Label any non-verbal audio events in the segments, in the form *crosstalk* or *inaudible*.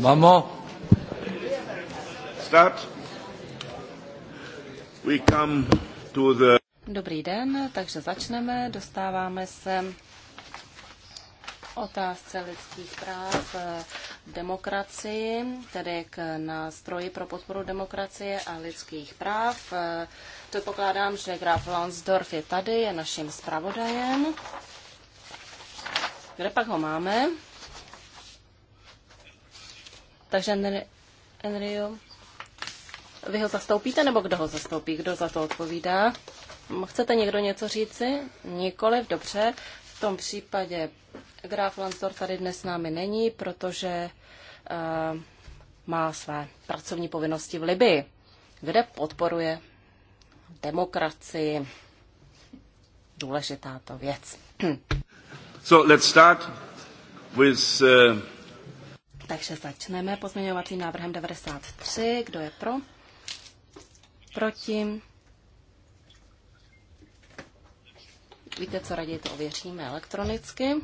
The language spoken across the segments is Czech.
Mamo, Start. We come to the... Dobrý den, takže začneme. Dostáváme se otázce lidských práv v eh, demokracii, tedy k nástroji pro podporu demokracie a lidských práv. Eh, to pokládám, že Graf Lansdorf je tady, je naším zpravodajem. Kde pak ho máme? Takže Enrio, vy ho zastoupíte, nebo kdo ho zastoupí? Kdo za to odpovídá? Chcete někdo něco říci? Nikoliv, dobře. V tom případě Graf Lansdor tady dnes s námi není, protože uh, má své pracovní povinnosti v Libii, kde podporuje demokracii. Důležitá to věc. so let's start with uh... Takže začneme pozměňovacím návrhem 93. Kdo je pro? Proti? Víte, co raději to ověříme elektronicky.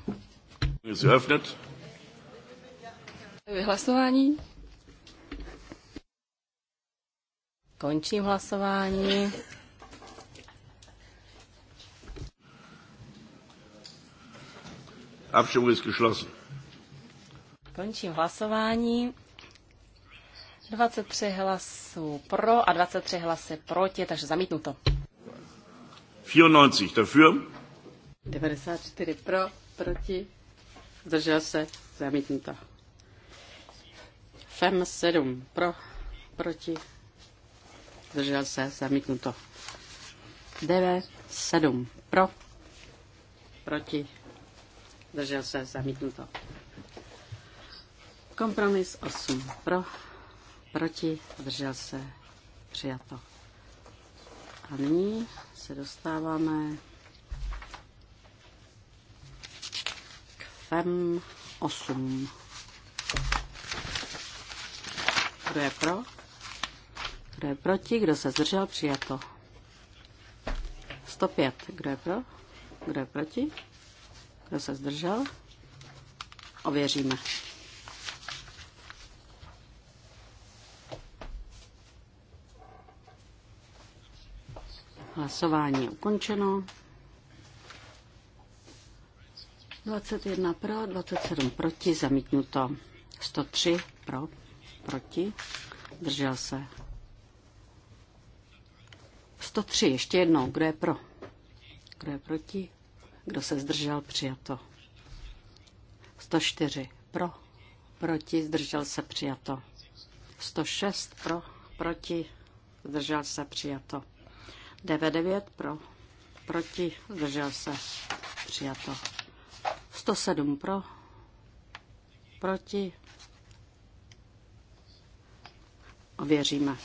Vyhlasování. Končím hlasování. Abstimmung ist geschlossen. Končím hlasování. 23 hlasů pro a 23 hlasy proti, takže zamítnuto. 94 dafür. 94 pro, proti, zdržel se, zamítnuto. FEM 7 pro, proti, zdržel se, zamítnuto. 9, 7 pro, proti, zdržel se, zamítnuto. Kompromis 8 pro, proti, zdržel se, přijato. A nyní se dostáváme k FEM 8. Kdo je pro? Kdo je proti? Kdo se zdržel? Přijato. 105. Kdo je pro? Kdo je proti? Kdo se zdržel? Ověříme. Hlasování je ukončeno. 21 pro, 27 proti, zamítnuto. 103 pro, proti, držel se. 103, ještě jednou, kdo je pro? Kdo je proti? Kdo se zdržel, přijato. 104 pro, proti, zdržel se, přijato. 106 pro, proti, zdržel se, přijato. 99 pro, proti, zdržel se, přijato. 107 pro, proti, ověříme.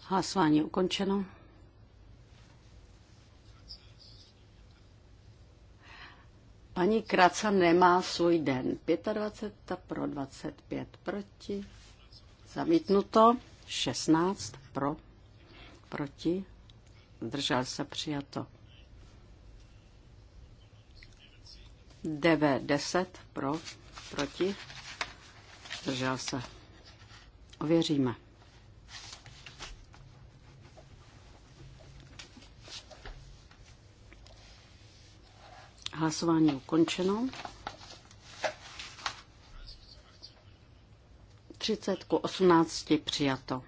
Hlasování ukončeno. Paní Kraca nemá svůj den. 25 pro 25 proti. Zamítnuto. 16 pro proti. Zdržel se přijato. 9, 10 pro proti. Zdržel se. Ověříme. Hlasování ukončeno. 30 ku 18 přijato.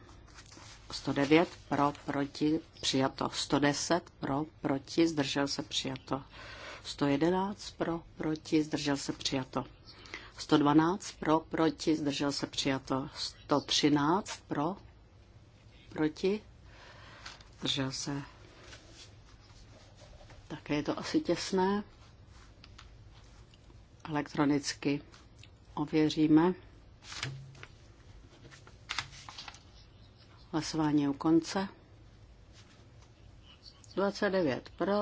109 pro, proti, přijato. 110 pro, proti, zdržel se přijato. 111 pro, proti, zdržel se přijato. 112 pro, proti, zdržel se přijato. 113 pro, proti, zdržel se. Také je to asi těsné. Elektronicky ověříme. Hlasování u konce. 29 pro,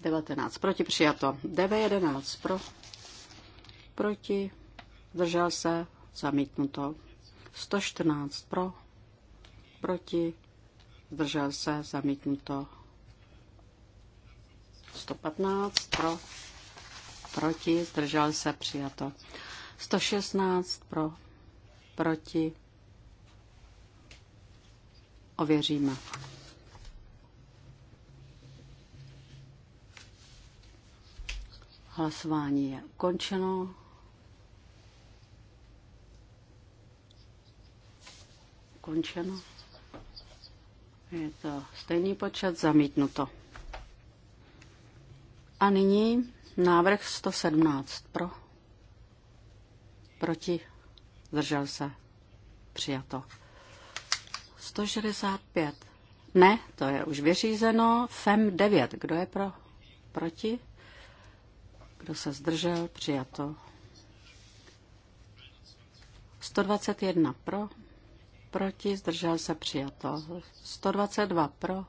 19 proti, přijato. 9, 11 pro, proti, zdržel se, zamítnuto. 114 pro, proti, zdržel se, zamítnuto. 115 pro, proti, zdržel se, přijato. 116 pro, proti, ověříme. Hlasování je ukončeno. Ukončeno. Je to stejný počet, zamítnuto. A nyní Návrh 117 pro. Proti. Zdržel se. Přijato. 165. Ne, to je už vyřízeno. FEM 9. Kdo je pro? Proti? Kdo se zdržel? Přijato. 121 pro. Proti? Zdržel se. Přijato. 122 pro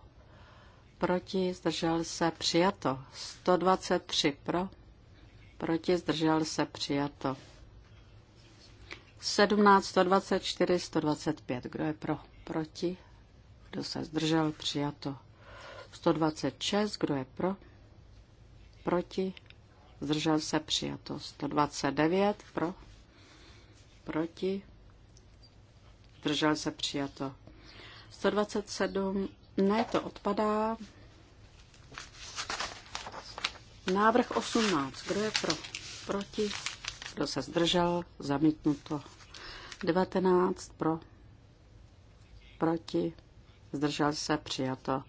proti, zdržel se, přijato. 123 pro, proti, zdržel se, přijato. 17, 124, 125. Kdo je pro? Proti? Kdo se zdržel? Přijato. 126. Kdo je pro? Proti? Zdržel se? Přijato. 129. Pro? Proti? Zdržel se? Přijato. 127 ne, to odpadá. Návrh 18. Kdo je pro? Proti? Kdo se zdržel? Zamítnuto. 19. Pro? Proti? Zdržel se? Přijato.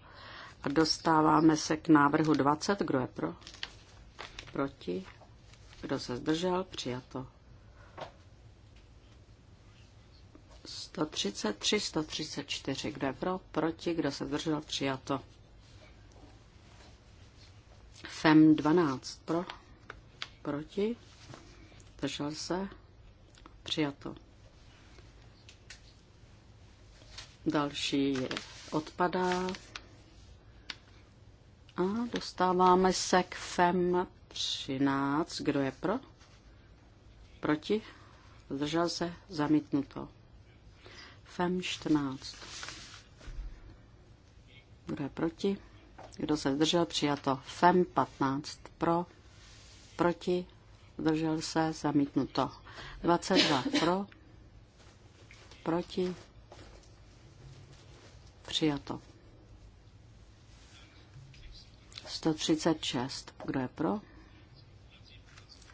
A dostáváme se k návrhu 20. Kdo je pro? Proti? Kdo se zdržel? Přijato. 133, 134. Kdo je pro? Proti? Kdo se držel, Přijato. FEM 12. Pro? Proti? držel se? Přijato. Další je odpadá. A dostáváme se k FEM 13. Kdo je pro? Proti? Zdržel se? Zamítnuto. FEM 14. Kdo je proti? Kdo se zdržel? Přijato. FEM 15. Pro. Proti. Zdržel se. Zamítnuto. 22. Pro. Proti. Přijato. 136. Kdo je pro?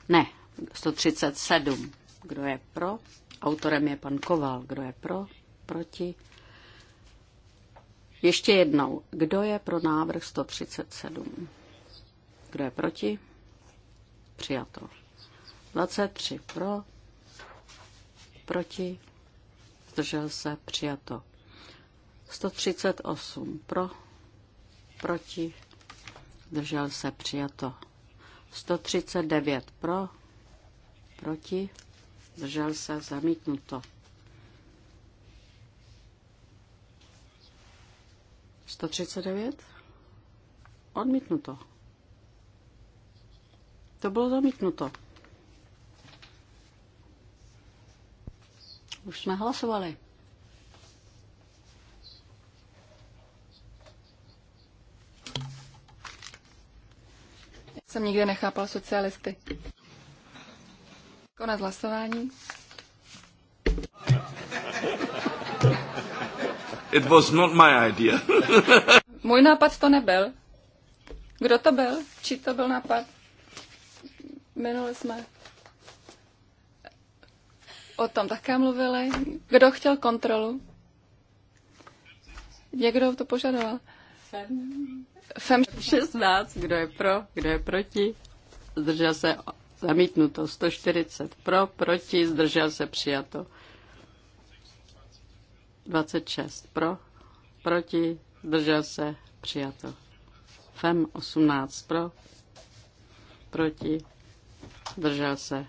Ne, 137. Kdo je pro? Autorem je pan Koval. Kdo je pro? proti? Ještě jednou, kdo je pro návrh 137? Kdo je proti? Přijato. 23 pro, proti, zdržel se, přijato. 138 pro, proti, zdržel se, přijato. 139 pro, proti, zdržel se, zamítnuto. 139. Odmítnuto. To bylo zamítnuto. Už jsme hlasovali. Jsem nikdy nechápal socialisty. Konec hlasování. It was not my idea. *laughs* Můj nápad to nebyl. Kdo to byl? Čí to byl nápad? Minuli jsme o tom také mluvili. Kdo chtěl kontrolu? Někdo to požadoval. Fem. Fem 16. Kdo je pro? Kdo je proti? Zdržel se zamítnuto. 140 pro, proti, zdržel se přijato. 26 pro, proti, zdržel se, přijato. FEM 18 pro, proti, zdržel se.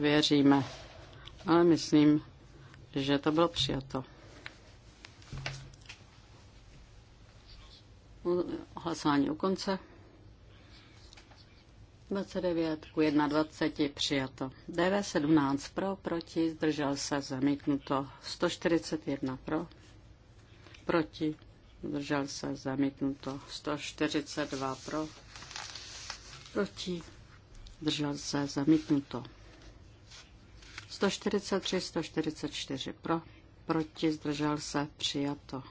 Věříme, ale myslím, že to bylo přijato. Hlasování u konce. 29 ku 21 přijato. DV17 pro, proti, zdržel se, zamítnuto. 141 pro, proti, zdržel se, zamítnuto. 142 pro, proti, zdržel se, zamítnuto. 143, 144 pro, proti, zdržel se, přijato.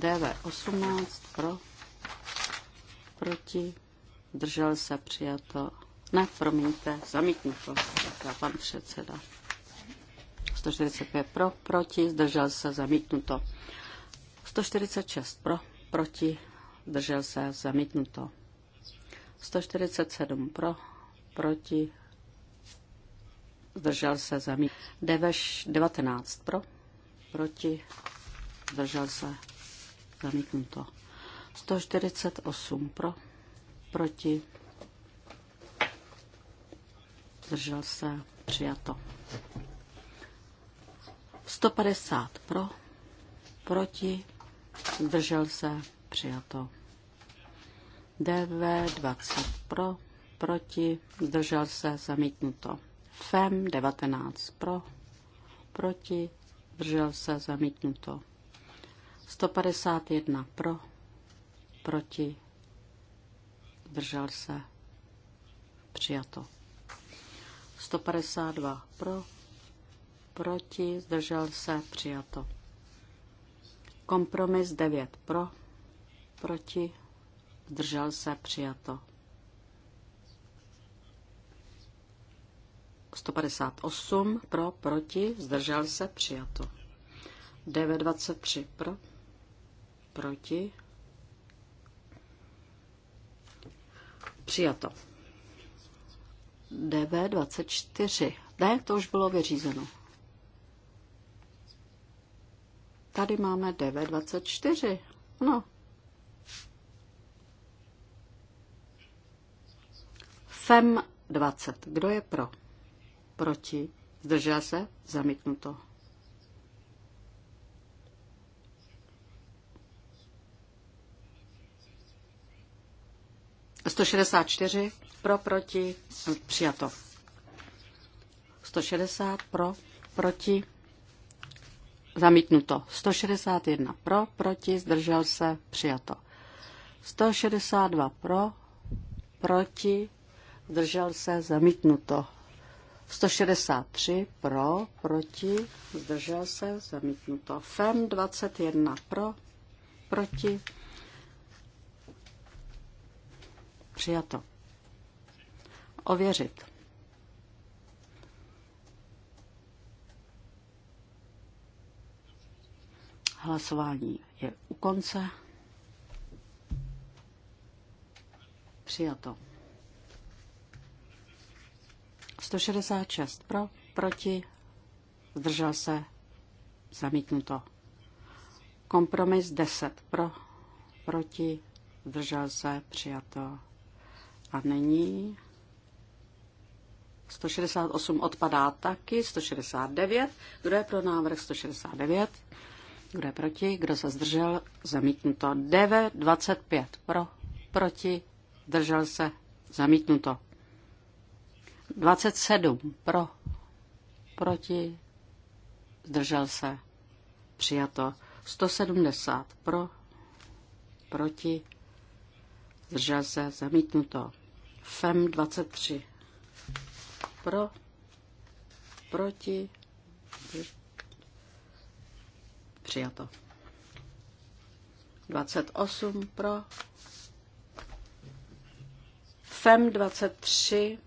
DV18 pro, proti, Držel se přijato. Ne, promiňte, zamítnuto, říká pan předseda. 145 pro, proti, zdržel se, zamítnuto. 146 pro, proti, zdržel se, zamítnuto. 147 pro, proti, zdržel se, zamítnuto. 19 pro, proti, zdržel se, zamítnuto. 148 pro, proti, zdržel se, přijato. 150 pro, proti, zdržel se, přijato. DV 20 pro, proti, zdržel se, zamítnuto. FEM 19 pro, proti, zdržel se, zamítnuto. 151 pro, proti, zdržel se, přijato. 152 pro, proti, zdržel se, přijato. Kompromis 9 pro, proti, zdržel se, přijato. 158 pro, proti, zdržel se, přijato. 923 pro, proti, Přijato. DV24. Ne, to už bylo vyřízeno. Tady máme DV24. No. FEM 20. Kdo je pro? Proti? Zdržel se? Zamítnuto. 164 pro, proti, přijato. 160 pro, proti, zamítnuto. 161 pro, proti, zdržel se, přijato. 162 pro, proti, zdržel se, zamítnuto. 163 pro, proti, zdržel se, zamítnuto. FEM 21 pro, proti, Přijato. Ověřit. Hlasování je u konce. Přijato. 166 pro, proti, zdržel se, zamítnuto. Kompromis 10 pro, proti, zdržel se, přijato. A není. 168 odpadá taky, 169. Kdo je pro návrh 169? Kdo je proti? Kdo se zdržel? Zamítnuto. 9, 25 pro, proti, držel se, zamítnuto. 27 pro, proti, zdržel se, přijato. 170 pro, proti, zdržel se, zamítnuto. FEM 23. Pro, proti, přijato. 28 pro, FEM 23,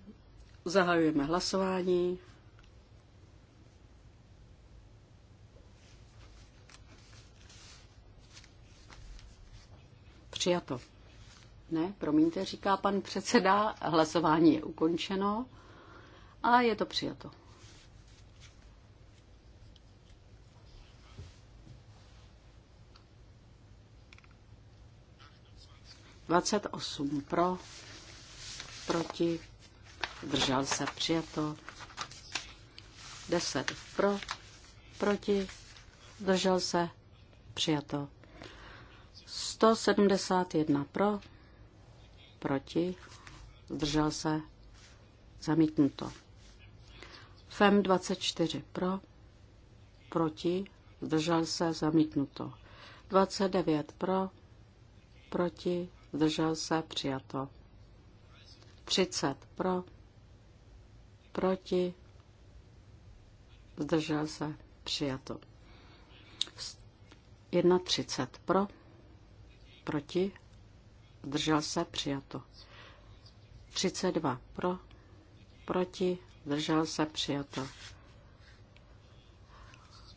zahajujeme hlasování. Přijato. Ne, promiňte, říká pan předseda, hlasování je ukončeno a je to přijato. Dvacet osm pro, proti, držel se přijato. Deset pro, proti, držel se přijato. 171 pro, proti, zdržel se, zamítnuto. FEM 24 pro, proti, zdržel se, zamítnuto. 29 pro, proti, zdržel se, přijato. 30 pro, proti, zdržel se, přijato. 31 pro, proti, zdržel se, přijato. 32 pro, proti, zdržel se, přijato.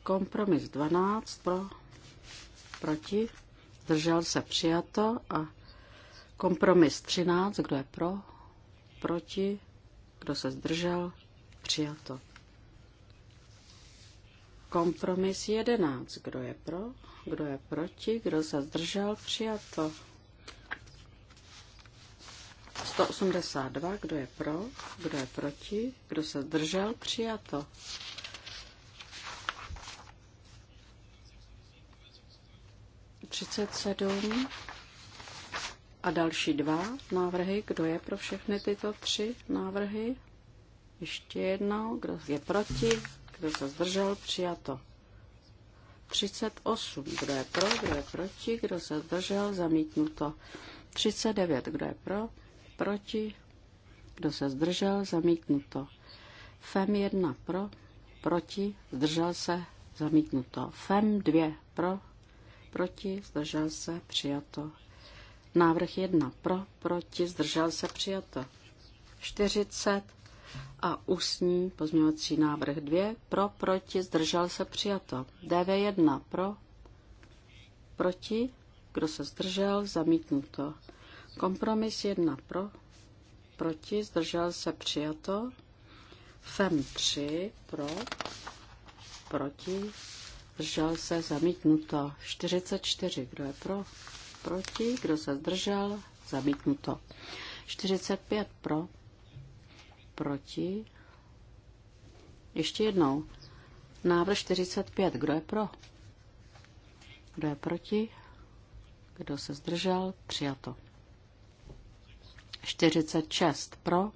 Kompromis 12 pro, proti, zdržel se, přijato. A kompromis 13, kdo je pro, proti, kdo se zdržel, přijato. Kompromis 11, kdo je pro, kdo je proti, kdo se zdržel, přijato. 182, kdo je pro, kdo je proti, kdo se zdržel, přijato. Třicet sedm a další dva návrhy. Kdo je pro všechny tyto tři návrhy? Ještě jednou. Kdo je proti? Kdo se zdržel? Přijato. Třicet osm, Kdo je pro? Kdo je proti? Kdo se zdržel? Zamítnuto. Třicet devět, Kdo je pro? proti, kdo se zdržel, zamítnuto. FEM 1 pro, proti, zdržel se, zamítnuto. FEM 2 pro, proti, zdržel se, přijato. Návrh 1 pro, proti, zdržel se, přijato. 40 a ústní pozměňovací návrh 2 pro, proti, zdržel se, přijato. DV1 pro, proti, kdo se zdržel, zamítnuto. Kompromis 1 pro, proti, zdržel se přijato. FEM 3 pro, proti, zdržel se zamítnuto. 44, kdo je pro, proti, kdo se zdržel, zamítnuto. 45 pro, proti, ještě jednou. Návrh 45, kdo je pro? Kdo je proti? Kdo se zdržel? Přijato. 46 pro.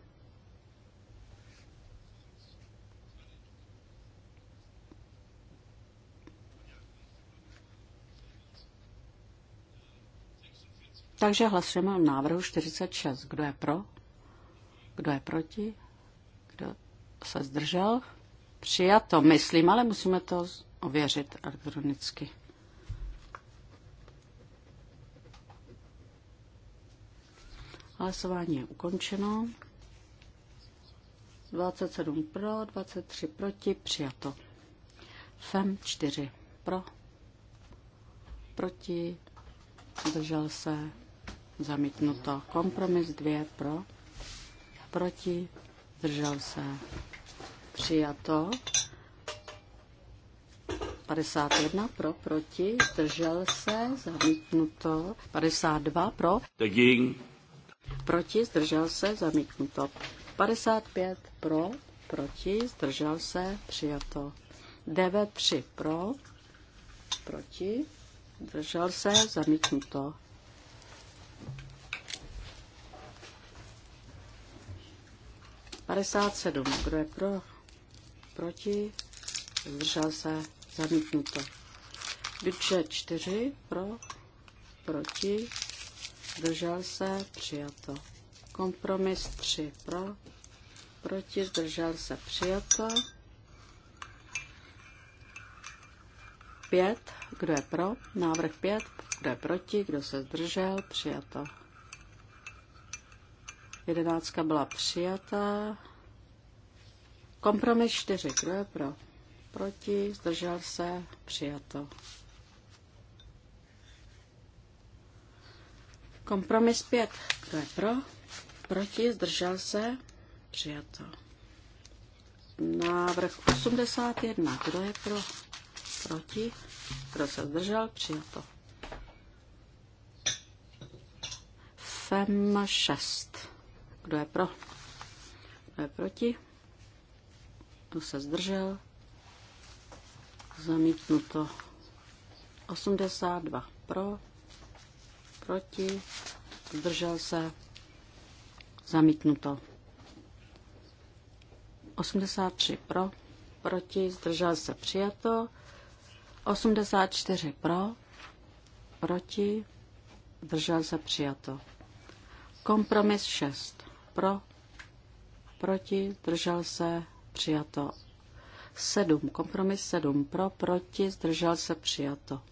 Takže hlasujeme o návrhu 46. Kdo je pro? Kdo je proti? Kdo se zdržel? Přijato, myslím, ale musíme to ověřit elektronicky. Hlasování je ukončeno. 27 pro, 23 proti, přijato. FEM 4 pro, proti, zdržel se, zamítnuto. Kompromis 2 pro, proti, zdržel se, přijato. 51 pro, proti, zdržel se, zamítnuto. 52 pro. Dagegen proti, zdržel se, zamítnuto. 55 pro, proti, zdržel se, přijato. 9, 3 pro, proti, zdržel se, zamítnuto. Padesát sedm. Kdo je pro? Proti? Zdržel se? Zamítnuto. Vyče čtyři. Pro? Proti? zdržel se, přijato. Kompromis 3 pro, proti, zdržel se, přijato. 5, kdo je pro, návrh 5, kdo je proti, kdo se zdržel, přijato. Jedenáctka byla přijata. Kompromis 4, kdo je pro, proti, zdržel se, přijato. Kompromis 5. To je pro? Proti? Zdržel se? Přijato. Návrh 81. Kdo je pro? Proti? Kdo se zdržel? Přijato. FEM 6. Kdo je pro? Kdo je proti? Kdo se zdržel? Zamítnuto. 82 pro, proti, zdržel se, zamítnuto. 83 pro, proti, zdržel se, přijato. 84 pro, proti, zdržel se, přijato. Kompromis 6 pro, proti, zdržel se, přijato. 7, kompromis 7 pro, proti, zdržel se, přijato.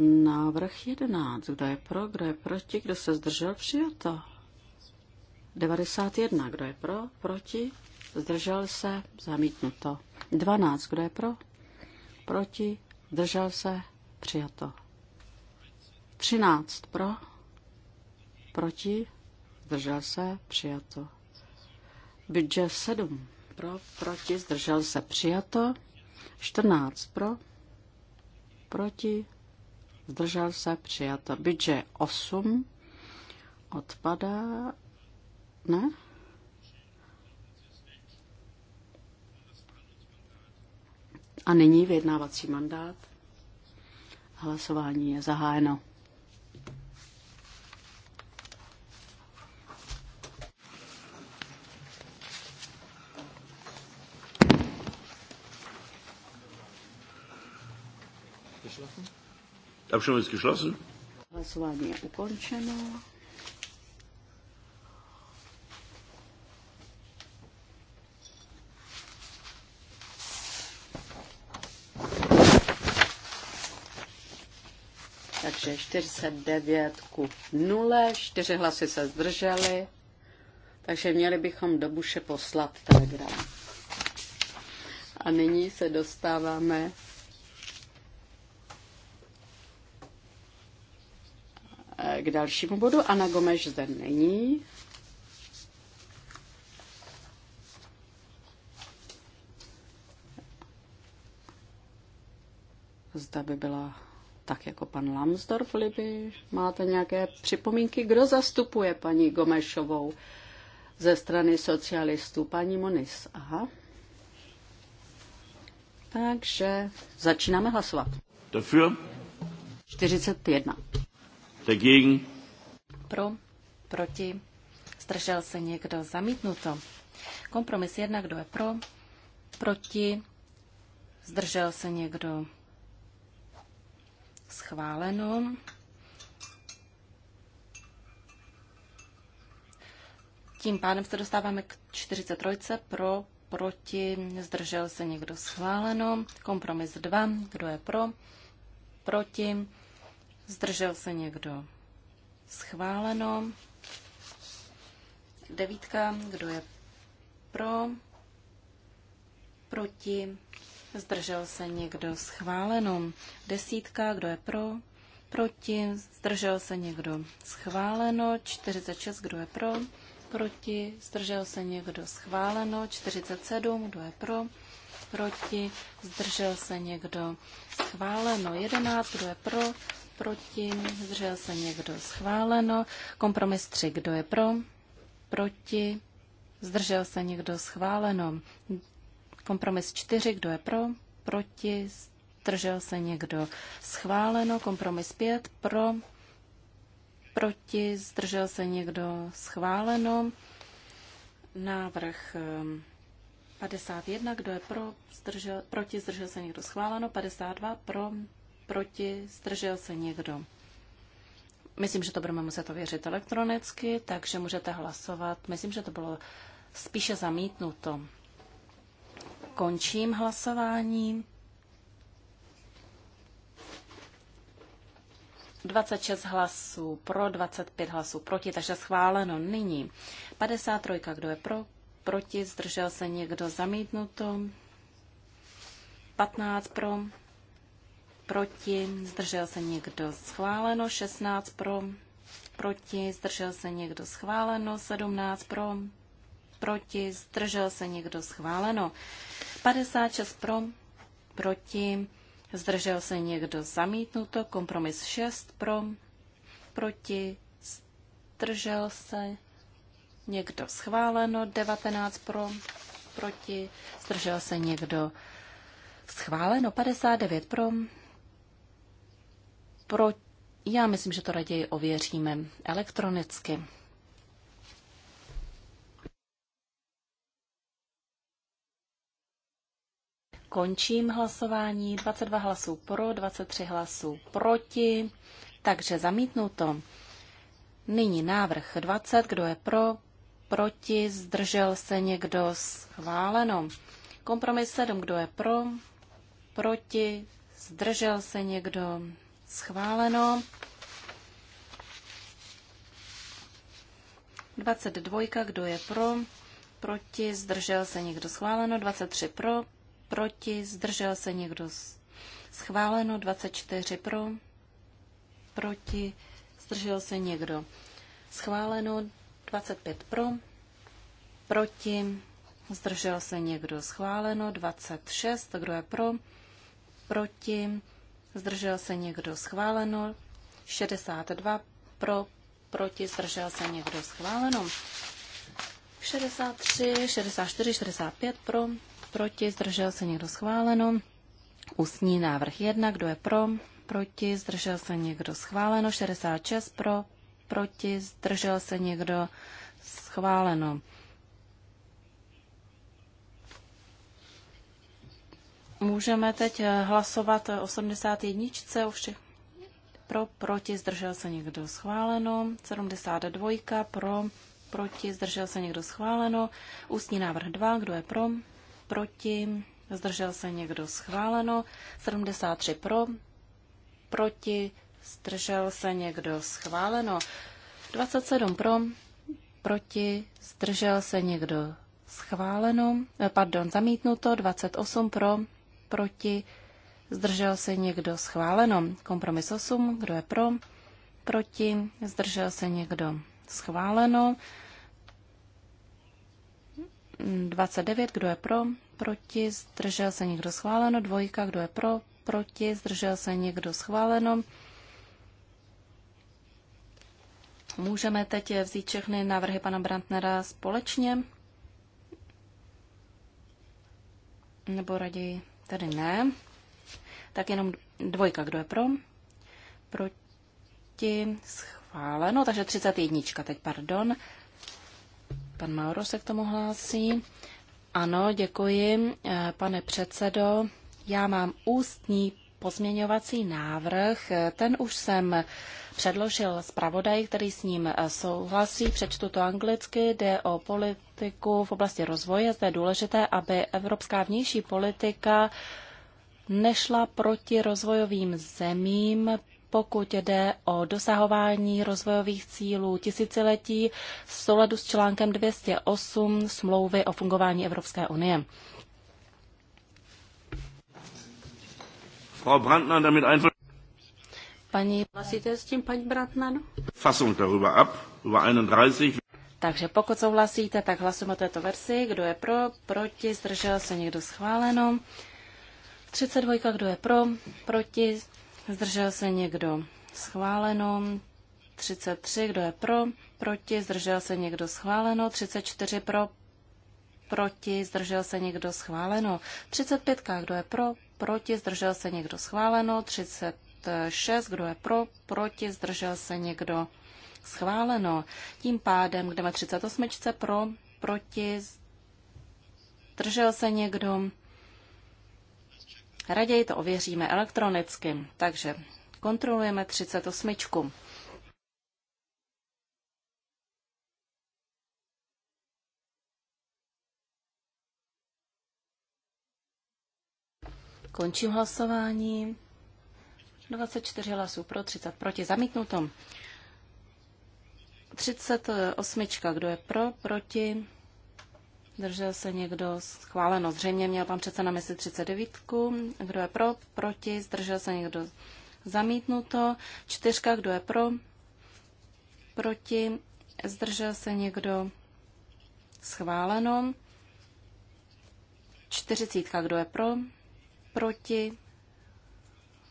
Návrh 11. Kdo je pro, kdo je proti, kdo se zdržel, přijato. 91. Kdo je pro, proti, zdržel se, zamítnuto. 12. Kdo je pro, proti, zdržel se, přijato. 13. Pro, proti, zdržel se, přijato. Budget 7. Pro, proti, zdržel se, přijato. 14. Pro, proti, zdržel se, přijato. Bidže 8 odpadá, ne? A nyní vyjednávací mandát. Hlasování je zahájeno. Hlasování je ukončeno. Takže 49 ku 0, 4 hlasy se zdržely, takže měli bychom do Buše poslat telegram. A nyní se dostáváme k dalšímu bodu. Ana Gomeš zde není. Zda by byla tak jako pan Lambsdorff Liby. Máte nějaké připomínky? Kdo zastupuje paní Gomešovou ze strany socialistů? Paní Monis, aha. Takže začínáme hlasovat. Dafür? 41 dagegen. Pro, proti, zdržel se někdo, zamítnuto. Kompromis jedna, kdo je pro, proti, zdržel se někdo, schváleno. Tím pádem se dostáváme k 43. Pro, proti, zdržel se někdo schváleno. Kompromis 2. Kdo je pro? Proti, Zdržel se někdo? Schváleno. Devítka, kdo je pro? Proti? Zdržel se někdo? Schváleno. Desítka, kdo je pro? Proti? Zdržel se někdo? Schváleno. 46, kdo je pro? Proti? Zdržel se někdo? Schváleno. 47, kdo je pro? Proti? Zdržel se někdo? Schváleno. 11, kdo je pro? proti, zdržel se někdo schváleno. Kompromis 3, kdo je pro, proti, zdržel se někdo schváleno. Kompromis 4, kdo je pro, proti, zdržel se někdo schváleno. Kompromis 5, pro, proti, zdržel se někdo schváleno. Návrh 51, ehm, kdo je pro, zdržel, proti, zdržel se někdo schváleno, 52 pro, Proti? Zdržel se někdo? Myslím, že to budeme muset ověřit elektronicky, takže můžete hlasovat. Myslím, že to bylo spíše zamítnuto. Končím hlasování. 26 hlasů pro, 25 hlasů proti, takže schváleno nyní. 53, kdo je pro, proti, zdržel se někdo zamítnuto. 15 pro, proti, zdržel se někdo schváleno, 16 pro, proti, zdržel se někdo schváleno, 17 pro, proti, zdržel se někdo schváleno, 56 pro, proti, zdržel se někdo zamítnuto, kompromis 6 pro, proti, zdržel se někdo schváleno, 19 pro, proti, zdržel se někdo schváleno, 59 pro, pro... Já myslím, že to raději ověříme elektronicky. Končím hlasování. 22 hlasů pro, 23 hlasů proti. Takže zamítnuto. Nyní návrh 20. Kdo je pro? Proti? Zdržel se někdo? Schváleno. Kompromis 7. Kdo je pro? Proti? Zdržel se někdo? Schváleno. 22, kdo je pro, proti, zdržel se někdo schváleno, 23 pro, proti, zdržel se někdo schváleno, 24 pro, proti, zdržel se někdo schváleno, 25 pro, proti, zdržel se někdo schváleno, 26, kdo je pro, proti, zdržel se někdo schváleno, 62 pro, proti, zdržel se někdo schváleno, 63, 64, 65 pro, proti, zdržel se někdo schváleno, ústní návrh 1, kdo je pro, proti, zdržel se někdo schváleno, 66 pro, proti, zdržel se někdo schváleno. Můžeme teď eh, hlasovat o 81. o všech pro, proti, zdržel se někdo schváleno, 72 pro, proti, zdržel se někdo schváleno, ústní návrh 2, kdo je pro, proti, zdržel se někdo schváleno, 73 pro, proti, zdržel se někdo schváleno, 27 pro, proti, zdržel se někdo schváleno, eh, pardon, zamítnuto, 28 pro, proti, zdržel se někdo schváleno. Kompromis 8, kdo je pro, proti, zdržel se někdo schváleno. 29, kdo je pro, proti, zdržel se někdo schváleno. Dvojka, kdo je pro, proti, zdržel se někdo schváleno. Můžeme teď vzít všechny návrhy pana Brantnera společně? Nebo raději Tady ne. Tak jenom dvojka, kdo je pro? Proti schváleno, takže 31. Teď, pardon. Pan Mauro se k tomu hlásí. Ano, děkuji, eh, pane předsedo. Já mám ústní pozměňovací návrh. Ten už jsem předložil zpravodaj, který s ním souhlasí. Přečtu to anglicky. Jde o politiku v oblasti rozvoje. Zde je důležité, aby evropská vnější politika nešla proti rozvojovým zemím, pokud jde o dosahování rozvojových cílů tisíciletí v souladu s článkem 208 smlouvy o fungování Evropské unie. Frau Brandner damit einfach... Paní, tím, paní Brandner? Fassung darüber ab, über 31. Takže pokud souhlasíte, tak hlasujeme o této verzi. Kdo je pro, proti, zdržel se někdo schváleno. 32, kdo je pro, proti, zdržel se někdo schváleno. 33, kdo je pro, proti, zdržel se někdo schváleno. 34 pro, proti, zdržel se někdo schváleno. 35, kdo je pro, proti, zdržel se někdo schváleno, 36, kdo je pro, proti, zdržel se někdo schváleno. Tím pádem kde má 38 pro, proti, zdržel se někdo. Raději to ověříme elektronicky, takže kontrolujeme 38. Končím hlasování. 24 hlasů pro, 30 proti. Zamítnuto. 38. Kdo je pro, proti? Držel se někdo schváleno. Zřejmě měl pan přece na mysli 39. Kdo je pro, proti? Zdržel se někdo zamítnuto. 4. kdo je pro, proti? Zdržel se někdo schváleno. 40. kdo je pro, Proti?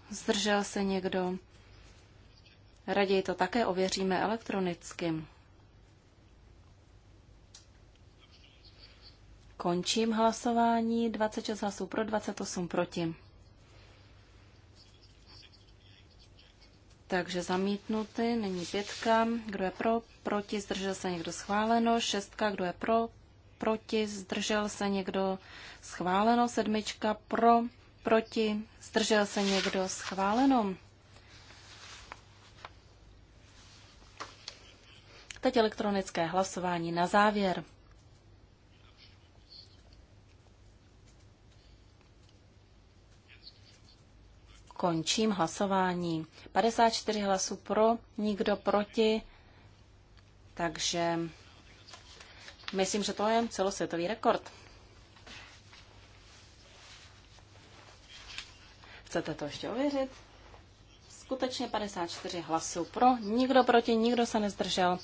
Zdržel se někdo? Raději to také ověříme elektronicky. Končím hlasování. 26 hlasů pro, 28 proti. Takže zamítnuty, není pětka, kdo je pro, proti, zdržel se někdo schváleno, šestka, kdo je pro, proti, zdržel se někdo schváleno, sedmička, pro, Proti? Zdržel se někdo? Schváleno. Teď elektronické hlasování na závěr. Končím hlasování. 54 hlasů pro, nikdo proti, takže myslím, že to je celosvětový rekord. Chcete to ještě ověřit? Skutečně 54 hlasů pro, nikdo proti, nikdo se nezdržel.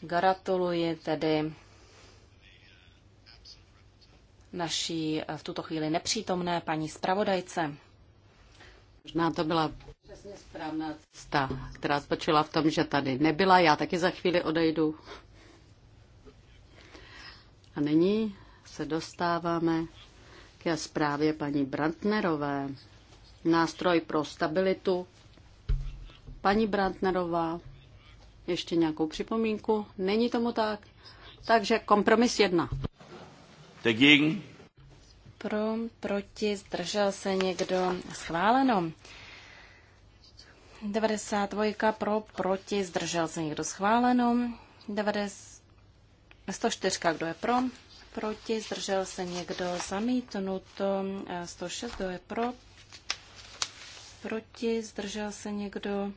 Gratuluji tedy naší eh, v tuto chvíli nepřítomné paní zpravodajce. Možná to byla přesně správná cesta, která spočila v tom, že tady nebyla. Já taky za chvíli odejdu. A nyní se dostáváme ke zprávě paní Brantnerové nástroj pro stabilitu. Paní Brantnerová, ještě nějakou připomínku? Není tomu tak? Takže kompromis jedna. Dagegen. Pro, proti, zdržel se někdo. Schváleno. 92 pro, proti, zdržel se někdo. Schváleno. 90, 104, kdo je pro? Proti, zdržel se někdo. Zamítnuto. 106, kdo je pro? proti, zdržel se někdo,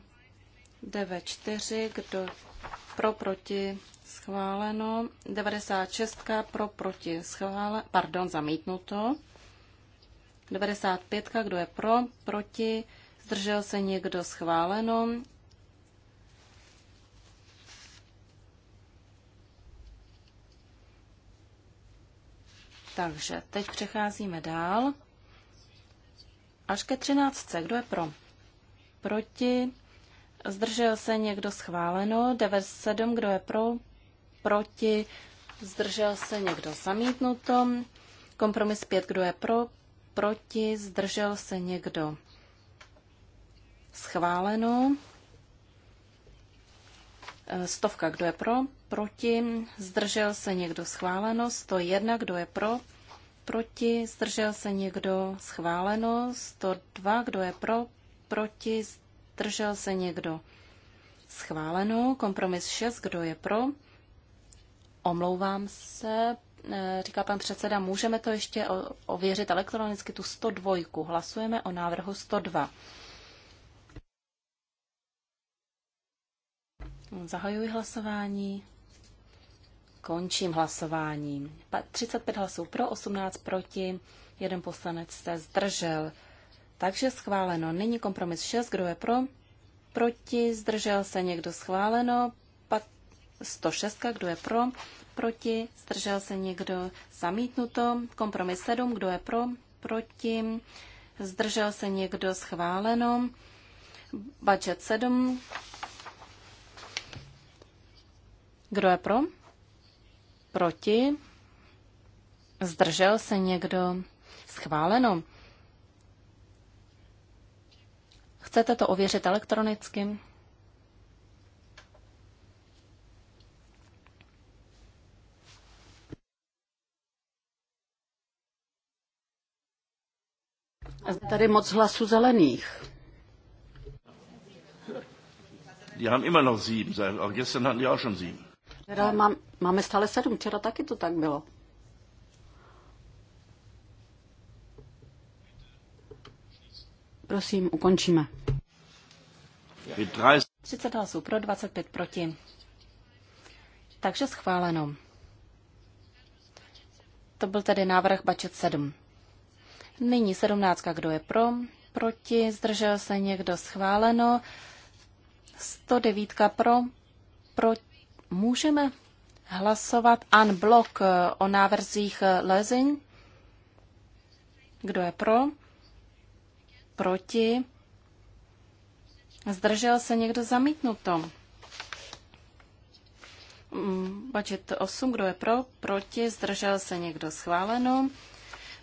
ve čtyři, kdo pro, proti, schváleno, 96 pro, proti, schváleno, pardon, zamítnuto, 95, kdo je pro, proti, zdržel se někdo, schváleno, Takže teď přecházíme dál. Až ke 13. Kdo je pro? Proti? Zdržel se někdo schváleno? 97. Kdo je pro? Proti? Zdržel se někdo zamítnuto? Kompromis 5. Kdo je pro? Proti? Zdržel se někdo schváleno? Eh, stovka, kdo je pro? Proti? Zdržel se někdo schváleno? 101, kdo je pro? Proti? Zdržel se někdo? Schváleno. 102. Kdo je pro? Proti? Zdržel se někdo? Schváleno. Kompromis 6. Kdo je pro? Omlouvám se, eh, říká pan předseda, můžeme to ještě ověřit elektronicky, tu 102. Hlasujeme o návrhu 102. Zahajuji hlasování. Končím hlasování. 35 hlasů pro, 18 proti, jeden poslanec se zdržel. Takže schváleno. Nyní kompromis 6. Kdo je pro? Proti. Zdržel se někdo schváleno. 106. Kdo je pro? Proti. Zdržel se někdo zamítnuto. Kompromis 7. Kdo je pro? Proti. Zdržel se někdo schváleno. Budget 7. Kdo je pro? Proti? Zdržel se někdo? Schváleno. Chcete to ověřit elektronicky? Tady moc hlasů zelených. Die haben immer noch sieben. Gestern hatten die auch schon sieben. Včera mám, máme stále sedm, včera taky to tak bylo. Prosím, ukončíme. 30 hlasů pro, 25 proti. Takže schváleno. To byl tedy návrh bačet 7. Nyní 17. Kdo je pro? Proti? Zdržel se někdo? Schváleno. 109 pro? Proti? Můžeme hlasovat an blok eh, o návrzích eh, lezing. Kdo je pro? Proti? Zdržel se někdo zamítnuto? Mm, budget 8, kdo je pro? Proti? Zdržel se někdo schváleno?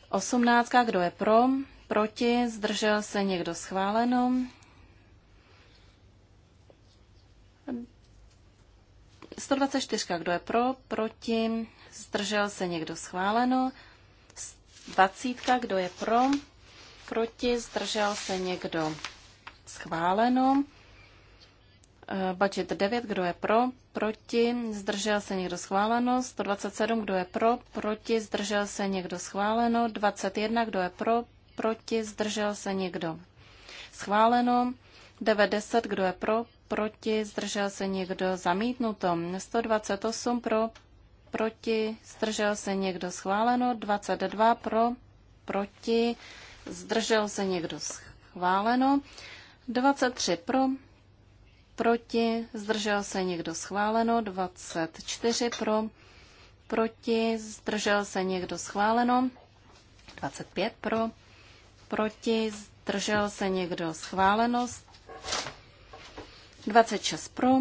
18, kdo je pro? Proti? Zdržel se někdo schváleno? 124. Kdo je pro? Proti? Zdržel se někdo schváleno? 20. Kdo je pro? Proti? Zdržel se někdo schváleno? Eh, budget 9, kdo je pro, proti, zdržel se někdo schváleno, 127, kdo je pro, proti, zdržel se někdo schváleno, 21, kdo je pro, proti, zdržel se někdo schváleno, 90, kdo je pro, proti, zdržel se někdo, zamítnuto. 128 pro, proti, zdržel se někdo, schváleno. 22 pro, proti, zdržel se někdo, schváleno. 23 pro, proti, zdržel se někdo, schváleno. 24 pro, proti, zdržel se někdo, schváleno. 25 pro, proti, zdržel se někdo, schváleno. 26 pro,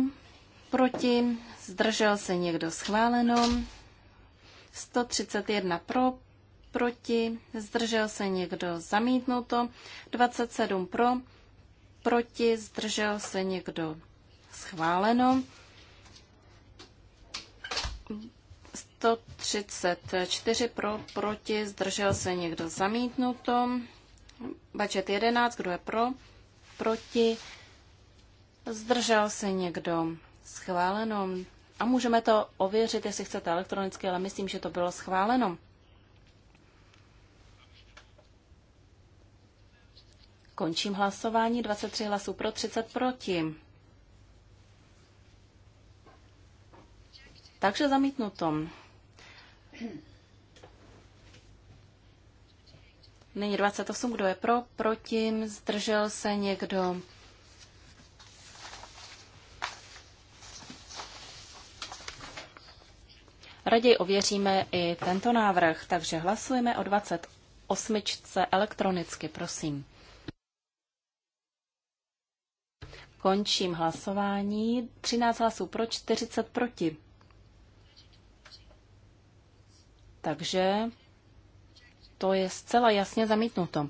proti, zdržel se někdo schváleno, 131 pro, proti, zdržel se někdo zamítnuto, 27 pro, proti, zdržel se někdo schváleno, 134 pro, proti, zdržel se někdo zamítnuto, Bačet 11, kdo je pro, proti, Zdržel se někdo? Schváleno. A můžeme to ověřit, jestli chcete elektronicky, ale myslím, že to bylo schváleno. Končím hlasování. 23 hlasů pro, 30 proti. Takže zamítnuto. Nyní 28, kdo je pro, proti, zdržel se někdo. Raději ověříme i tento návrh, takže hlasujeme o 28 elektronicky, prosím. Končím hlasování. 13 hlasů pro, 40 proti. Takže to je zcela jasně zamítnuto.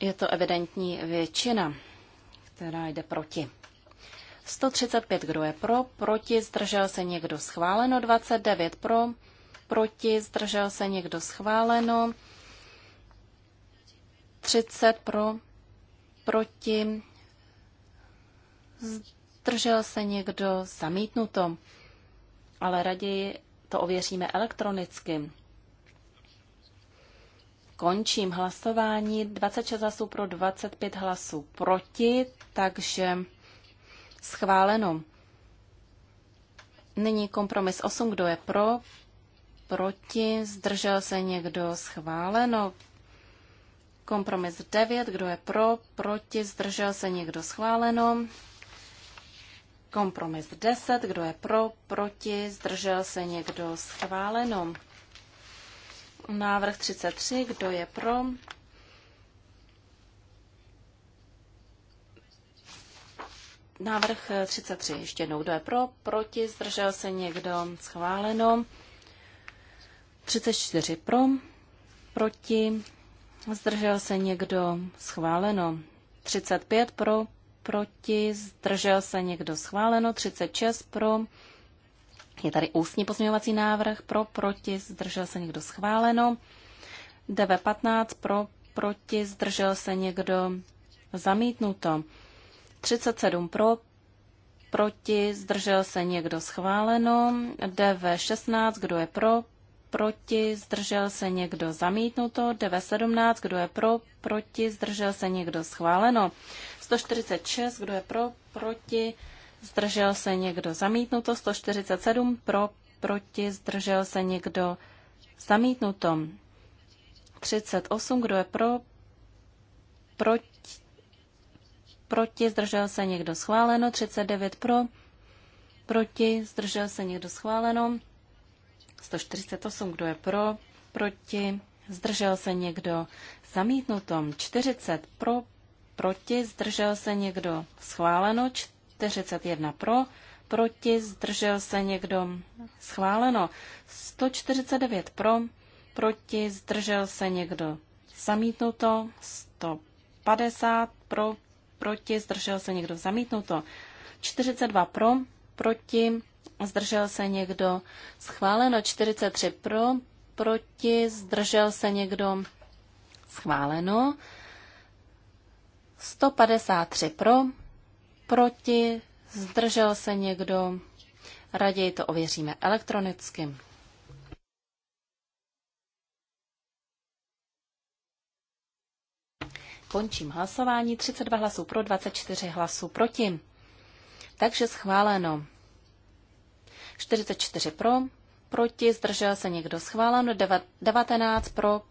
Je to evidentní většina, která jde proti. 135, kdo je pro, proti, zdržel se někdo schváleno, 29 pro, proti, zdržel se někdo schváleno, 30 pro, proti, zdržel se někdo zamítnuto, ale raději to ověříme elektronicky. Končím hlasování. 26 hlasů pro, 25 hlasů proti, takže Schváleno. Nyní kompromis 8. Kdo je pro? Proti? Zdržel se někdo? Schváleno. Kompromis 9. Kdo je pro? Proti? Zdržel se někdo? Schváleno. Kompromis 10. Kdo je pro? Proti? Zdržel se někdo? Schváleno. Návrh 33. Kdo je pro? Návrh 33 eh, ještě jednou. Kdo je pro? Proti? Zdržel se někdo? Schváleno. 34 pro? Proti? Zdržel se někdo? Schváleno. 35 pro? Proti? Zdržel se někdo? Schváleno. 36 pro? Je tady ústní pozměňovací návrh. Pro? Proti? Zdržel se někdo? Schváleno. 9.15 pro? Proti? Zdržel se někdo? Zamítnuto. 37 pro, proti, zdržel se někdo schváleno, DV16, kdo je pro, proti, zdržel se někdo zamítnuto, DV17, kdo je pro, proti, zdržel se někdo schváleno, 146, kdo je pro, proti, zdržel se někdo zamítnuto, 147 pro, proti, zdržel se někdo zamítnuto, 38, kdo je pro, proti, proti, zdržel se někdo schváleno, 39 pro, proti, zdržel se někdo schváleno, 148, kdo je pro, proti, zdržel se někdo zamítnutom 40 pro, proti, zdržel se někdo schváleno, 41 pro, proti, zdržel se někdo schváleno, 149 pro, proti, zdržel se někdo zamítnuto, 150 pro, proti, zdržel se někdo zamítnuto. 42 pro, proti, zdržel se někdo schváleno. 43 pro, proti, zdržel se někdo schváleno. 153 pro, proti, zdržel se někdo. Raději to ověříme elektronicky. Končím hlasování. 32 hlasů pro, 24 hlasů proti. Takže schváleno. 44 pro, proti, zdržel se někdo schváleno, 19 pro,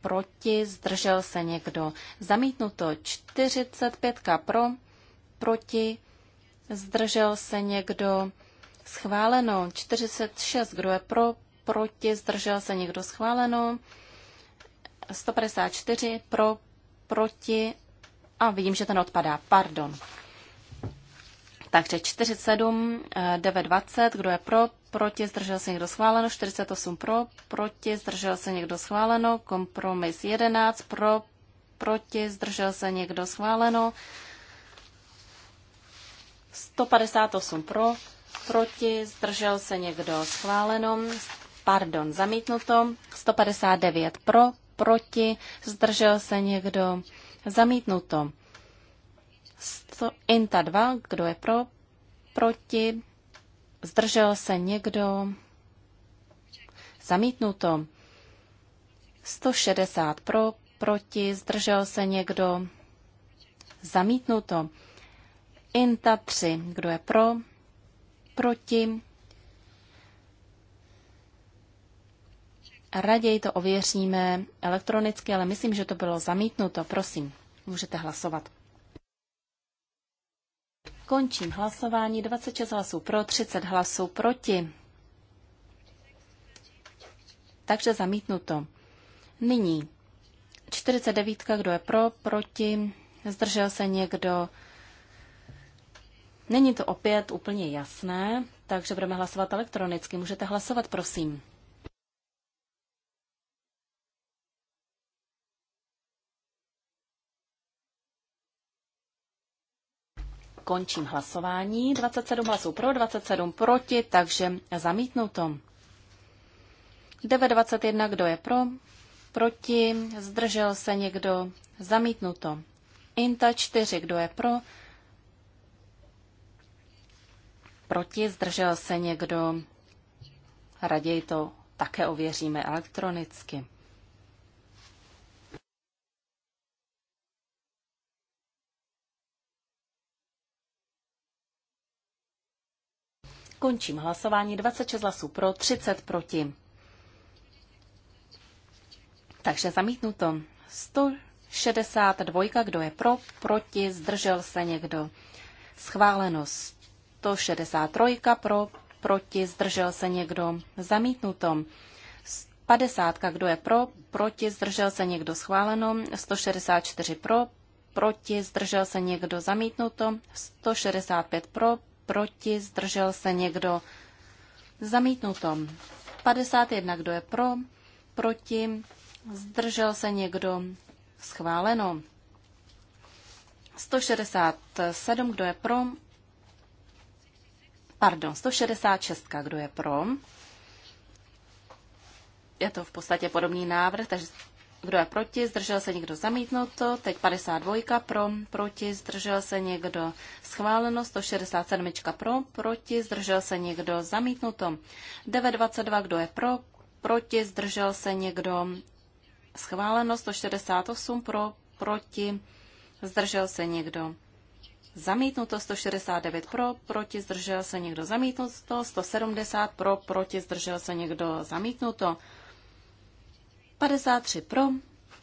proti, zdržel se někdo zamítnuto, 45 pro, proti, zdržel se někdo schváleno, 46, kdo je pro, proti, zdržel se někdo schváleno, 154 pro, proti a vidím, že ten odpadá. Pardon. Takže 47, 920, eh, kdo je pro, proti, zdržel se někdo schváleno, 48 pro, proti, zdržel se někdo schváleno, kompromis 11 pro, proti, zdržel se někdo schváleno, 158 pro, proti, zdržel se někdo schváleno, pardon, zamítnuto, 159 pro, proti, zdržel se někdo, zamítnuto. Sto, inta 2, kdo je pro, proti, zdržel se někdo, zamítnuto. 160 pro, proti, zdržel se někdo, zamítnuto. Inta 3, kdo je pro, proti, Raději to ověříme elektronicky, ale myslím, že to bylo zamítnuto. Prosím, můžete hlasovat. Končím hlasování. 26 hlasů pro, 30 hlasů proti. Takže zamítnuto. Nyní 49, kdo je pro, proti, zdržel se někdo. Není to opět úplně jasné, takže budeme hlasovat elektronicky. Můžete hlasovat, prosím. končím hlasování. 27 hlasů pro, 27 proti, takže zamítnuto. 921, kdo je pro, proti, zdržel se někdo, zamítnuto. Inta 4, kdo je pro, proti, zdržel se někdo, raději to také ověříme elektronicky. Končím hlasování. 26 hlasů pro, 30 proti. Takže zamítnuto. 162, kdo je pro, proti, zdržel se někdo. Schváleno 163, pro, proti, zdržel se někdo. Zamítnuto. 50, kdo je pro, proti, zdržel se někdo. Schváleno 164 pro, proti, zdržel se někdo. Zamítnuto. 165 pro, proti, zdržel se někdo. Zamítnuto. 51, kdo je pro, proti, zdržel se někdo. Schváleno. 167, kdo je pro, pardon, 166, kdo je pro. Je to v podstatě podobný návrh, takže kdo je proti? Zdržel se někdo zamítnuto. Teď 52 pro, proti, zdržel se někdo schváleno. 167 pro, proti, zdržel se někdo zamítnuto. 922, kdo je pro, proti, zdržel se někdo schváleno. 168 pro, proti, zdržel se někdo Zamítnuto 169 pro, proti zdržel se někdo zamítnuto, 170 pro, proti zdržel se někdo zamítnuto. 53 pro,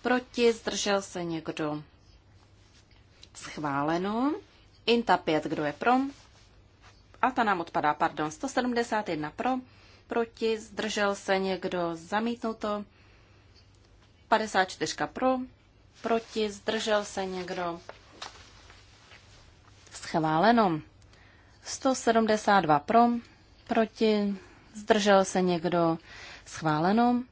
proti, zdržel se někdo. Schváleno. Inta 5, kdo je pro? A ta nám odpadá, pardon, 171 pro, proti, zdržel se někdo, zamítnuto. 54 pro, proti, zdržel se někdo. Schváleno. 172 pro, proti, zdržel se někdo. Schváleno.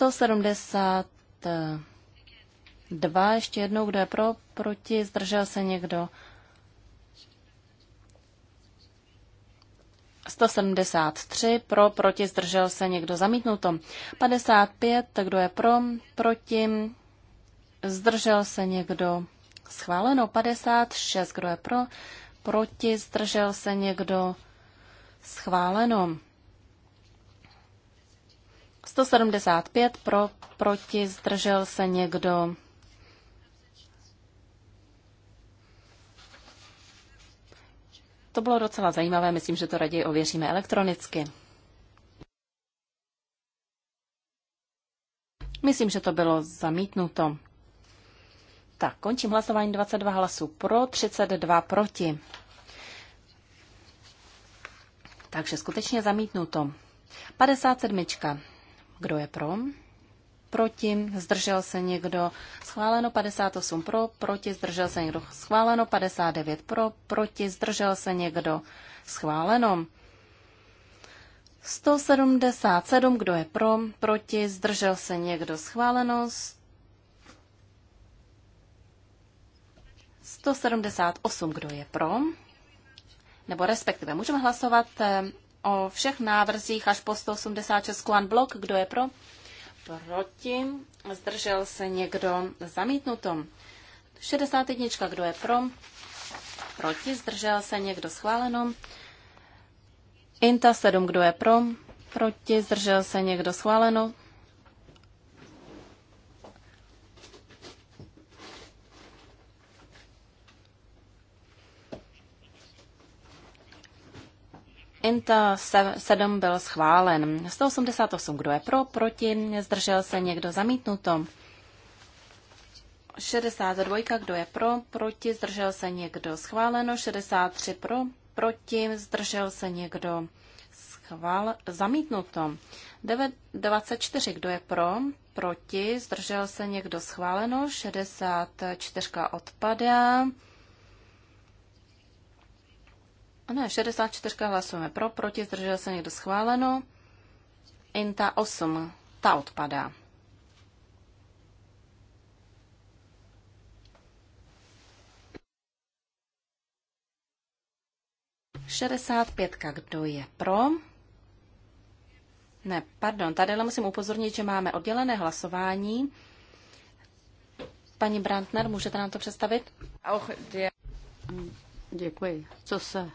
172, ještě jednou, kdo je pro, proti, zdržel se někdo. 173, pro, proti, zdržel se někdo, zamítnuto. 55, kdo je pro, proti, zdržel se někdo, schváleno. 56, kdo je pro, proti, zdržel se někdo, schváleno. 175 pro, proti, zdržel se někdo. To bylo docela zajímavé, myslím, že to raději ověříme elektronicky. Myslím, že to bylo zamítnuto. Tak, končím hlasování 22 hlasů pro, 32 proti. Takže skutečně zamítnuto. 57. Kdo je pro? Proti, zdržel se někdo, schváleno 58 pro, proti, zdržel se někdo, schváleno 59 pro, proti, zdržel se někdo, schváleno. 177, kdo je pro, proti, zdržel se někdo, schváleno. 178, kdo je pro, nebo respektive můžeme hlasovat eh, o všech návrzích až po 186 kuan blok. Kdo je pro? Proti. Zdržel se někdo zamítnuto. 61. Kdo je pro? Proti. Zdržel se někdo schváleno. Inta 7. Kdo je pro? Proti. Zdržel se někdo schváleno. INTA 7 byl schválen. 188, kdo je pro, proti, zdržel se někdo zamítnuto. 62, kdo je pro, proti, zdržel se někdo schváleno. 63 pro, proti, zdržel se někdo schvál, zamítnuto. 9, 24, kdo je pro, proti, zdržel se někdo schváleno. 64 odpadá. Ne, 64 hlasujeme pro, proti, zdržel se někdo schváleno. Inta 8, ta odpadá. Šedesát pětka, kdo je pro? Ne, pardon, tady musím upozornit, že máme oddělené hlasování. Paní Brandner, můžete nám to představit? Děkuji. Co se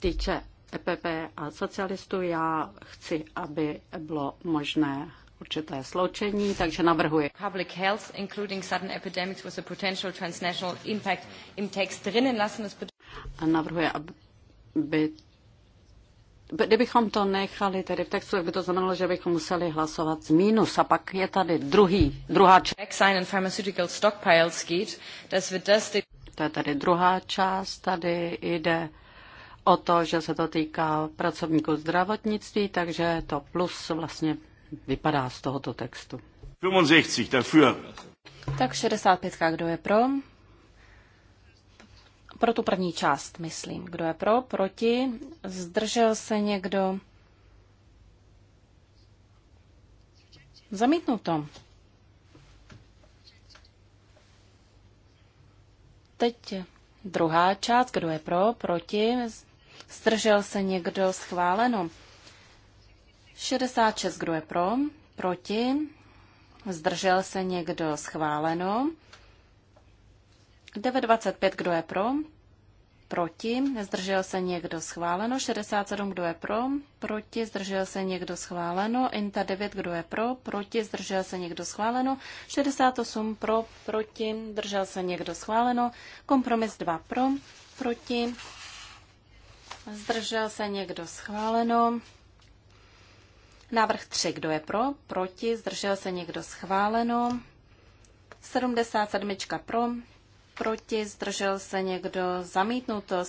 týče EPP a socialistů, já chci, aby bylo možné určité sloučení, takže navrhuji. Public health, including sudden epidemics with a potential transnational impact im Text drinnen lassen. a navrhuje, aby Kdybychom to nechali tedy v textu, tak by to znamenalo, že bychom museli hlasovat z mínus. A pak je tady druhý, druhá část. To je tady druhá část, tady jde o to, že se to týká pracovníků zdravotnictví, takže to plus vlastně vypadá z tohoto textu. 65 dafür. Tak 65, kdo je pro? Pro tu první část, myslím. Kdo je pro? Proti? Zdržel se někdo? Zamítnu to. Teď druhá část, kdo je pro, proti, Zdržel se někdo? Schváleno. 66, kdo je pro? Proti? Zdržel se někdo? Schváleno. 925, kdo je pro? Proti? Zdržel se někdo? Schváleno. 67, kdo je pro? Proti? Zdržel se někdo? Schváleno. Inta 9, kdo je pro? Proti? Zdržel se někdo? Schváleno. 68, pro? Proti? Zdržel se někdo? Schváleno. Kompromis 2, pro? Proti? Zdržel se někdo schváleno. Návrh 3. Kdo je pro? Proti. Zdržel se někdo schváleno. 77. pro. Proti. Zdržel se někdo zamítnuto.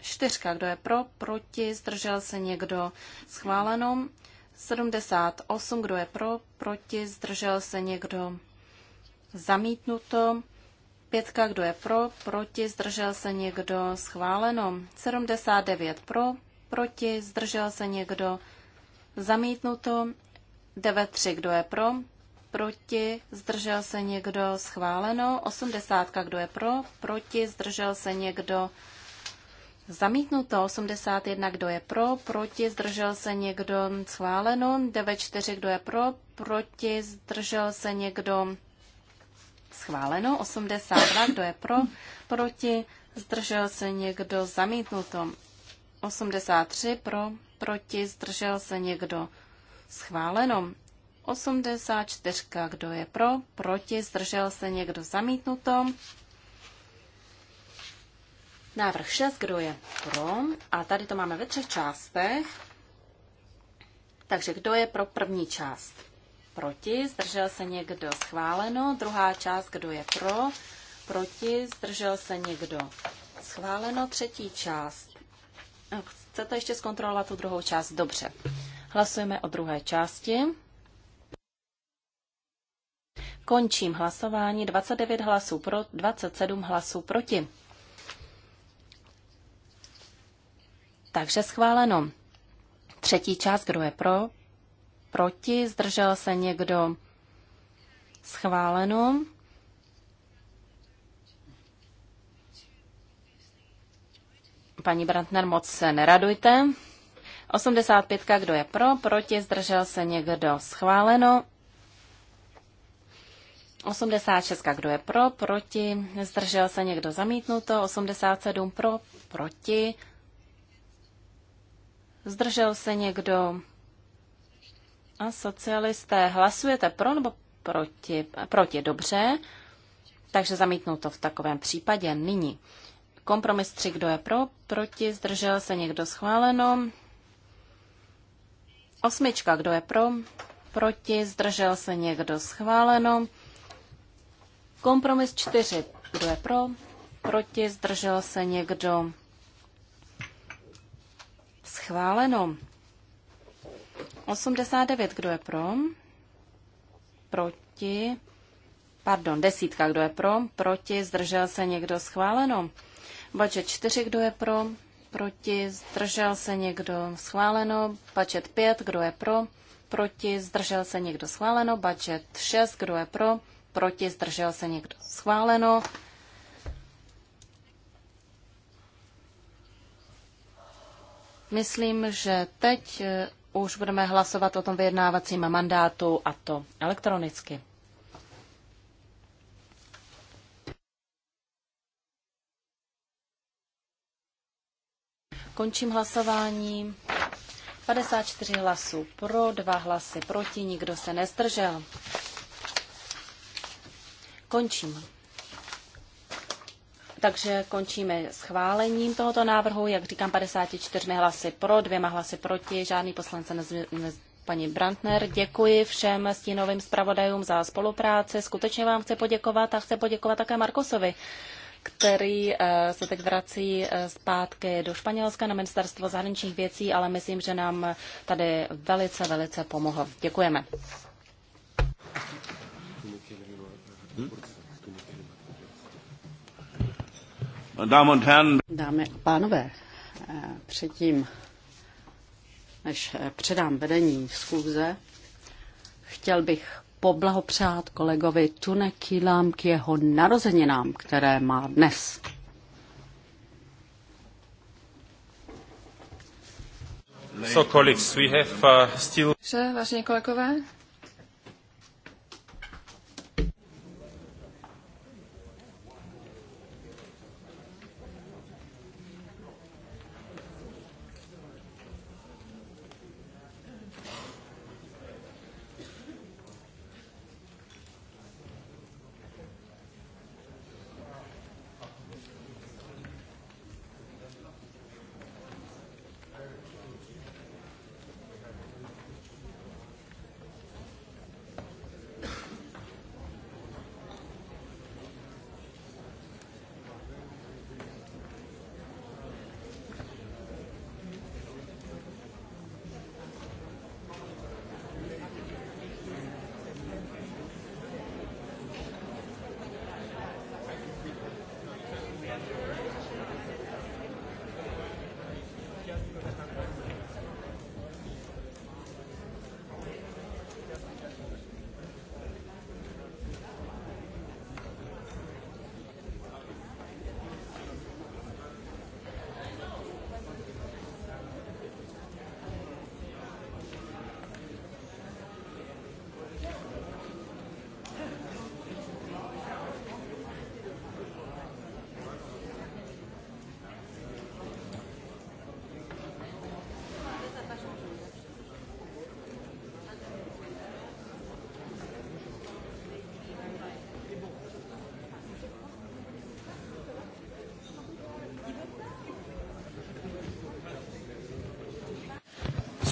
4. Kdo je pro? Proti. Zdržel se někdo schváleno. 78. Kdo je pro? Proti. Zdržel se někdo zamítnuto. Pětka, kdo je pro, proti, zdržel se někdo, schváleno. 79 pro, proti, zdržel se někdo, zamítnuto. 93, kdo je pro, proti, zdržel se někdo, schváleno. 80, kdo je pro, proti, zdržel se někdo, Zamítnuto 81, kdo je pro, proti, zdržel se někdo, schváleno, 94, kdo je pro, proti, zdržel se někdo, schváleno. 82, kdo je pro, proti, zdržel se někdo, zamítnuto. 83 pro, proti, zdržel se někdo, schváleno. 84, kdo je pro, proti, zdržel se někdo, zamítnuto. Návrh 6, kdo je pro, a tady to máme ve třech částech. Takže kdo je pro první část? proti, zdržel se někdo schváleno, druhá část, kdo je pro, proti, zdržel se někdo schváleno, třetí část. Chcete ještě zkontrolovat tu druhou část? Dobře. Hlasujeme o druhé části. Končím hlasování. 29 hlasů pro, 27 hlasů proti. Takže schváleno. Třetí část, kdo je pro, proti, zdržel se někdo schváleno. Paní Brantner, moc se neradujte. 85, kdo je pro, proti, zdržel se někdo schváleno. 86, kdo je pro, proti, zdržel se někdo zamítnuto, 87 pro, proti, zdržel se někdo a socialisté. Hlasujete pro nebo proti? Proti, dobře. Takže zamítnu to v takovém případě nyní. Kompromis 3, kdo je pro, proti, zdržel se někdo schváleno. Osmička, kdo je pro, proti, zdržel se někdo schváleno. Kompromis 4, kdo je pro, proti, zdržel se někdo schváleno. 89, kdo je pro? Proti? Pardon, desítka, kdo je pro? Proti? Zdržel se někdo? Schváleno. Budget 4, kdo je pro? Proti? Zdržel se někdo? Schváleno. Budget 5, kdo je pro? Proti? Zdržel se někdo? Schváleno. Budget 6, kdo je pro? Proti? Zdržel se někdo? Schváleno. Myslím, že teď eh, už budeme hlasovat o tom vyjednávacím mandátu a to elektronicky. Končím hlasování. 54 hlasů pro, 2 hlasy proti, nikdo se nestržel. Končím. Takže končíme schválením tohoto návrhu, jak říkám, 54 hlasy pro, dvěma hlasy proti, žádný poslance nezvě, nez, Paní Brantner, děkuji všem stínovým zpravodajům za spolupráci. Skutečně vám chci poděkovat a chci poděkovat také Markosovi, který eh, se teď vrací eh, zpátky do Španělska na ministerstvo zahraničních věcí, ale myslím, že nám tady velice, velice pomohl. Děkujeme. Hmm? Dámy a pánové, předtím, než předám vedení schůze, chtěl bych poblahopřát kolegovi Tunekilám k jeho narozeninám, které má dnes. So colleagues, we have, uh, still... Vážení kolegové,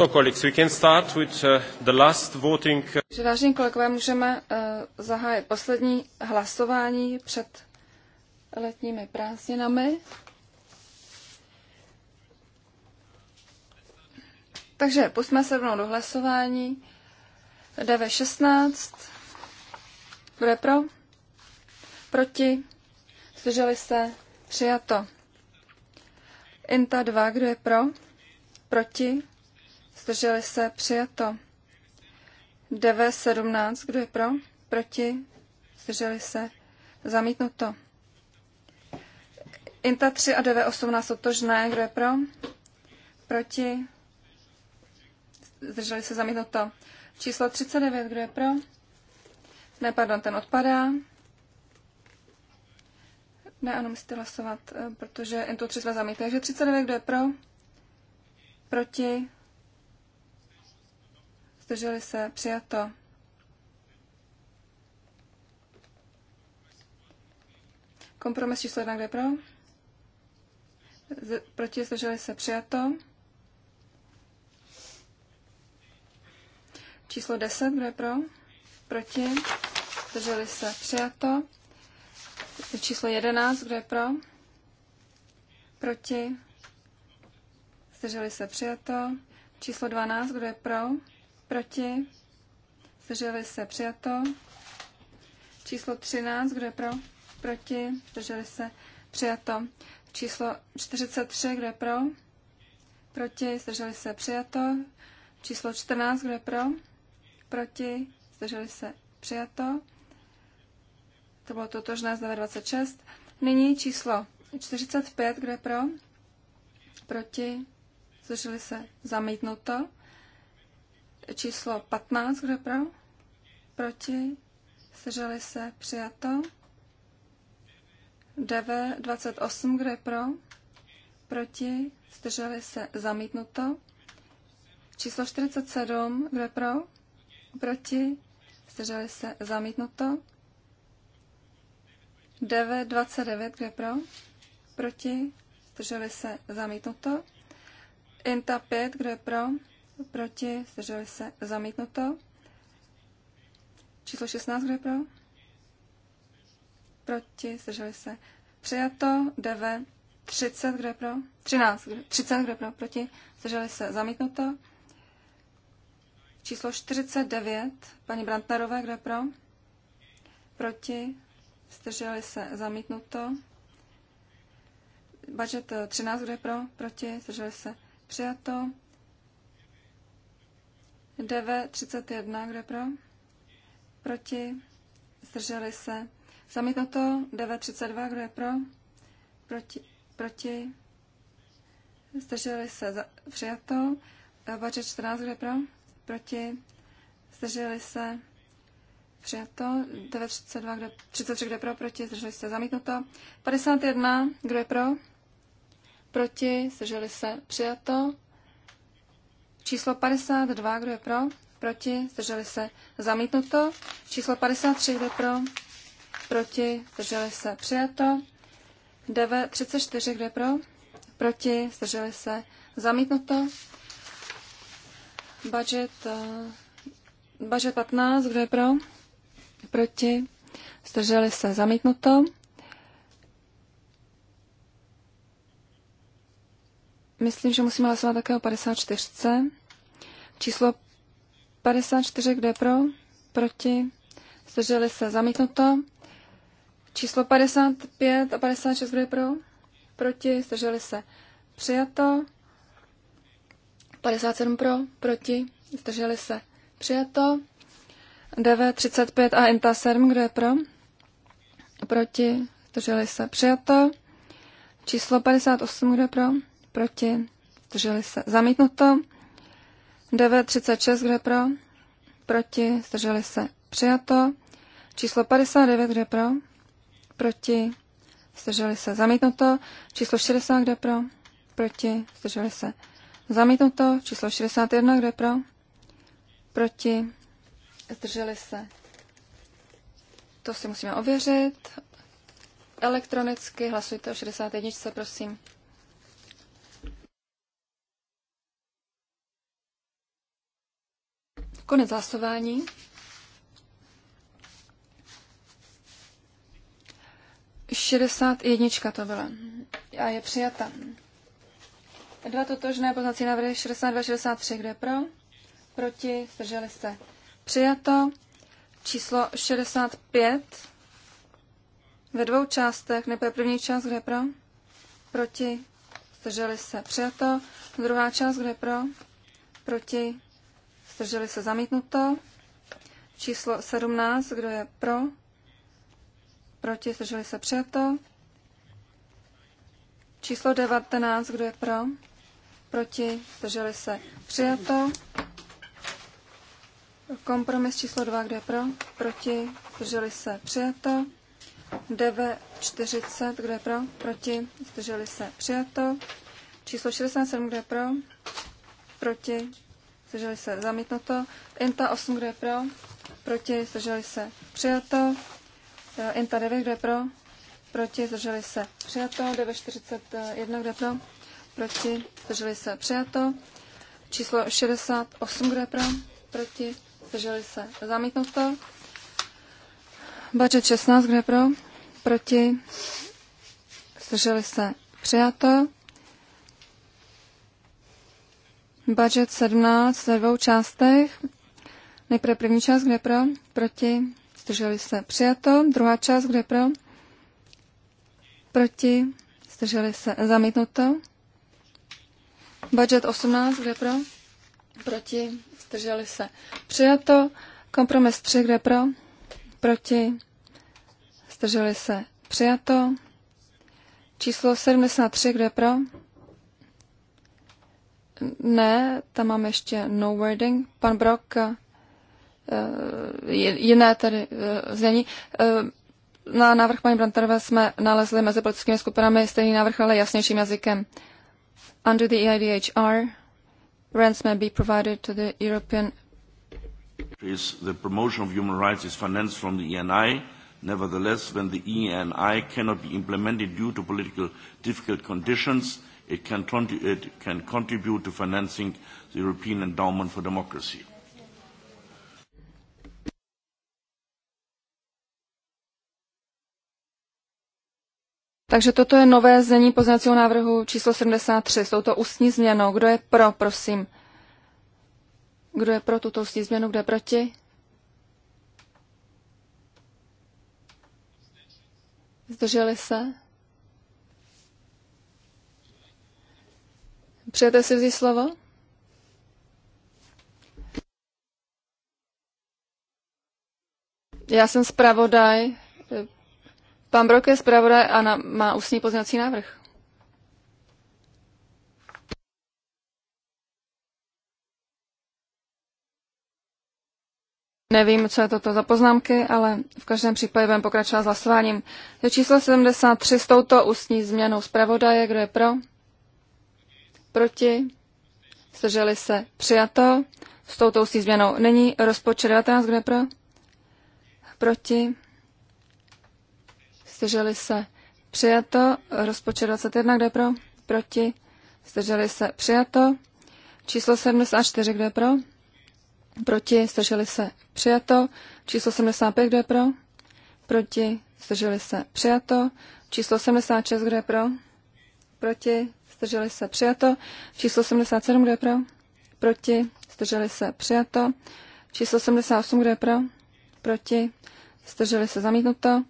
So, colleagues, we can start with uh, the last voting. Uh, vážení kolegové, můžeme uh, zahájit poslední hlasování před letními prázdninami. Takže pusme se rovnou do hlasování. DV16. Kdo je pro? Proti? Zdrželi se? Přijato. INTA 2. Kdo je pro? Proti? Zdrželi se přijato. DV17, kdo je pro? Proti? Zdrželi se zamítnuto. INTA 3 a DV18 totožné, kdo je pro? Proti? Zdrželi se zamítnuto. Číslo 39, kdo je pro? Ne, pardon, ten odpadá. Ne, ano, musíte hlasovat, eh, protože INTU 3 jsme zamítli. Takže 39, kdo je pro? Proti? zdrželi se, přijato. Kompromis číslo jedna, kde pro? Z, proti, zdrželi se, přijato. Číslo 10, kde pro? Proti, zdrželi se, přijato. Číslo 11, kde pro? Proti, zdrželi se, přijato. Číslo 12, kdo je pro? Proti? Zdrželi se přijato. Číslo 13, kdo je pro? Proti? Zdrželi se přijato. Číslo 43, kdo je pro? Proti? Zdrželi se přijato. Číslo 14, kdo je pro? Proti? Zdrželi se přijato. To bylo totožné z 26. Nyní číslo 45, kdo je pro? Proti? Zdrželi se zamítnuto číslo 15, kdo pro? Proti? Zdrželi se? Přijato. 9 28, kdo je pro? Proti? Zdrželi se? Zamítnuto. Číslo 47, kdo je pro? Proti? Zdrželi se? Zamítnuto. 9 29, kdo je pro? Proti? Zdrželi se? Zamítnuto. INTA 5, kdo je pro? proti, zdrželi se, zamítnuto. Číslo 16, kdo je pro? Proti, zdrželi se, přijato. DV 30, kdo je pro? 13, kdo, 30, kdo je pro? Proti, zdrželi se, zamítnuto. Číslo 49, paní Brantnerové, kdo je pro? Proti, zdrželi se, zamítnuto. Budget 13, eh, kdo je pro? Proti, zdrželi se, přijato. DV31, kdo je pro? Proti? Zdrželi se. Zamítnuto. DV32, kdo je pro? Proti? proti? Zdrželi se. přijato. Bače 14, kdo je pro? Proti? Zdrželi se. Přijato. 932, kdo, 33, kdo je pro? Proti? Zdrželi se. Zamítnuto. 51, kdo je pro? Proti? Zdrželi se. Přijato. Číslo 52, kdo je pro? Proti, zdrželi se, zamítnuto. Číslo 53, kdo je pro? Proti, zdrželi se, přijato. 9, 34, kdo je pro? Proti, zdrželi se, zamítnuto. Budget, uh, budget 15, kdo je pro? Proti, zdrželi se, zamítnuto. myslím, že musíme hlasovat také o 54. Číslo 54, kde pro, proti, zdrželi se, zamítnuto. Číslo 55 a 56, kde pro, proti, zdrželi se, přijato. 57 pro, proti, zdrželi se, přijato. 9, 35 a INTA 7, kdo je pro? Proti, zdrželi se, přijato. Číslo 58, kdo je pro? proti, zdrželi se zamítnuto. 9.36, kdo je pro, proti, zdrželi se přijato. Číslo 59, kdo je pro, proti, zdrželi se zamítnuto. Číslo 60, kdo je pro, proti, zdrželi se zamítnuto. Číslo 61, kdo je pro, proti, zdrželi se. To si musíme ověřit. Elektronicky hlasujte o 61, prosím. Konec hlasování. Šedesát jednička to byla. A je přijata. Dva totožné poznací návrhy 62, 63. Kdo je pro? Proti? Zdrželi se. Přijato. Číslo 65. Ve dvou částech. Nejprve první část. Kdo je pro? Proti? Zdrželi se. Přijato. Druhá část. Kdo je pro? Proti? Zdrželi se zamítnuto. Číslo 17, kdo je pro? Proti, zdrželi se přijato. Číslo 19, kdo je pro? Proti, zdrželi se přijato. Kompromis číslo 2, kdo je pro? Proti, zdrželi se přijato. 940, kdo je pro? Proti, zdrželi se přijato. Číslo 67, kdo je pro? Proti, zdrželi se zamítnuto. Inta 8, kdo je pro, proti, zdrželi se přijato. E, Inta 9, kdo je pro, proti, zdrželi se přijato. 941, e, kdo je pro, proti, zdrželi se přijato. Číslo 68, kdo je pro, proti, zdrželi se zamítnuto. Budget 16, kdo je pro, proti, zdrželi se přijato budget 17 ve dvou částech. Nejprve první část, kde pro, proti, zdrželi se přijato. Druhá část, kde pro, proti, zdrželi se zamítnuto. Budget 18, kde pro, proti, zdrželi se přijato. Kompromis 3, kde pro, proti, zdrželi se přijato. Číslo 73, kde pro, ne, tam mám ještě no wording. Pan Brock, eh, jiné uh, znění. Eh, na návrh paní Brantarové jsme nalezli mezi politickými skupinami stejný návrh, ale jasnějším jazykem. Under the EIDHR, grants may be provided to the European is the promotion of human rights is financed from the ENI. Nevertheless, when the ENI cannot be implemented due to political difficult conditions, It can, it can contribute to financing the European Endowment for Democracy. Takže toto je nové znění poznacího návrhu číslo 73 s touto ústní změnou. Kdo je pro, prosím? Kdo je pro tuto ústní změnu, kdo je proti? Zdrželi se? Přejete si vzít slovo? Já jsem zpravodaj. Pan Brok je zpravodaj a na, má ústní poznací návrh. Nevím, co je toto za poznámky, ale v každém případě budeme pokračovat s hlasováním. Je číslo 73 s touto ústní změnou zpravodaje. Kdo je pro? proti, zdrželi se, přijato. S touto ústní změnou není rozpočet 19, je pro, proti, zdrželi se, přijato. Rozpočet 21, je pro, proti, zdrželi se, přijato. Číslo 74, je pro, proti, zdrželi se, přijato. Číslo 75, je pro, proti, zdrželi se, přijato. Číslo 76, je pro, proti, zdrželi se, přijato. Číslo 77, kdo je pro? Proti, zdrželi se, přijato. Číslo 78, kdo je pro? Proti, zdrželi se, zamítnuto.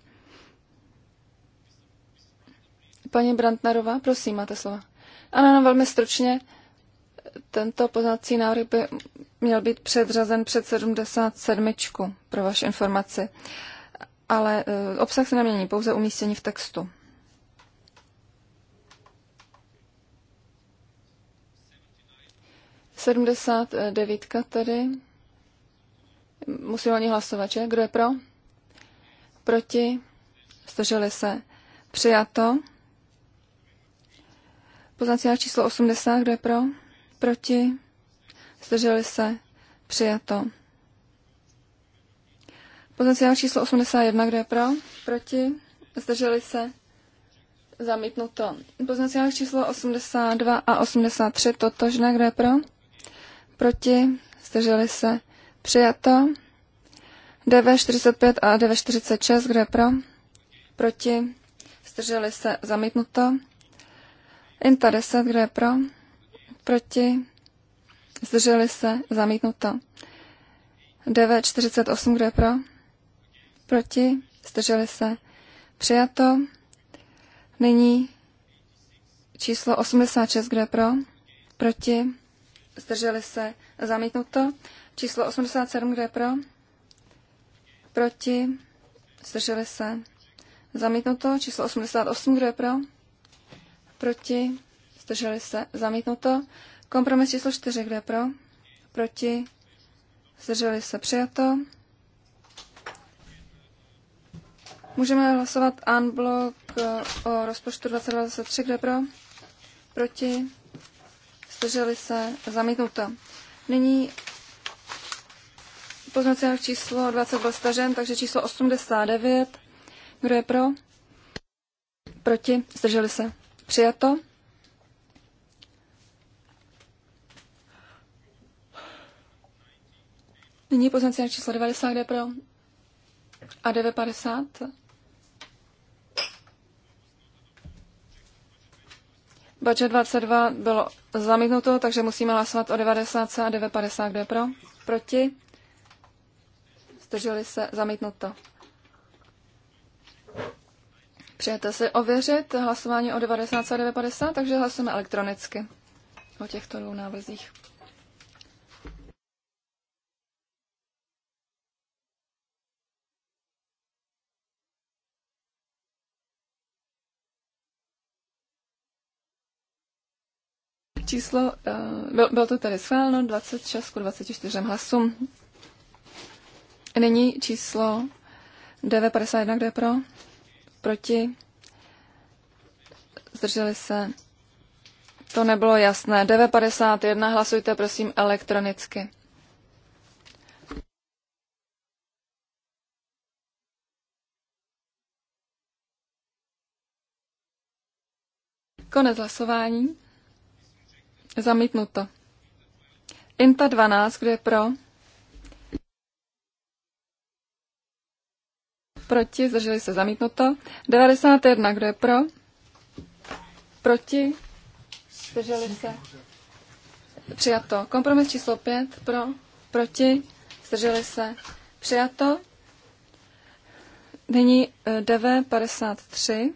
Paní Brantnerová, prosím, máte slova. Ano, ano, velmi stručně. Tento poznací návrh by měl být předřazen před 77. pro vaši informaci. Ale eh, obsah se nemění, pouze umístění v textu. 79 tedy. Musíme o ní hlasovat, že? Kdo je pro? Proti? Zdrželi se. Přijato. Poznací číslo 80, kdo je pro? Proti? Zdrželi se. Přijato. Poznací číslo 81, kdo je pro? Proti? Zdrželi se. Zamítnuto. Poznací číslo 82 a 83, totožné, kdo je pro? proti, zdrželi se, přijato. DV45 a DV46, kdo je pro, proti, zdrželi se, zamítnuto. INTA 10, kdo je pro, proti, zdrželi se, zamítnuto. DV48, kdo je pro, proti, zdrželi se, přijato. Nyní číslo 86, kdo je pro, proti, zdrželi se, zamítnuto. Číslo 87, kdo je pro? Proti, zdrželi se, zamítnuto. Číslo 88, kdo je pro? Proti, zdrželi se, zamítnuto. Kompromis číslo 4, kdo je pro? Proti, zdrželi se, přijato. Můžeme hlasovat unblock eh, o rozpočtu 2023, kde pro? Proti? zdrželi se, zamítnuto. Nyní poznací číslo 20 byl stažen, takže číslo 89. Kdo je pro? Proti? Zdrželi se. Přijato. Nyní poznací číslo 90, je pro? A 950 Budget 22 bylo zamítnuto, takže musíme hlasovat o 90 a 950. Kdo je pro? Proti? Zdrželi se zamítnuto. Přijete si ověřit hlasování o 90 a 950, takže hlasujeme elektronicky o těchto dvou návrzích. číslo, eh, bylo to tedy schváleno 26 k 24 hlasům. Nyní číslo 951, kde je pro, proti, zdrželi se. To nebylo jasné. 951 hlasujte prosím elektronicky. Konec hlasování. Zamítnuto. Inta 12, kdo je pro? Proti, zdrželi se zamítnuto. 91, kdo je pro? Proti, zdrželi se. Přijato. Kompromis číslo 5, pro, proti, zdrželi se. Přijato. Nyní eh, DV 53.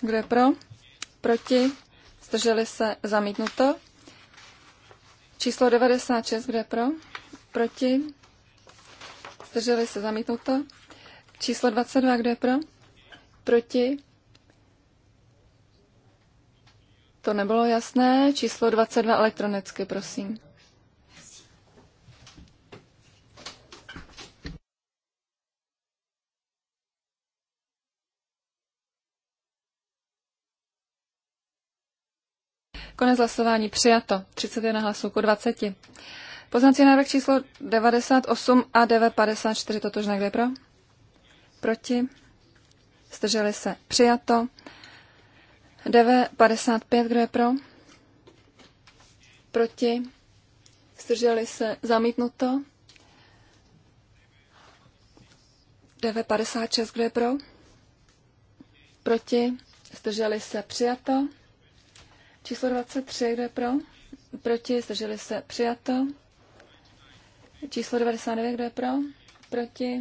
Kdo je pro? Proti? zdrželi se, zamítnuto. Číslo 96, kde pro, proti, zdrželi se, zamítnuto. Číslo 22, kde pro, proti, to nebylo jasné. Číslo 22 elektronicky, prosím. Konec hlasování přijato. 31 hlasů ku 20. Poznací návrh číslo 98 a 954 totožné. Kde pro? Proti? Zdrželi se. Přijato. 955. Kdo je pro? Proti? Zdrželi se. Zamítnuto. 956. Kdo je pro? Proti? Zdrželi se. Přijato. Číslo 23, kdo je pro? Proti, zdrželi se, přijato. Číslo 99, kdo je pro? Proti,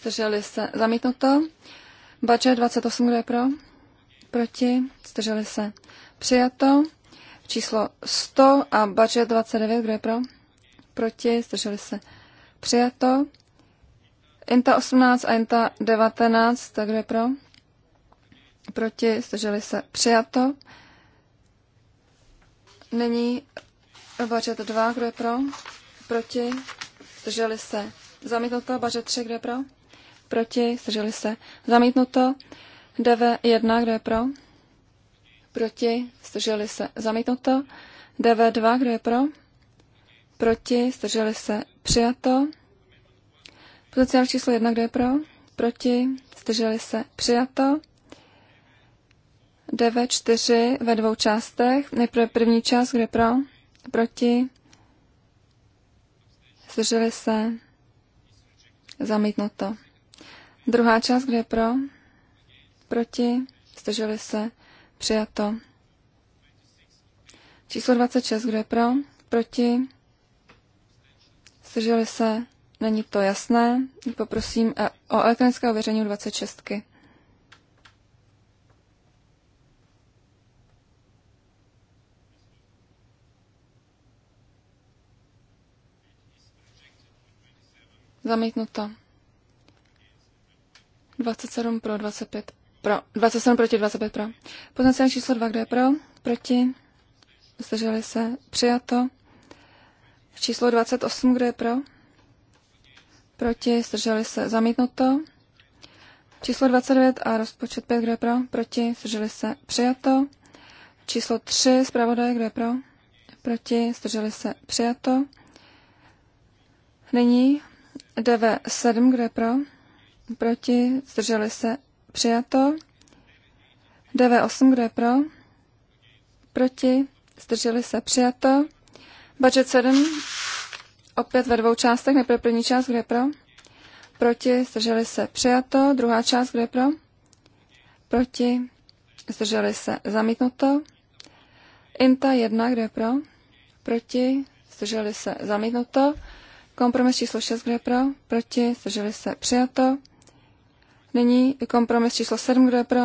zdrželi se, zamítnuto. Bače 28, kdo je pro? Proti, zdrželi se, přijato. Číslo 100 a Bače 29, kdo je pro? Proti, zdrželi se, přijato. Inta 18 a Inta 19, tak kdo je pro? Proti, zdrželi se, přijato. Nyní bažet dva, kdo je pro? Proti? Zdrželi se. Zamítnuto. Bažet tři, kdo je pro? Proti? Zdrželi se. Zamítnuto. DV 1, kdo je pro? Proti? Zdrželi se. Zamítnuto. DV 2, kdo je pro? Proti? Zdrželi se. Přijato. Potenciál číslo jedna, kdo je pro? Proti? Zdrželi se. Přijato. DV4 ve dvou částech. Nejprve první část, kde pro, proti, zdrželi se, zamítnuto. Druhá část, kde pro, proti, zdrželi se, přijato. Číslo 26, kde pro, proti, zdrželi se, není to jasné, poprosím o elektronické ověření 26. -ky. Zamítnuto. 27 pro, 25 pro. 27 proti, 25 pro. Potenciál číslo 2, kdo je pro? Proti. Zdrželi se. Přijato. Číslo 28, kdo je pro? Proti. Zdrželi se. Zamítnuto. Číslo 29 a rozpočet 5, kdo je pro? Proti. Zdrželi se. Přijato. Číslo 3, zpravodaj, kdo je pro? Proti. Zdrželi se. Přijato. Nyní DV7, pro? Proti, zdrželi se, přijato. DV8, je pro? Proti, zdrželi se, přijato. Budget 7, opět ve dvou částech, nejprve první část, je pro? Proti, zdrželi se, přijato. Druhá část, je pro? Proti, zdrželi se, zamítnuto. Inta 1, je pro? Proti, zdrželi se, zamítnuto. Kompromis číslo 6, kdo je pro? Proti? Zdrželi se? Přijato. Nyní kompromis číslo 7, kdo je pro?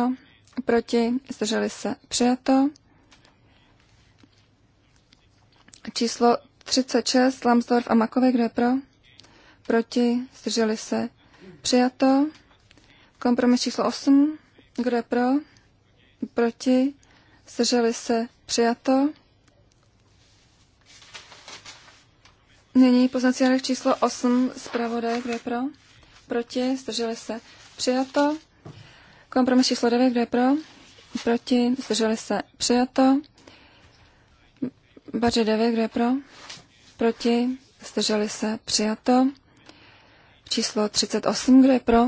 Proti? Zdrželi se? Přijato. Číslo 36, Lambsdorff a Makové, kdo je pro? Proti? Zdrželi se? Přijato. Kompromis číslo 8, kdo je pro? Proti? Zdrželi se? Přijato. Nyní poznací návrh číslo 8, zpravodaj, kdo je pro? Proti, zdrželi se. Přijato. Kompromis číslo 9, kdo je pro? Proti, zdrželi se. Přijato. Badže 9, kdo je pro? Proti, zdrželi se. Přijato. Číslo 38, kdo je pro?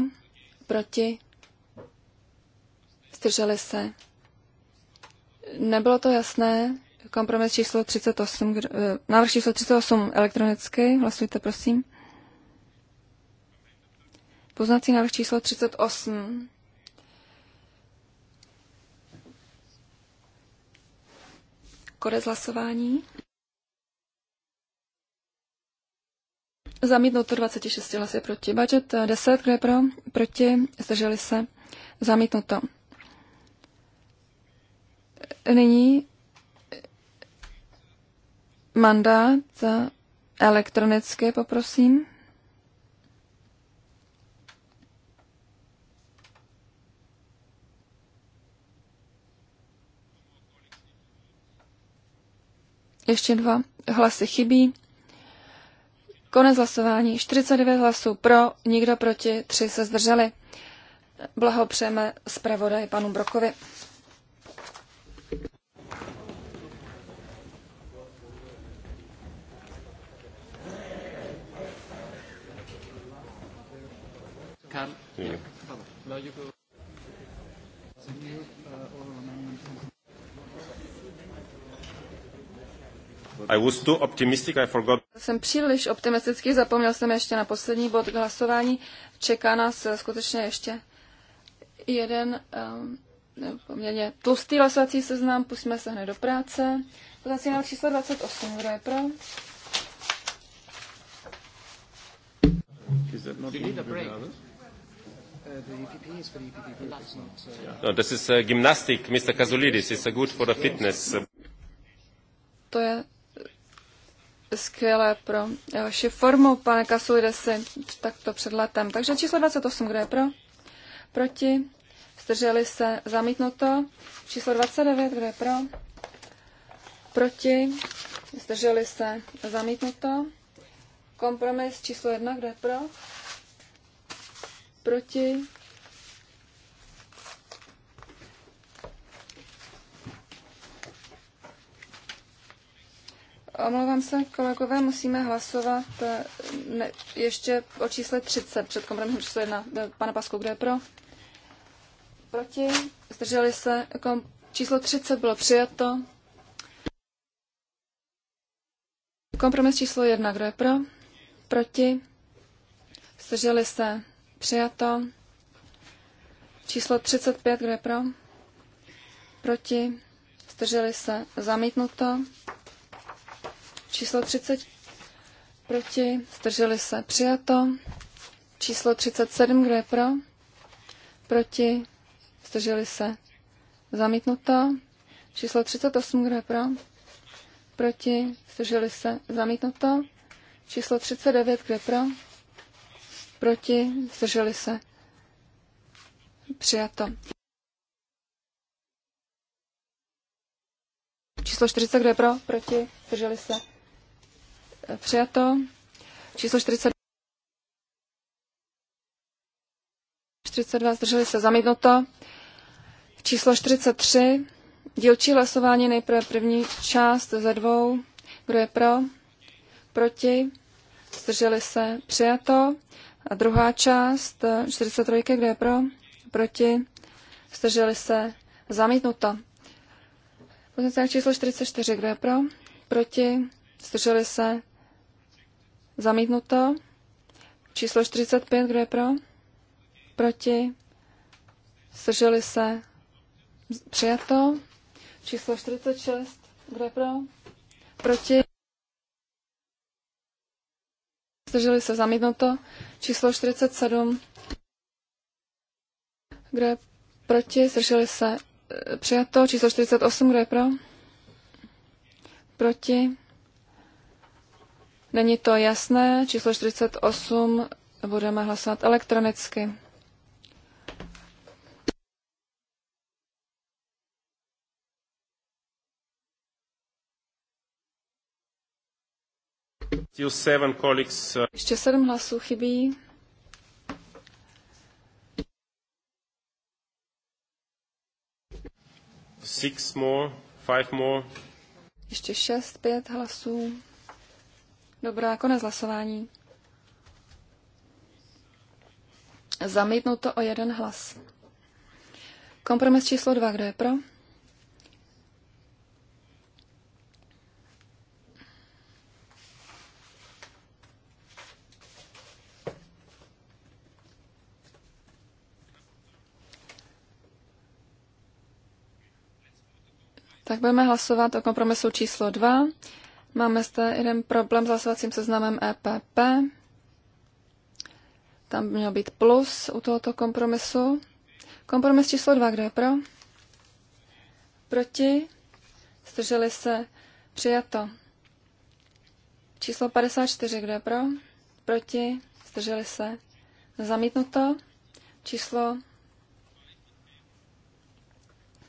Proti, zdrželi se. Nebylo to jasné, Kompromis číslo 38, kdo, eh, návrh číslo 38 elektronicky, hlasujte prosím. Poznací návrh číslo 38. Konec hlasování. Zamítnuto 26 hlasy proti. Budget 10, eh, kdo je pro? Proti. Zdrželi se. Zamítnuto. Nyní mandát elektronicky, poprosím. Ještě dva hlasy chybí. Konec hlasování. 49 hlasů pro, nikdo proti, tři se zdrželi. Blahopřejeme zpravodaj panu Brokovi. No, I was too optimistic, I forgot. Jsem příliš optimistický, zapomněl jsem ještě na poslední bod k hlasování. Čeká nás eh, skutečně ještě jeden um, poměrně tlustý hlasovací seznam, pusíme se hned do práce. Podací návrh číslo 28, kdo je pro? Is that not No, das ist uh, äh, gymnastic, Mr. Kazulidis. It's uh, good for the fitness. To je skvělé pro eh, vaši formu, pane Kasulidesi, takto před letem. Takže číslo 28, kdo je pro? Proti? Zdrželi se? Zamítnuto. Číslo 29, kdo je pro? Proti? Zdrželi se? Zamítnuto. Kompromis číslo 1, kdo je pro? proti, Omlouvám se, kolegové, musíme hlasovat eh, ne, ještě o čísle 30 před kompromisem číslo 1. Eh, Pane Pasku, kdo je pro? Proti? Zdrželi se? Kom, číslo 30 bylo přijato. Kompromis číslo 1, kdo je pro? Proti? Zdrželi se? Přijato. Číslo 35, kdo je pro? Proti. Zdrželi se. Zamítnuto. Číslo 30. Proti. Zdrželi se. Přijato. Číslo 37, kdo je pro? Proti. Zdrželi se. Zamítnuto. Číslo 38, kdo je pro? Proti. Zdrželi se. Zamítnuto. Číslo 39, kdo je pro? Proti? Zdrželi se? Přijato. Číslo 40, kdo je pro? Proti? Zdrželi se? Přijato. Číslo 40. 42, zdrželi se, zamítnuto. Číslo 43, dílčí hlasování, nejprve první část ze dvou. Kdo je pro? Proti? Zdrželi se, přijato. A druhá část 43, eh, kde je pro, proti, zdrželi se, zamítnuto. Potenciál číslo 44, kde je pro, proti, zdrželi se, zamítnuto. Číslo 45, kde je pro, proti, zdrželi se, přijato. Číslo 46, kde je pro, proti, zdrželi se zamítnuto. Číslo 47, kdo je proti, zdrželi se eh, přijato. Číslo 48, kdo je pro? Proti. Není to jasné. Číslo 48 budeme hlasovat elektronicky. Uh, Ještě sedm hlasů chybí. Six more, five more. Ještě šest, pět hlasů. Dobrá, konec hlasování. to o jeden hlas. Kompromis číslo dva, kdo je pro? Tak budeme hlasovat o kompromisu číslo 2. Máme zde jeden problém s hlasovacím seznamem EPP. Tam by měl být plus u tohoto kompromisu. Kompromis číslo 2, kdo je pro? Proti? Zdrželi se? Přijato. Číslo 54, kdo je pro? Proti? Zdrželi se? Zamítnuto. Číslo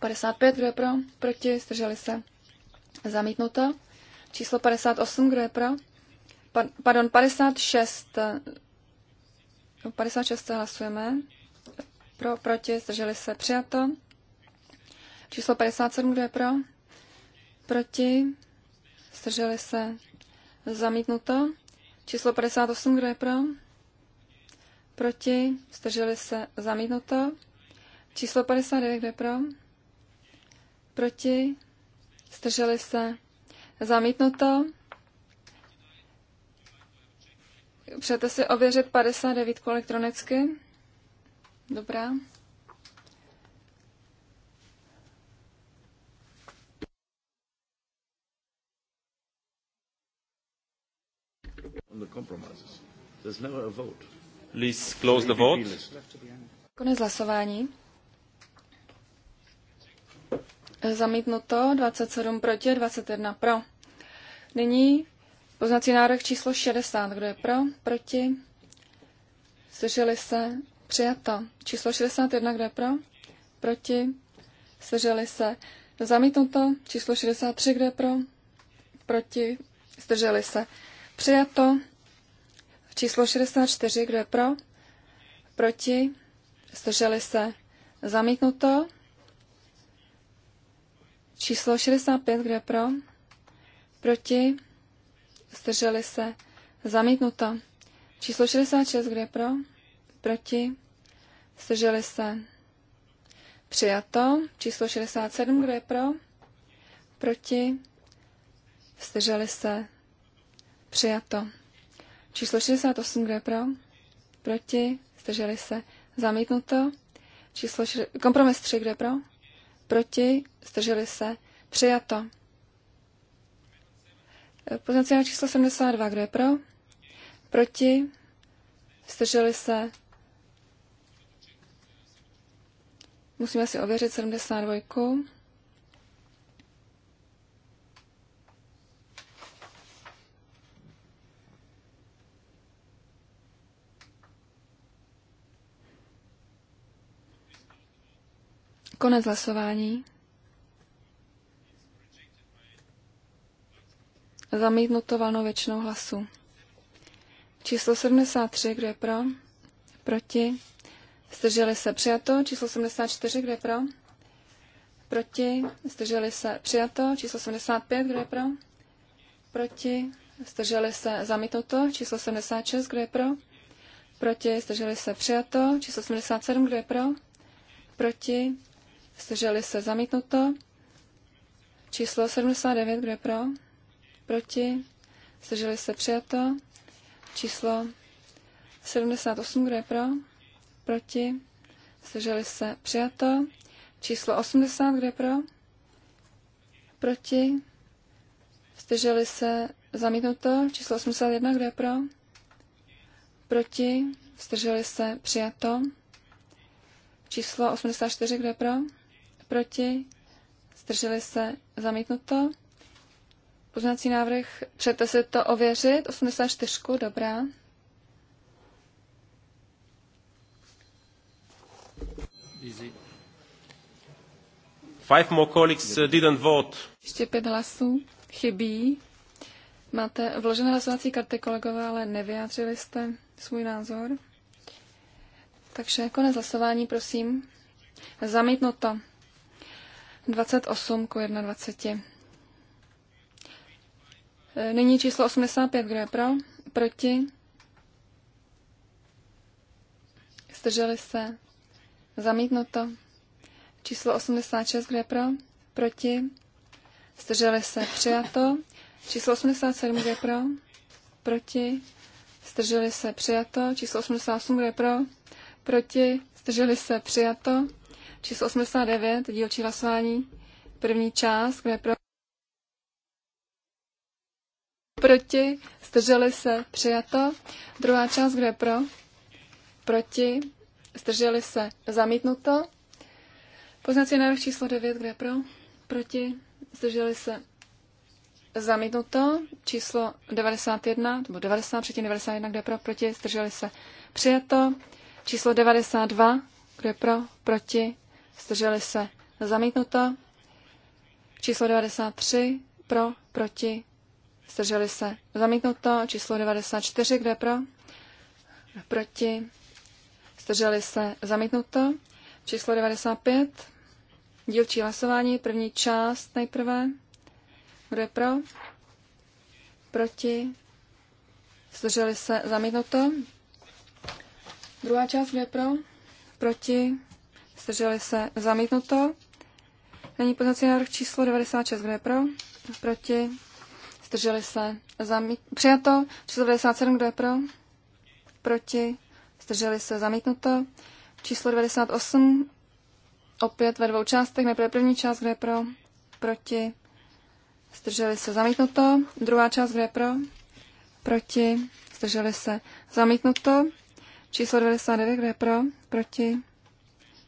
55, kdo je pro? Proti, zdrželi se. Zamítnuto. Číslo 58, kdo je pro? Pa, pardon, 56. 56 se hlasujeme. Pro, proti, zdrželi se. Přijato. Číslo 57, kdo je pro? Proti, zdrželi se. Zamítnuto. Číslo 58, kdo je pro? Proti, zdrželi se. Zamítnuto. Číslo 59, kdo je pro? Proti? Zdrželi se? Zamítnuto? Přejete si ověřit 59 elektronicky? Dobrá. Please close the vote. Konec hlasování. Zamítnuto 27 proti, 21 pro. Nyní poznací návrh číslo 60. Kdo je pro? Proti? Slyšeli se? Přijato. Číslo 61. Kdo je pro? Proti? Slyšeli se? Zamítnuto. Číslo 63. Kdo je pro? Proti? Zdrželi se? Přijato. Číslo 64. Kdo je pro? Proti? Zdrželi se? Zamítnuto. Číslo 65, kde pro? Proti? Zdrželi se. Zamítnuto. Číslo 66, kde pro? Proti? Zdrželi se. Přijato. Číslo 67, kde pro? Proti? Zdrželi se. Přijato. Číslo 68, kde pro? Proti? Zdrželi se. Zamítnuto. Číslo šir... Kompromis 3, kde pro? Proti? Zdrželi se? Přijato. Poznací číslo 72. Kdo je pro? Proti? Zdrželi se? Musíme si ověřit 72. Konec hlasování. Zamítnuto valnou většinou hlasu. Číslo 73, kdo je pro? Proti? Zdrželi se přijato. Číslo 74, kdo je pro? Proti? Zdrželi se přijato. Číslo 75, kdo je pro? Proti? Zdrželi se zamítnuto. Číslo 76, kdo je pro? Proti? Zdrželi se přijato. Číslo 77, kdo je pro? Proti? Zdrželi se zamítnuto. Číslo 79, kdo je pro? Proti. Zdrželi se přijato. Číslo 78, kdo je pro? Proti. Zdrželi se přijato. Číslo 80, kdo je pro? Proti. Zdrželi se zamítnuto. Číslo 81, kdo je pro? Proti. Zdrželi se přijato. Číslo 84, kdo je pro? proti, zdrželi se, zamítnuto. Poznací návrh, přejete si to ověřit, 84, dobrá. Easy. Five more colleagues uh, didn't vote. Ještě pět hlasů chybí. Máte vložené hlasovací karty, kolegové, ale nevyjádřili jste svůj názor. Takže konec hlasování, prosím. Zamítnuto. 28 ku 21. E, nyní číslo 85, kdo je pro? Proti? Zdrželi se? Zamítnuto. Číslo 86, kdo je pro? Proti? Zdrželi se? Přijato. Číslo 87, kdo je pro? Proti? Zdrželi se? Přijato. Číslo 88, kdo je pro? Proti? Zdrželi se? Přijato. Číslo 89, dílčí hlasování. První část, kde pro... Proti, zdrželi se, přijato. Druhá část, kde pro? Proti, zdrželi se, zamítnuto. Poznací návrh číslo 9, kde pro? Proti, zdrželi se, zamítnuto. Číslo 91, nebo 90, předtím 91, kde pro? Proti, zdrželi se, přijato. Číslo 92, kde pro, proti, zdrželi se zamítnuto. Číslo 93 pro, proti, zdrželi se zamítnuto. Číslo 94, kde pro, proti, zdrželi se zamítnuto. Číslo 95, dílčí hlasování, první část nejprve. Kdo je pro? Proti? Zdrželi se zamítnuto. Druhá část, kdo je pro? Proti? zdrželi se, zamítnuto. Není poznací návrh číslo 96, kdo je pro, proti, zdrželi se, zamít... přijato. Číslo 97, kdo je pro, proti, zdrželi se, zamítnuto. Číslo 98, opět ve dvou částech, nejprve první část, kdo je pro, proti, zdrželi se, zamítnuto. Druhá část, kdo je pro, proti, zdrželi se, zamítnuto. Číslo 99, kdo je pro, proti,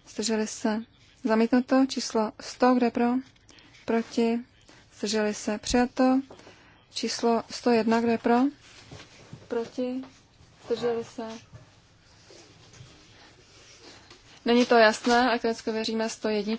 Zdrželi se. Zamítnuto. Číslo 100. Kde pro? Proti. Zdrželi se. Přijato. Číslo 101. Kde pro? Proti. Zdrželi se. Není to jasné, elektronicky věříme 101.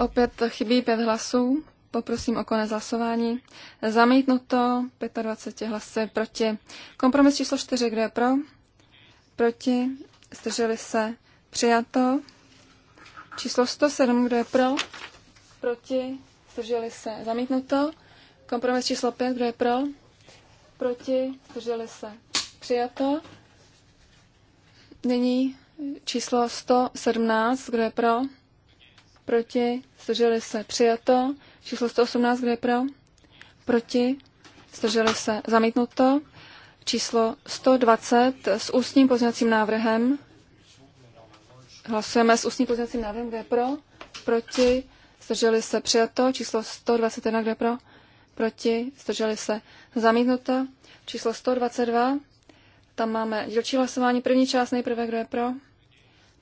Opět chybí pět hlasů. Poprosím o konec hlasování. Zamítnuto 25 hlasy proti. Kompromis číslo 4, kdo je pro? Proti. Zdrželi se. Přijato. Číslo 107, kdo je pro? Proti. Zdrželi se. Zamítnuto. Kompromis číslo 5, kdo je pro? Proti. Zdrželi se. Přijato. Nyní číslo 117, kdo je pro? proti, zdrželi se, přijato. Číslo 118, kde je pro, proti, zdrželi se, zamítnuto. Číslo 120 s ústním pozměňovacím návrhem. Hlasujeme s ústním pozměňovacím návrhem, kde je pro, proti, zdrželi se, přijato. Číslo 121, kde je pro, proti, zdrželi se, zamítnuto. Číslo 122, tam máme dílčí hlasování. První část nejprve, kdo je pro,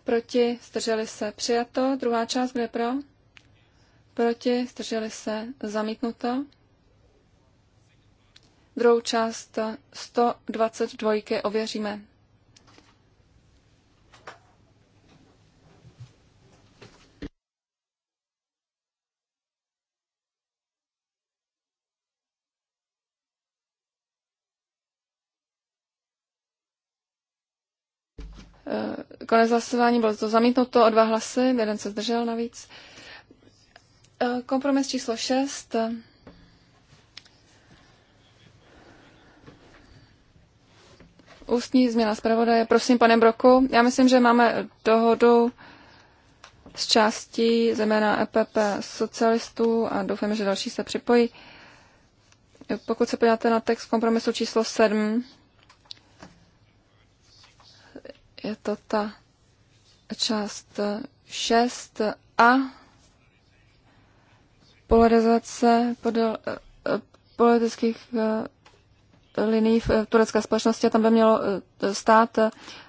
Proti zdrželi se přijato. Druhá část, kde pro? Proti zdrželi se zamítnuto. Druhou část 122 ověříme. Konec hlasování bylo to zamítnuto o dva hlasy, jeden se zdržel navíc. E, kompromis číslo 6. Ústní změna zpravodaje. Prosím, pane Broku, já myslím, že máme dohodu s částí zejména EPP socialistů a doufám, že další se připojí. Pokud se podíváte na text kompromisu číslo 7, je to ta část 6a polarizace podle eh, politických eh, linií v eh, turecké společnosti. Tam by mělo stát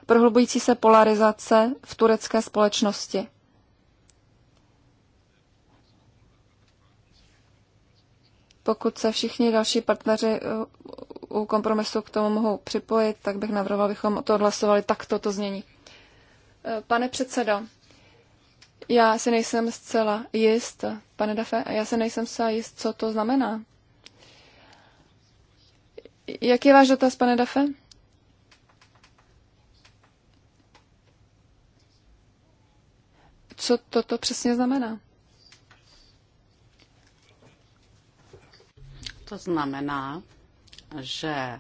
prohlubující se polarizace v turecké společnosti. Pokud se všichni další partneři u kompromisu k tomu mohu připojit, tak bych navrhoval, abychom to odhlasovali takto to znění. E, pane předsedo, já si nejsem zcela jist, pane Dafe, já si nejsem zcela jist, co to znamená. Jaký je váš dotaz, pane Dafe? Co toto přesně znamená? To znamená, že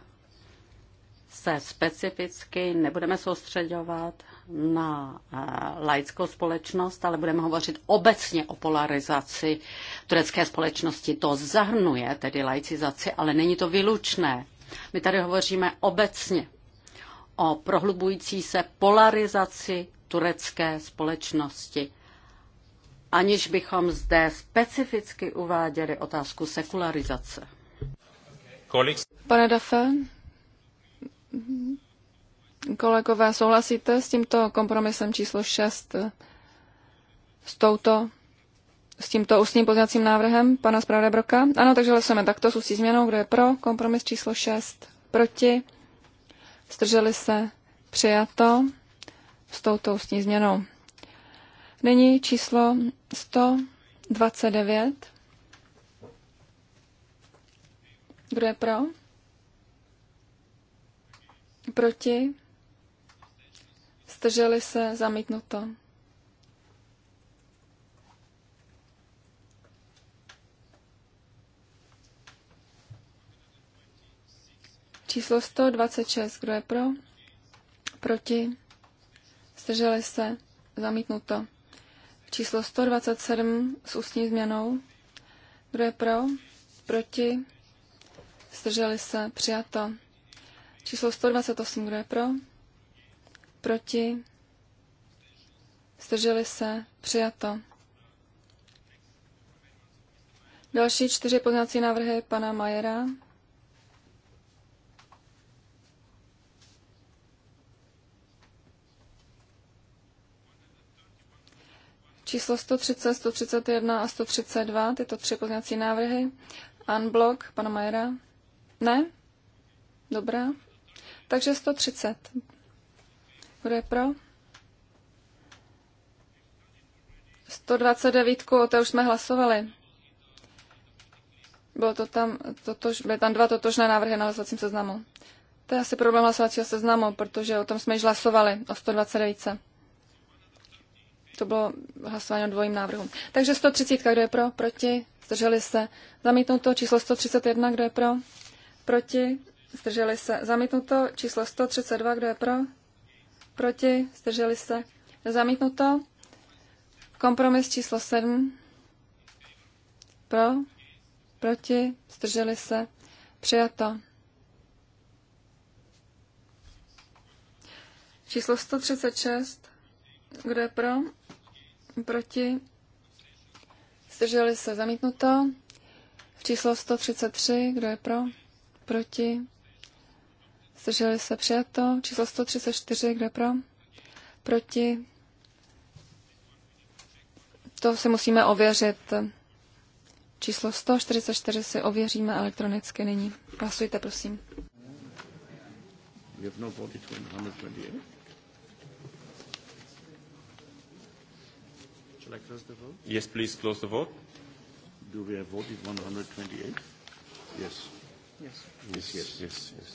se specificky nebudeme soustředovat na eh, laickou společnost, ale budeme hovořit obecně o polarizaci turecké společnosti. To zahrnuje tedy laicizaci, ale není to vylučné. My tady hovoříme obecně o prohlubující se polarizaci turecké společnosti, aniž bychom zde specificky uváděli otázku sekularizace. Pane Dafe, kolegové, souhlasíte s tímto kompromisem číslo 6, s touto s tímto ústním pozněcím návrhem pana zpravodaje Broka. Ano, takže hlasujeme takto s ústní změnou. Kdo je pro? Kompromis číslo 6. Proti? Zdrželi se? Přijato s touto ústní změnou. Nyní číslo 129. Kdo je pro? Proti? Strželi se? Zamítnuto. Číslo 126. Kdo je pro? Proti? Strželi se? Zamítnuto. Číslo 127 s ústní změnou. Kdo je pro? Proti? Zdrželi se. Přijato. Číslo 128. Kdo je pro? Proti? Zdrželi se. Přijato. Další čtyři pozměňovací návrhy pana Majera. Číslo 130, 131 a 132, tyto tři pozměňovací návrhy. Unblock pana Majera. Ne? Dobrá. Takže 130. Kdo je pro? 129, o to už jsme hlasovali. Bylo to tam, totož, byly tam dva totožné návrhy na hlasovacím seznamu. To je asi problém hlasovacího seznamu, protože o tom jsme již hlasovali, o 129. To bylo hlasování o dvojím návrhu. Takže 130, kdo je pro, proti, zdrželi se. to číslo 131, kdo je pro, Proti? Zdrželi se. Zamítnuto. Číslo 132. Kdo je pro? Proti? Zdrželi se. Zamítnuto. Kompromis číslo 7. Pro? Proti? Zdrželi se. Přijato. Číslo 136. Kdo je pro? Proti? Zdrželi se. Zamítnuto. Číslo 133. Kdo je pro? proti, zdrželi se přijato, číslo 134, kdo pro, proti, to si musíme ověřit. Číslo 144 si ověříme elektronicky nyní. Hlasujte, prosím. No yes, please close the vote. Do we have voted 128? Yes. Yes, yes, yes, yes.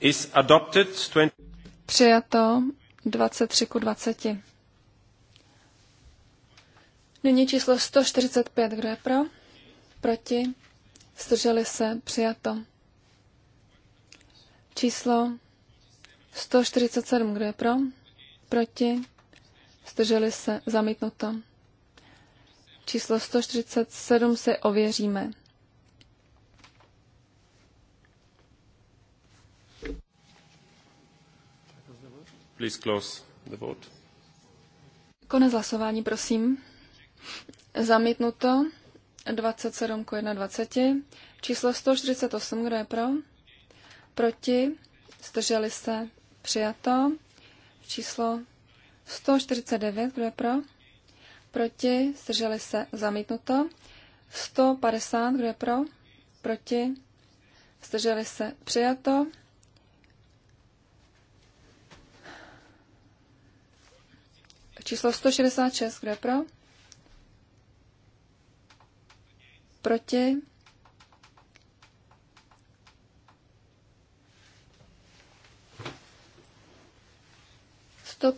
Is adopted 20... Přijato 23 ku 20. Nyní číslo 145. Kdo je pro? Proti? Zdrželi se? Přijato. Číslo 147. Kdo je pro? Proti? Zdrželi se? Zamítnuto. Číslo 147 si ověříme. Please close the vote. Konec hlasování, prosím. Zamítnuto 27 k 21. Číslo 148, kdo je pro? Proti? Zdrželi se? Přijato. Číslo 149, kdo je pro? Proti? Zdrželi se? Zamítnuto. 150, kdo je pro? Proti? Zdrželi se? Přijato. Číslo 166, kdo je pro? Proti? Sto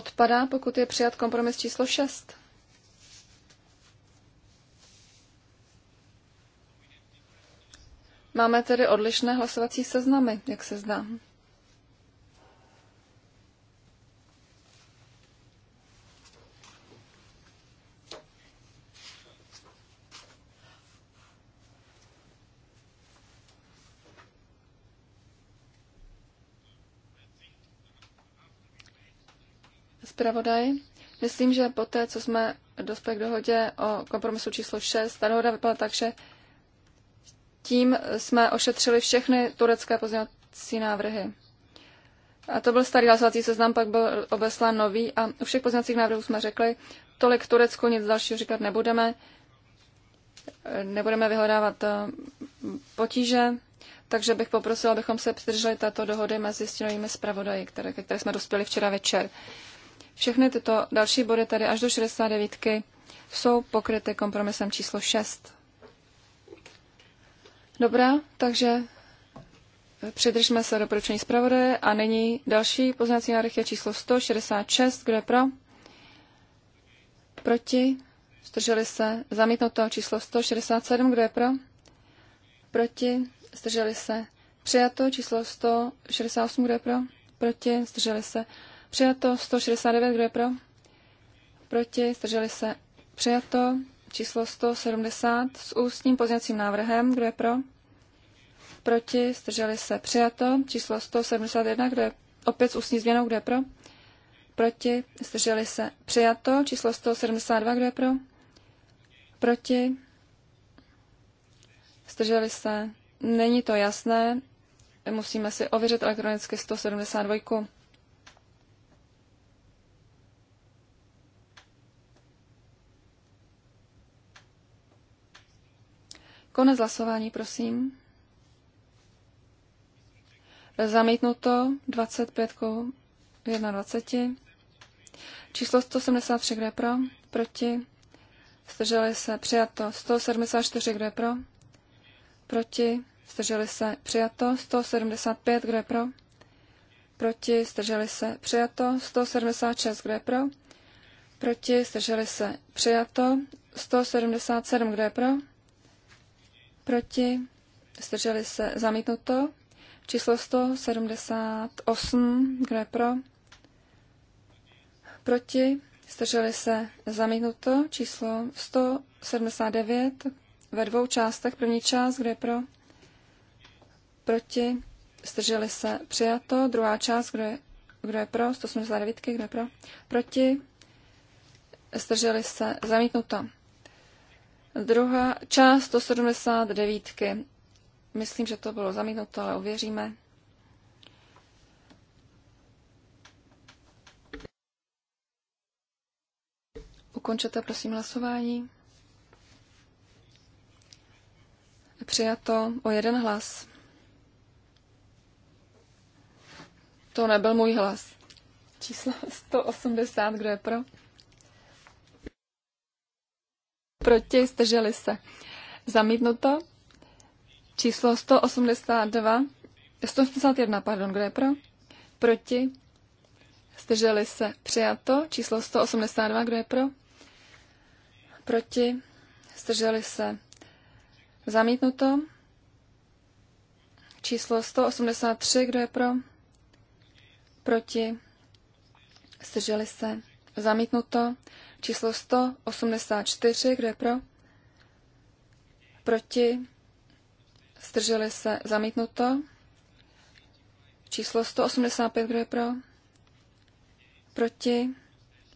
odpadá, pokud je přijat kompromis číslo 6. Máme tedy odlišné hlasovací seznamy, jak se zdá. zpravodaj. Myslím, že po té, co jsme dospěli k dohodě o kompromisu číslo 6, ta dohoda vypadala tak, že tím jsme ošetřili všechny turecké pozměňovací návrhy. A to byl starý hlasovací seznam, pak byl obeslán nový a u všech pozměňovacích návrhů jsme řekli, tolik Turecku nic dalšího říkat nebudeme, nebudeme vyhledávat eh, potíže, takže bych poprosila, abychom se přidrželi tato dohody mezi stěnovými zpravodaji, které, které jsme dospěli včera večer. Všechny tyto další body tady až do 69 jsou pokryty kompromisem číslo 6. Dobrá, takže přidržme se doporučení zpravodaje a nyní další poznací návrh je číslo 166. Kdo je pro? Proti? Zdrželi se? Zamítnuto číslo 167. Kdo je pro? Proti? Zdrželi se? Přijato číslo 168. Kdo je pro? Proti? Zdrželi se? Přijato 169, kdo je pro? Proti, zdrželi se. Přijato číslo 170 s ústním pozněcím návrhem, kdo je pro? Proti, zdrželi se. Přijato číslo 171, kdo je opět s ústní změnou, kdo je pro? Proti, zdrželi se. Přijato číslo 172, kdo je pro? Proti, zdrželi se. Není to jasné, musíme si ověřit elektronicky 172. Konec hlasování, prosím. Zamítnuto 25 ku 21. Číslo 173, kde je pro? Proti? Zdrželi se, přijato. 174, kde je pro? Proti? Zdrželi se, přijato. 175, kde je pro? Proti? Zdrželi se, přijato. 176, kde je pro? Proti? Zdrželi se, přijato. 177, kde je pro? proti, zdrželi se, zamítnuto. Číslo 178, kdo je pro, proti, zdrželi se, zamítnuto. Číslo 179, ve dvou částech, první část, kdo je pro, proti, zdrželi se, přijato. Druhá část, kdo je, kdo je pro, 189, kdo je pro, proti, zdrželi se, zamítnuto. Druhá část 179. Myslím, že to bylo zamítnuto, ale uvěříme. Ukončete prosím hlasování. Přijato o jeden hlas. To nebyl můj hlas. Číslo 180, kdo je pro? proti, zdrželi se. Zamítnuto. Číslo 182, 181, pardon, kdo je pro? Proti, zdrželi se. Přijato. Číslo 182, kdo je pro? Proti, zdrželi se. Zamítnuto. Číslo 183, kdo je pro? Proti, zdrželi se. Zamítnuto číslo 184, kde je pro? Proti? Zdrželi se zamítnuto. Číslo 185, kde je pro? Proti?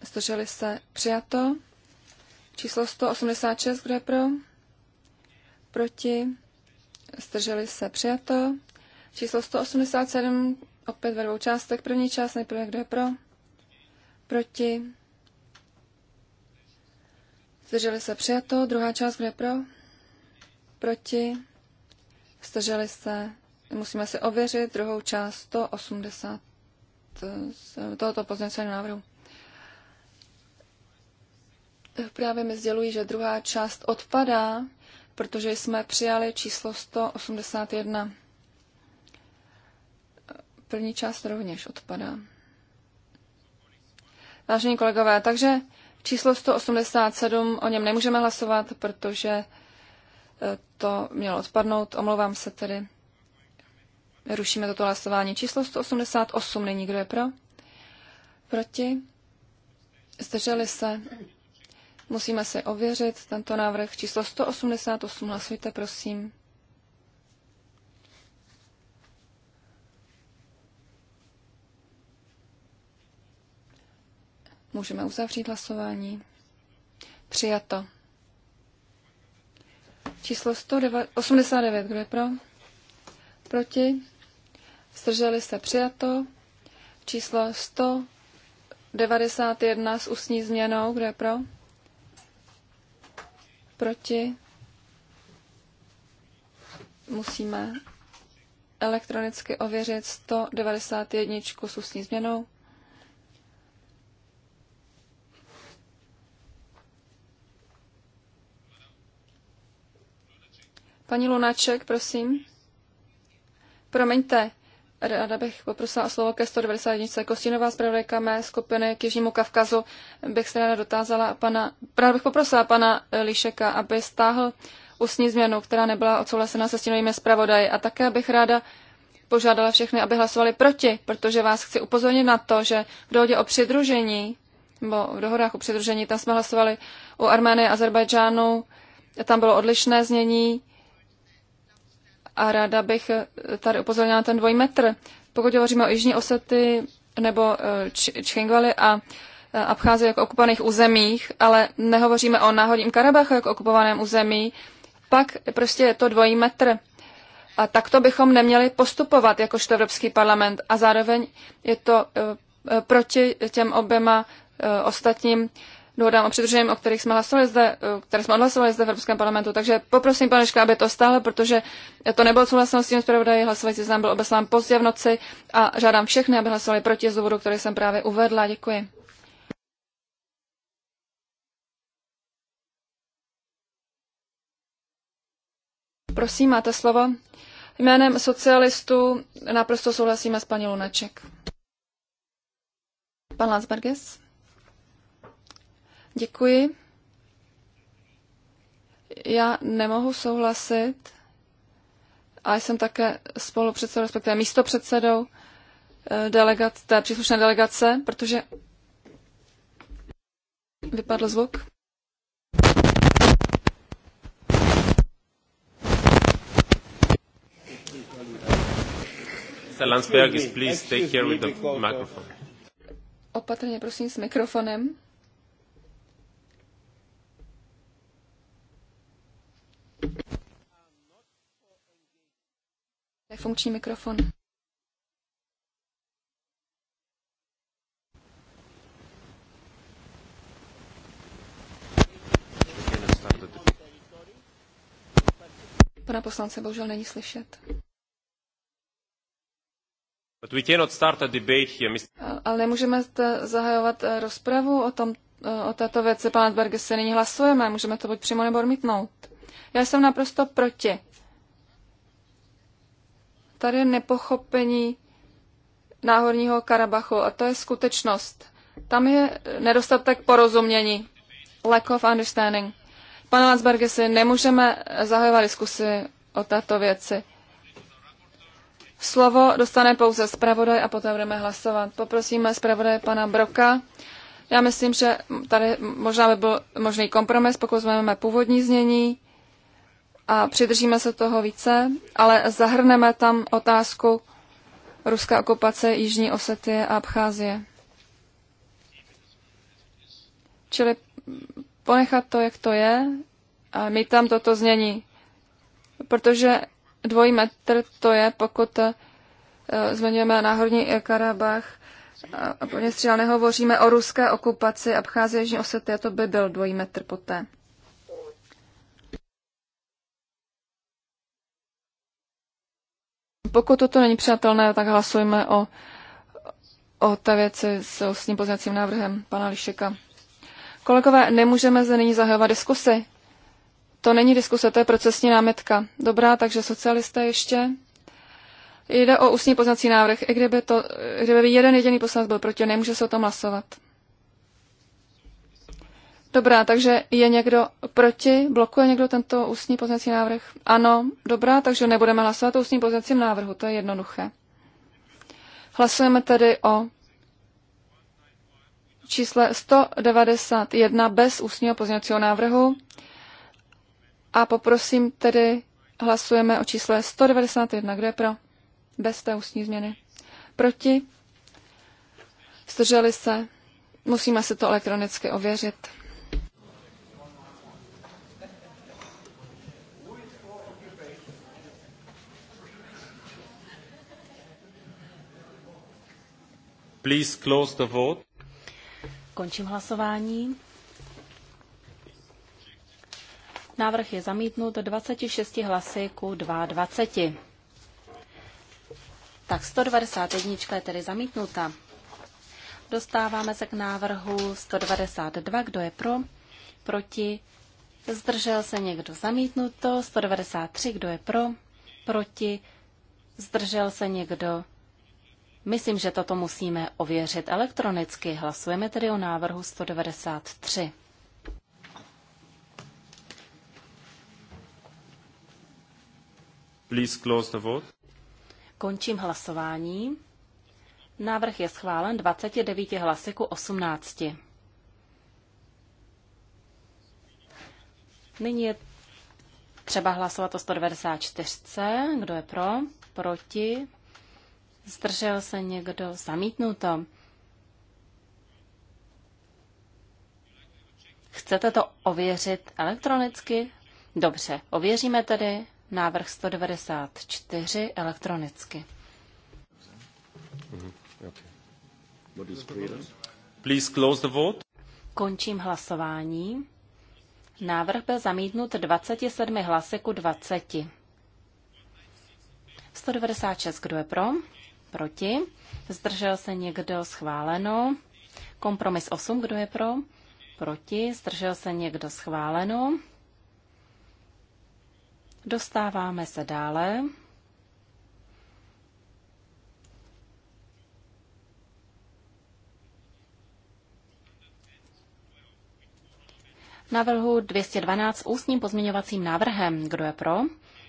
Zdrželi se přijato. Číslo 186, kde je pro? Proti? Zdrželi se přijato. Číslo 187, opět ve dvou částech. První část nejprve, kde je pro? Proti? Zdrželi se přijato. Druhá část, kde pro? Proti. Zdrželi se. Musíme si ověřit druhou část 180 eh, tohoto pozměňovacího návrhu. Právě mi sdělují, že druhá část odpadá, protože jsme přijali číslo 181. První část rovněž odpadá. Vážení kolegové, takže Číslo 187, o něm nemůžeme hlasovat, protože e, to mělo odpadnout. Omlouvám se tedy. Rušíme toto hlasování. Číslo 188, není kdo je pro? Proti? Zdrželi se? Musíme si ověřit tento návrh. Číslo 188, hlasujte, prosím. Můžeme uzavřít hlasování. Přijato. Číslo 189. Kdo je pro? Proti? Zdrželi se přijato. Číslo 191 s ústní změnou. Kdo je pro? Proti? Musíme elektronicky ověřit 191 s ústní změnou. Paní Lunáček, prosím. Promiňte, ráda bych poprosila o slovo ke 191. Kostinová zpravodajka mé skupiny k Jižnímu Kavkazu bych se ráda dotázala pana, ráda bych poprosila pana Líšeka, aby stáhl ústní změnu, která nebyla odsouhlasena se stínovými zpravodaji. A také bych ráda požádala všechny, aby hlasovali proti, protože vás chci upozornit na to, že v dohodě o přidružení, nebo v dohodách o přidružení, tam jsme hlasovali u Armény a Azerbajdžánu, tam bylo odlišné znění, a ráda bych tady upozornila na ten dvojí metr. Pokud hovoříme o Jižní Osety nebo eh, Čchingvali a eh, Abcházie jako okupovaných územích, ale nehovoříme o náhodním Karabachu jako okupovaném území, pak prostě je to dvojí metr. A takto bychom neměli postupovat jakožto Evropský parlament. A zároveň je to eh, proti těm oběma ostatním dohodám o přidružení, o kterých jsme hlasovali zde, eh, které jsme odhlasovali zde v Evropském parlamentu. Takže poprosím pane škáby, to stále, protože to nebylo souhlasné s tím zpravodají, hlasovací znám byl obeslán pozdě v noci a žádám všechny, aby hlasovali proti z důvodu, který jsem právě uvedla. Děkuji. Prosím, máte slovo. Jménem socialistů naprosto souhlasíme s paní Lunaček. Pan Lansberges. Děkuji. Já nemohu souhlasit a jsem také spolupředsedou, respektive místopředsedou eh, delegat, té příslušné delegace, protože vypadl zvuk. please with the microphone. Opatrně prosím s mikrofonem. Nefunkční mikrofon. Pana poslance bohužel není slyšet. But we cannot start a debate here, Mr. Ale nemůžeme zahajovat eh, rozpravu o, tom, eh, o této věci. pane Berges se nyní hlasujeme. Můžeme to buď přímo nebo odmítnout. Já jsem naprosto proti. Tady je nepochopení náhorního Karabachu a to je skutečnost. Tam je nedostatek porozumění. Lack of understanding. Pane Landsbergisi, nemůžeme zahajovat diskusy o této věci. Slovo dostane pouze zpravodaj a poté budeme hlasovat. Poprosíme zpravodaje pana Broka. Já myslím, že tady možná by byl možný kompromis, pokud vezmeme původní znění a přidržíme se toho více, ale zahrneme tam otázku ruská okupace Jižní Osetie a Abcházie. Čili ponechat to, jak to je, a mít tam toto znění. Protože dvojí metr to je, pokud e, zmiňujeme náhodní Karabach a podněstří, nehovoříme o ruské okupaci Abcházie Jižní Osetie, to by byl dvojí metr poté. Pokud toto není přijatelné, tak hlasujeme o, o té věci s ústním pozněcím návrhem pana Lišeka. Kolegové, nemůžeme zde nyní zahajovat diskusy. To není diskuse, to je procesní námitka. Dobrá, takže socialisté ještě. Jde o ústní poznací návrh. I kdyby, to, kdyby jeden jediný poslanec byl proti, nemůže se o tom hlasovat. Dobrá, takže je někdo proti? Blokuje někdo tento ústní pozměcí návrh? Ano, dobrá, takže nebudeme hlasovat o ústním pozměcím návrhu, to je jednoduché. Hlasujeme tedy o čísle 191 bez ústního pozměcího návrhu a poprosím tedy hlasujeme o čísle 191. kde je pro? Bez té ústní změny. Proti? Zdrželi se? Musíme se to elektronicky ověřit. Please close the vote. Končím hlasování. Návrh je zamítnut 26 hlasy ku 22. Tak 191 je tedy zamítnuta. Dostáváme se k návrhu 192. Kdo je pro? Proti? Zdržel se někdo zamítnuto? 193. Kdo je pro? Proti? Zdržel se někdo Myslím, že toto musíme ověřit elektronicky. Hlasujeme tedy o návrhu 193. Please close the vote. Končím hlasování. Návrh je schválen 29 hlasy ku 18. Nyní je třeba hlasovat o 194. Kdo je pro? Proti? Zdržel se někdo? Zamítnuto. Chcete to ověřit elektronicky? Dobře, ověříme tedy návrh 194 elektronicky. Mhm, Please close the vote. Končím hlasování. Návrh byl zamítnut 27 hlasy ku 20. 196, kdo je pro? Proti? Zdržel se někdo? Schváleno. Kompromis 8. Kdo je pro? Proti? Zdržel se někdo? Schváleno. Dostáváme se dále. Navrhu 212 ústním pozměňovacím návrhem. Kdo je pro?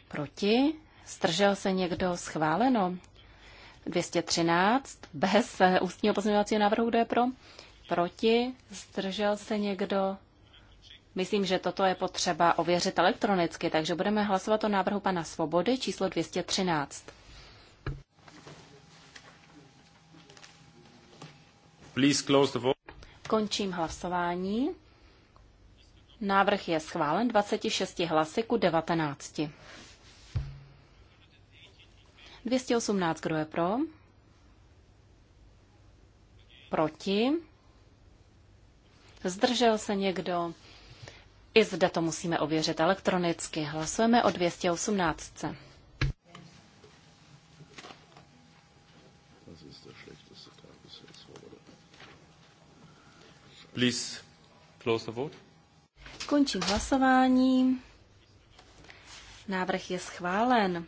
Proti? Stržel se někdo schváleno? 213 bez eh, ústního pozměňovacího návrhu, kdo je pro? Proti? Zdržel se někdo? Myslím, že toto je potřeba ověřit elektronicky, takže budeme hlasovat o návrhu pana Svobody číslo 213. Please close the vote. Končím hlasování. Návrh je schválen 26 hlasy ku 19. 218, kdo je pro? Proti? Zdržel se někdo? I zde to musíme ověřit elektronicky. Hlasujeme o 218. Please close the vote. Končím hlasování. Návrh je schválen.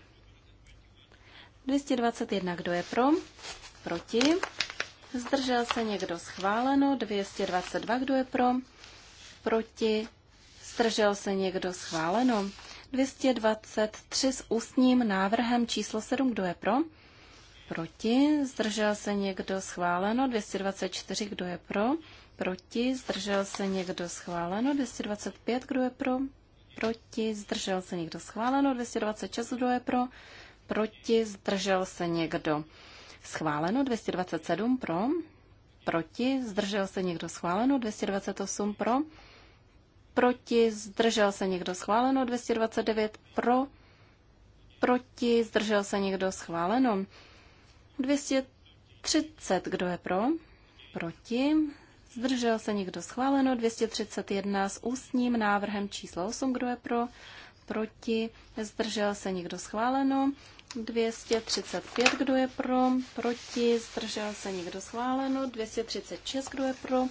221, kdo je pro? Proti. Zdržel se někdo schváleno? 222, kdo je pro? Proti. Zdržel se někdo schváleno? 223 s ústním návrhem číslo 7, kdo je pro? Proti. Zdržel se někdo schváleno? 224, kdo je pro? Proti. Zdržel se někdo schváleno? 225, kdo je pro? Proti. Zdržel se někdo schváleno? 226, kdo je pro? proti, zdržel se někdo. Schváleno 227 pro, proti, zdržel se někdo. Schváleno 228 pro, proti, zdržel se někdo. Schváleno 229 pro, proti, zdržel se někdo. Schváleno 230, kdo je pro, proti, Zdržel se někdo schváleno 231 s ústním návrhem číslo 8, kdo je pro, proti, zdržel se někdo schváleno 235, kdo je pro, proti, zdržel se někdo schváleno, 236, kdo je pro,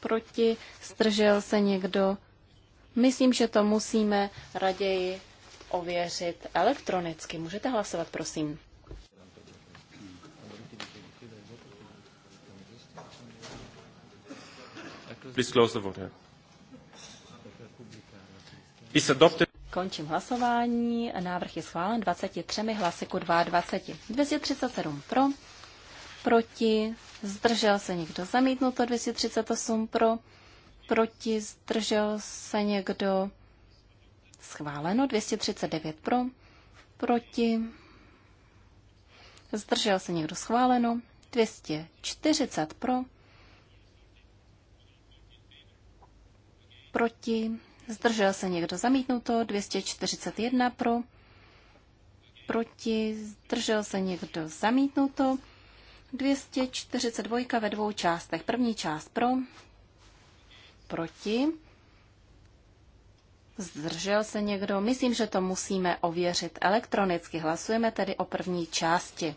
proti, zdržel se někdo. Myslím, že to musíme raději ověřit elektronicky. Můžete hlasovat, prosím. Please close the vote. Is adopted. Končím hlasování. Návrh je schválen 23 hlasy ku 22. 237 pro, proti, zdržel se někdo zamítnuto, 238 pro, proti, zdržel se někdo schváleno, 239 pro, proti, zdržel se někdo schváleno, 240 pro, proti, Zdržel se někdo zamítnuto? 241 pro. Proti? Zdržel se někdo zamítnuto? 242 ve dvou částech. První část pro. Proti? Zdržel se někdo? Myslím, že to musíme ověřit elektronicky. Hlasujeme tedy o první části.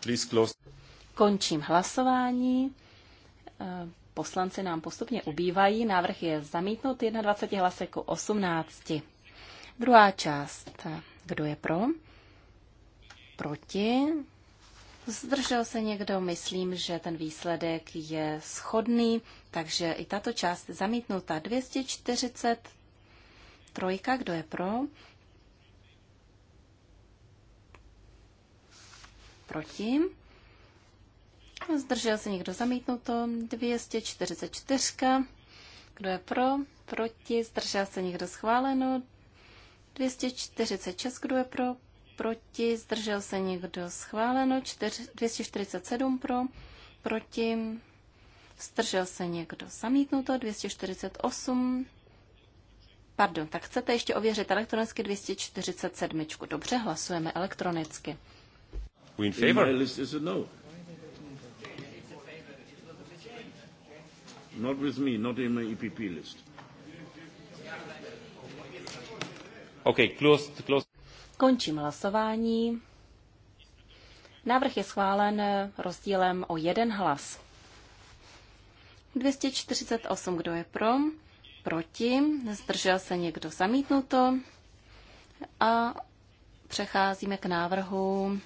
Please close. Končím hlasování. Eh, poslanci nám postupně ubývají. Návrh je zamítnut 21 hlas jako 18. Druhá část. Kdo je pro? Proti? Zdržel se někdo? Myslím, že ten výsledek je schodný, takže i tato část zamítnuta. 243. Kdo je pro? Proti? Zdržel se někdo zamítnuto. 244. Kdo je pro? Proti. Zdržel se někdo schváleno. 246. Kdo je pro? Proti. Zdržel se někdo schváleno. 247 pro. Proti. Zdržel se někdo zamítnuto. 248. Pardon, tak chcete ještě ověřit elektronicky 247. Dobře, hlasujeme elektronicky. We in favor? No. Not with me, not in my EPP list. Okay, closed, closed. Končím hlasování. Návrh je schválen rozdílem o jeden hlas. 248, kdo je pro, proti, zdržel se někdo zamítnuto a přecházíme k návrhu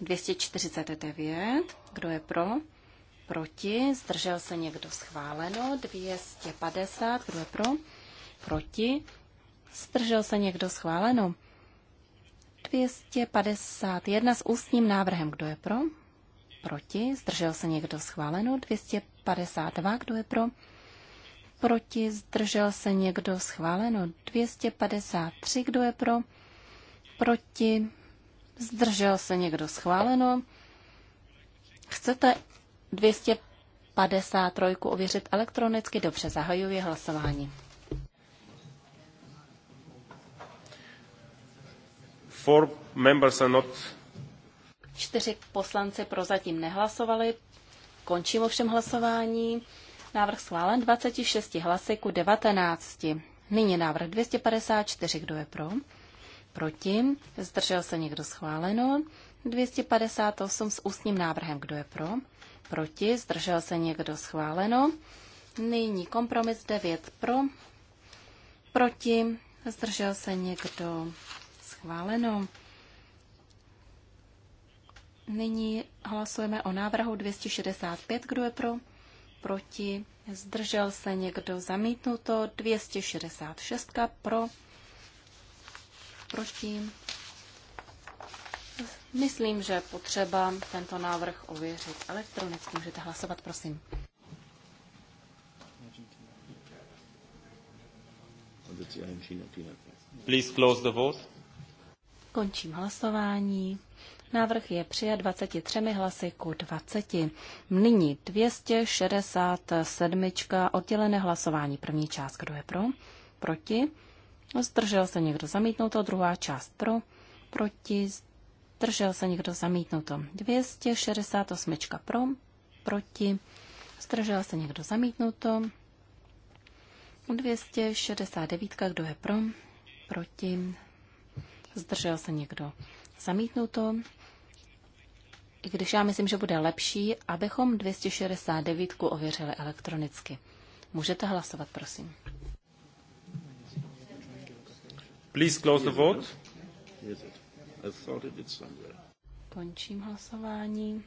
249, kdo je pro, proti, zdržel se někdo schváleno, 250, kdo je pro, proti, zdržel se někdo schváleno, 251 s ústním návrhem, kdo je pro, proti, zdržel se někdo schváleno, 252, kdo je pro, proti, zdržel se někdo schváleno, 253, kdo je pro, proti, zdržel se někdo schváleno, Chcete 253 ověřit elektronicky. Dobře, zahajuji hlasování. Four members are not... Čtyři poslanci prozatím nehlasovali. Končím ovšem hlasování. Návrh schválen 26 hlasy ku 19. Nyní návrh 254. Kdo je pro? Proti. Zdržel se někdo schváleno. 258 s ústním návrhem. Kdo je pro? proti, zdržel se někdo schváleno. Nyní kompromis 9 pro, proti, zdržel se někdo schváleno. Nyní hlasujeme o návrhu 265, kdo je pro, proti, zdržel se někdo zamítnuto, 266 pro, proti, Myslím, že je potřeba tento návrh ověřit elektronicky. Můžete hlasovat, prosím. Please close the vote. Končím hlasování. Návrh je přijat 23 hlasy ku 20. Nyní 267. oddělené hlasování. První část, kdo je pro? Proti? Zdržel se někdo zamítnout, To druhá část pro? Proti? zdržel se někdo zamítnuto. 268 pro, proti, zdržel se někdo zamítnuto. 269, kdo je pro, proti, zdržel se někdo zamítnuto. I když já myslím, že bude lepší, abychom 269 ověřili elektronicky. Můžete hlasovat, prosím. Please close the vote. I thought it did somewhere. Končím hlasování.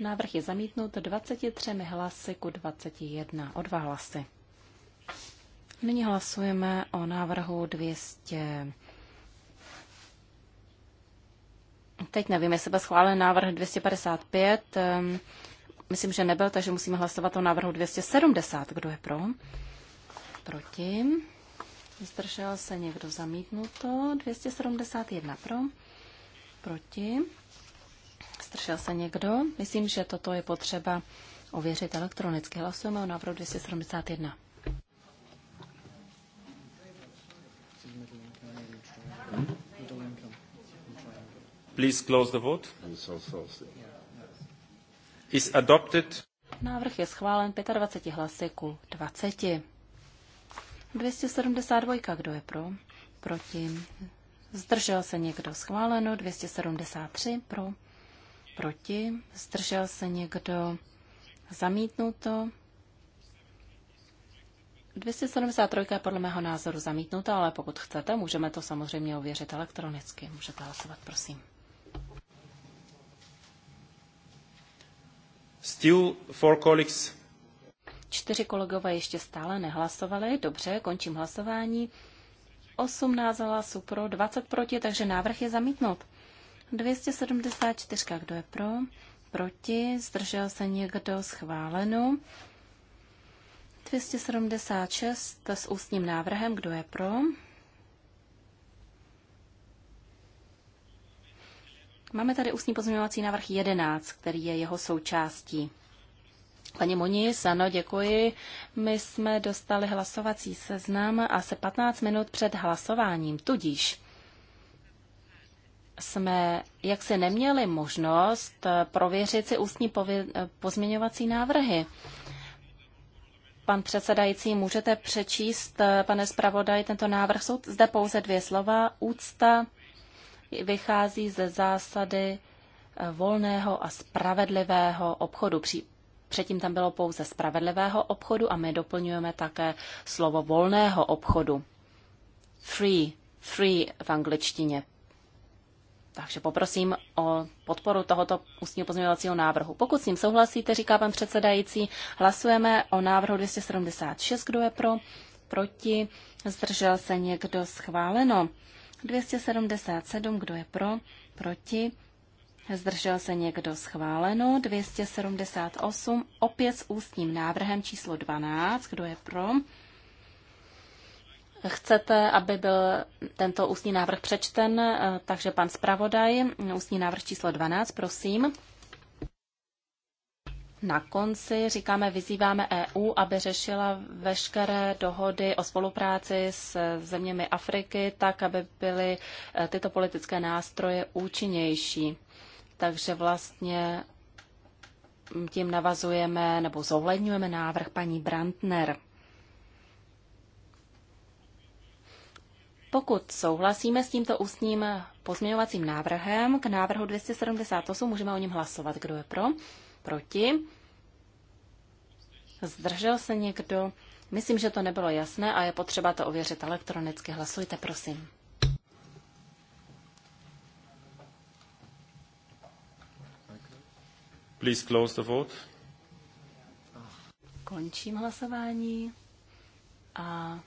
Návrh je zamítnut 23 hlasy ku 21 o dva hlasy. Nyní hlasujeme o návrhu 200. Teď nevím, jestli byl schválen návrh 255. Ehm, myslím, že nebyl, takže musíme hlasovat o návrhu 270. Kdo je pro? Proti? Zdržel se někdo zamítnuto. 271 pro. Proti. Zdržel se někdo. Myslím, že toto je potřeba ověřit elektronicky. Hlasujeme o návrhu 271. Please close the vote. Is adopted. Návrh je schválen 25 hlasy ku 20. 272, kdo je pro? Proti. Zdržel se někdo schváleno. 273 pro. Proti. Zdržel se někdo zamítnuto. 273 je podle mého názoru zamítnuta, ale pokud chcete, můžeme to samozřejmě ověřit elektronicky. Můžete hlasovat, prosím. Still four colleagues Čtyři kolegové ještě stále nehlasovali. Dobře, končím hlasování. 18 hlasů pro, 20 proti, takže návrh je zamítnut. 274, kdo je pro? Proti, zdržel se někdo schváleno. 276 s ústním návrhem, kdo je pro? Máme tady ústní pozměňovací návrh 11, který je jeho součástí. Paní Moni, ano, děkuji. My jsme dostali hlasovací seznam asi 15 minut před hlasováním, tudíž jsme jaksi neměli možnost prověřit si ústní pozměňovací návrhy. Pan předsedající, můžete přečíst, pane zpravodaj, tento návrh. Jsou zde pouze dvě slova. Úcta vychází ze zásady volného a spravedlivého obchodu. Předtím tam bylo pouze spravedlivého obchodu a my doplňujeme také slovo volného obchodu. Free, free v angličtině. Takže poprosím o podporu tohoto ústního pozměňovacího návrhu. Pokud s ním souhlasíte, říká pan předsedající, hlasujeme o návrhu 276. Kdo je pro? Proti? Zdržel se někdo? Schváleno. 277. Kdo je pro? Proti? Zdržel se někdo schváleno. 278 opět s ústním návrhem číslo 12. Kdo je pro? Chcete, aby byl tento ústní návrh přečten, eh, takže pan zpravodaj, ústní návrh číslo 12, prosím. Na konci říkáme, vyzýváme EU, aby řešila veškeré dohody o spolupráci s zeměmi Afriky, tak, aby byly eh, tyto politické nástroje účinnější takže vlastně tím navazujeme nebo zohledňujeme návrh paní Brandner. Pokud souhlasíme s tímto ústním pozměňovacím návrhem k návrhu 278, můžeme o něm hlasovat. Kdo je pro? Proti? Zdržel se někdo? Myslím, že to nebylo jasné a je potřeba to ověřit elektronicky. Hlasujte, prosím. Please close the vote. Končím hlasování a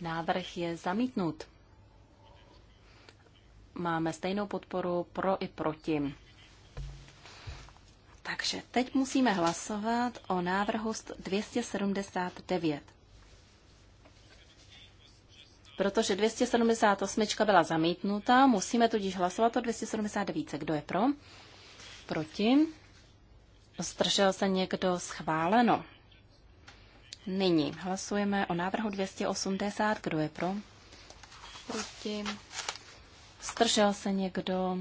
návrh je zamítnut. Máme stejnou podporu pro i proti. Takže teď musíme hlasovat o návrhu 279. Protože 278 byla zamítnuta, musíme tudíž hlasovat o 279. Kdo je pro? Proti? Zdržel se někdo schváleno? Nyní hlasujeme o návrhu 280. Kdo je pro? Proti. Zdržel se někdo?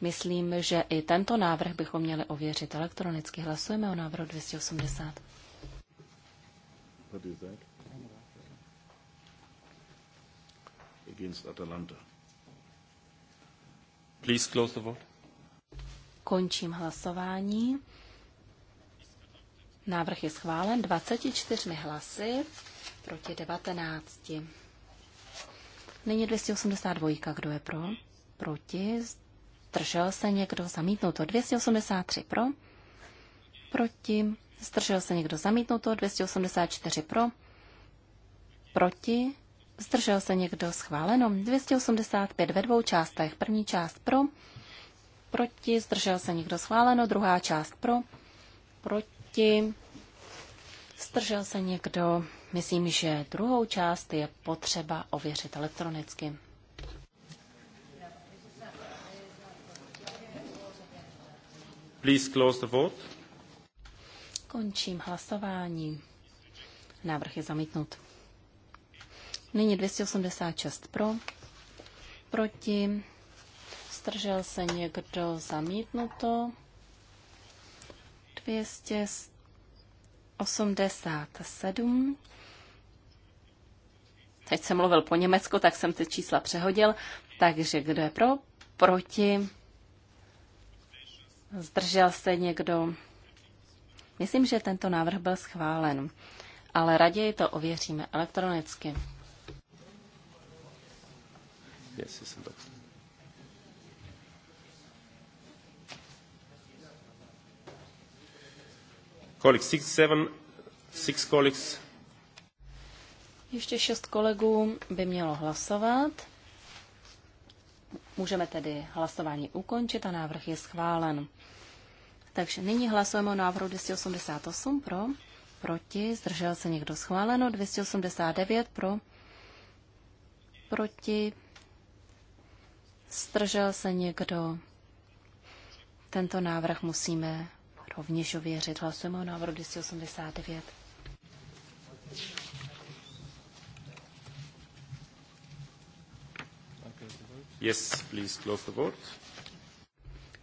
Myslím, že i tento návrh bychom měli ověřit elektronicky. Hlasujeme o návrhu 280. What is that? Against Atalanta. Please close the vote. Končím hlasování. Návrh je schválen 24 hlasy proti 19. Nyní 282. Kdo je pro? Proti. Zdržel se někdo? to 283 pro. Proti. Zdržel se někdo? to 284 pro. Proti. Zdržel se někdo? Schváleno. 285 ve dvou částech. První část pro proti, zdržel se někdo schváleno, druhá část pro, proti, zdržel se někdo. Myslím, že druhou část je potřeba ověřit elektronicky. Please close the vote. Končím hlasování. Návrh je zamítnut. Nyní 286 pro, proti, zdržel se někdo, zamítnuto. 287. Teď jsem mluvil po německu, tak jsem ty čísla přehodil. Takže kdo je pro, proti, zdržel se někdo. Myslím, že tento návrh byl schválen, ale raději to ověříme elektronicky. Yes, yes, Kolik? Six, seven, six colleagues. Ještě šest kolegů by mělo hlasovat. Můžeme tedy hlasování ukončit a návrh je schválen. Takže nyní hlasujeme o návrhu 288 pro, proti, zdržel se někdo schváleno, 289 pro, proti, zdržel se někdo. Tento návrh musíme rovněž ověřit. Hlasujeme o návrhu 289. Yes, please close the vote.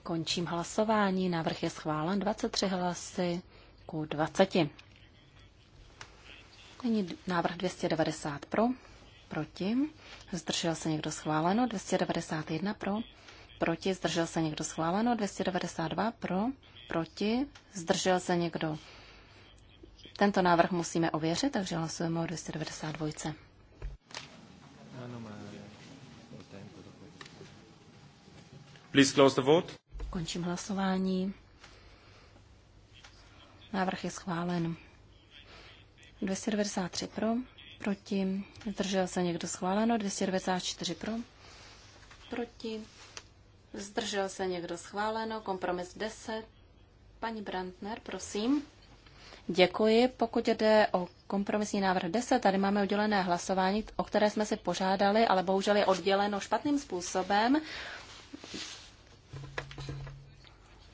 Končím hlasování. Návrh je schválen 23 hlasy ku 20. Nyní návrh 290 pro, proti. Zdržel se někdo schváleno. 291 pro, proti. Zdržel se někdo schváleno. 292 pro, proti, zdržel se někdo. Tento návrh musíme ověřit, takže hlasujeme o 292. Please close the vote. Končím hlasování. Návrh je schválen. 293 pro, proti, zdržel se někdo schváleno, 294 pro, proti, zdržel se někdo schváleno, kompromis 10 Paní Brandner, prosím. Děkuji. Pokud jde o kompromisní návrh 10, tady máme oddělené hlasování, o které jsme si požádali, ale bohužel je odděleno špatným způsobem.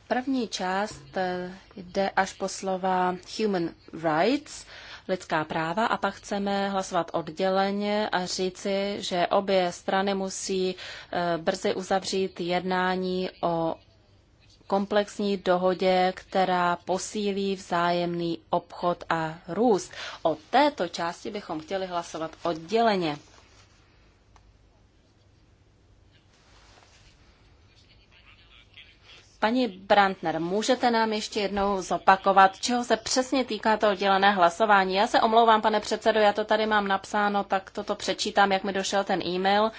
První část eh, jde až po slova human rights, lidská práva, a pak chceme hlasovat odděleně a říci, že obě strany musí eh, brzy uzavřít jednání o komplexní dohodě, která posílí vzájemný obchod a růst. O této části bychom chtěli hlasovat odděleně. Paní Brandner, můžete nám ještě jednou zopakovat, čeho se přesně týká to oddělené hlasování? Já se omlouvám, pane předsedo, já to tady mám napsáno, tak toto přečítám, jak mi došel ten e-mail. Uh,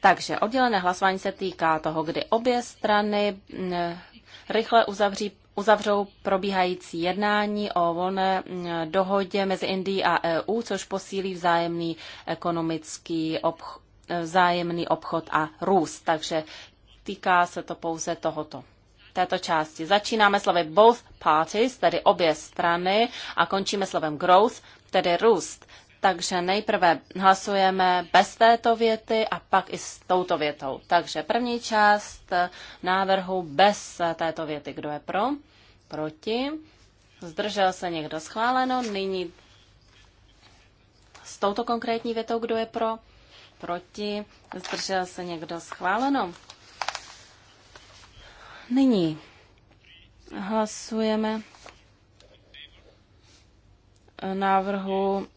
takže oddělené hlasování se týká toho, kdy obě strany mm, rychle uzavří, uzavřou probíhající jednání o volné mm, dohodě mezi Indií a EU, což posílí vzájemný ekonomický obch, vzájemný obchod a růst. Takže týká se to pouze tohoto této části. Začínáme slovy both parties, tedy obě strany, a končíme slovem growth, tedy růst. Takže nejprve hlasujeme bez této věty a pak i s touto větou. Takže první část návrhu bez této věty. Kdo je pro? Proti? Zdržel se někdo schváleno? Nyní s touto konkrétní větou, kdo je pro? Proti? Zdržel se někdo schváleno? Nyní hlasujeme návrhu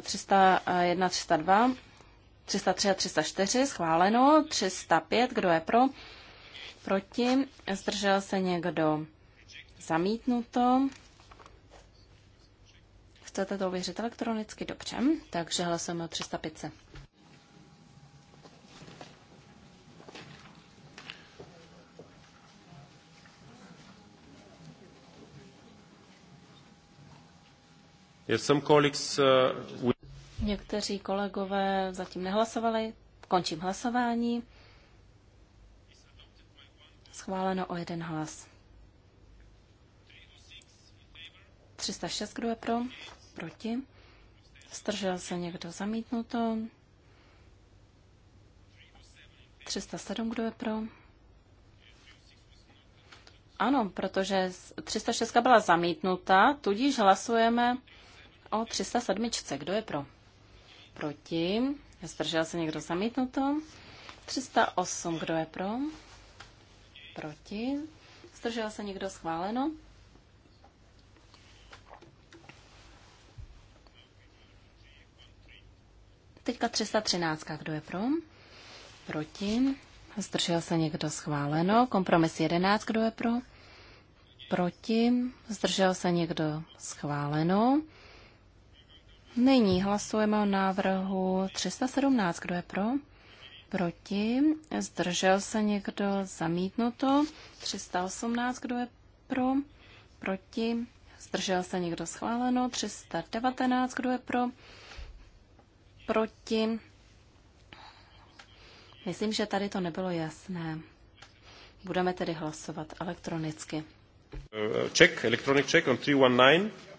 301, 302, 303 a 304 schváleno, 305, kdo je pro, proti, zdržel se někdo zamítnuto. Chcete to ověřit elektronicky? Dobře, takže hlasujeme o 305. Uh, Někteří kolegové zatím nehlasovali. Končím hlasování. Schváleno o jeden hlas. 306, kdo je pro? Proti. Zdržel se někdo zamítnuto? 307, kdo je pro? Ano, protože 306 byla zamítnuta, tudíž hlasujeme o 307. Kdo je pro? Proti. Zdržel se někdo zamítnuto? 308. Kdo je pro? Proti. Zdržel se někdo schváleno? Teďka 313. Kdo je pro? Proti. Zdržel se někdo schváleno. Kompromis 11. Kdo je pro? Proti. Zdržel se někdo schváleno. Nyní hlasujeme o návrhu 317. Kdo je pro? Proti? Zdržel se někdo? Zamítnuto. 318. Kdo je pro? Proti? Zdržel se někdo? Schváleno. 319. Kdo je pro? Proti? Myslím, že tady to nebylo jasné. Budeme tedy hlasovat elektronicky. Check, electronic check on 319.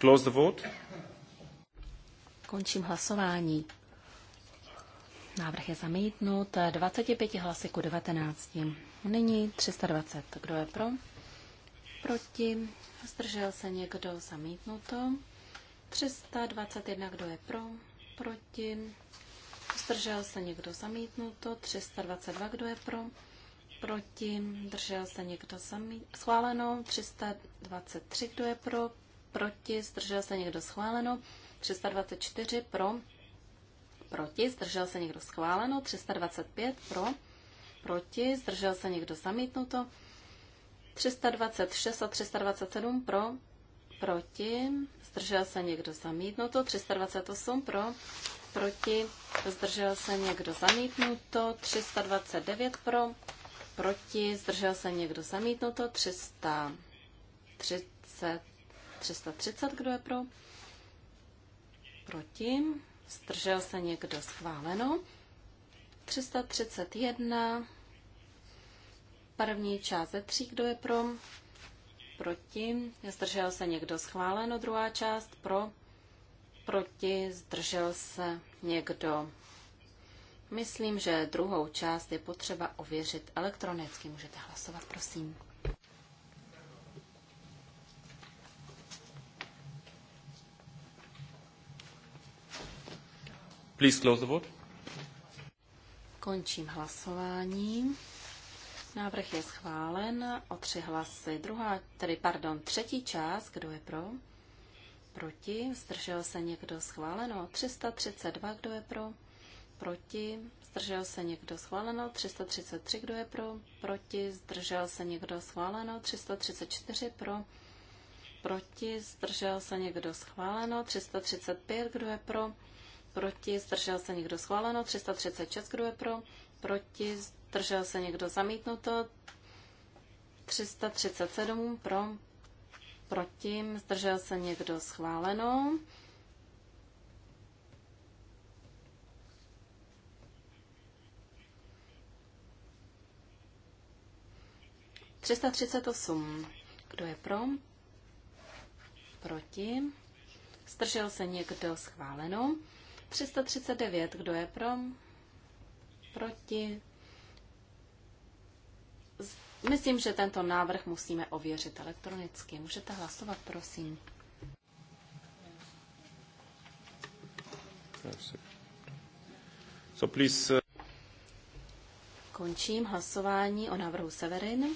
Close the vote. Končím hlasování. Návrh je zamítnut 25 hlasy ku 19. Nyní 320. Kdo je pro? Proti? Zdržel se někdo? Zamítnuto. 321. Kdo je pro? Proti? Zdržel se někdo? Zamítnuto. 322. Kdo je pro? Proti? Zdržel se někdo? zamítnuto? Schváleno. 323. Kdo je pro? proti, zdržel se někdo schváleno, 324 pro, proti, zdržel se někdo schváleno, 325 pro, proti, zdržel se někdo zamítnuto, 326 a 327 pro, proti, zdržel se někdo zamítnuto, 328 pro, proti, zdržel se někdo zamítnuto, 329 pro, proti, zdržel se někdo zamítnuto, 330 330, kdo je pro? Proti. Zdržel se někdo schváleno. 331. První část ze tří, kdo je pro? Proti. Zdržel se někdo schváleno. Druhá část pro? Proti. Zdržel se někdo. Myslím, že druhou část je potřeba ověřit elektronicky. Můžete hlasovat, prosím. Please close the vote. Končím hlasování. Návrh je schválen o tři hlasy. Druhá, tedy pardon, třetí část, kdo je pro? Proti. Zdržel se někdo schváleno? 332, kdo je pro? Proti. Zdržel se někdo schváleno? 333, kdo je pro? Proti. Zdržel se někdo schváleno? 334 pro. Proti. Zdržel se někdo schváleno? 335, kdo je pro? proti, zdržel se někdo schváleno, 336, kdo je pro, proti, zdržel se někdo zamítnuto, 337 pro, proti, zdržel se někdo schváleno. Třista třicet osm. Kdo je pro? Proti. Stržel se někdo schváleno. 339, kdo je pro? Proti? Myslím, že tento návrh musíme ověřit elektronicky. Můžete hlasovat, prosím. So please. Uh, Končím hlasování o návrhu Severin.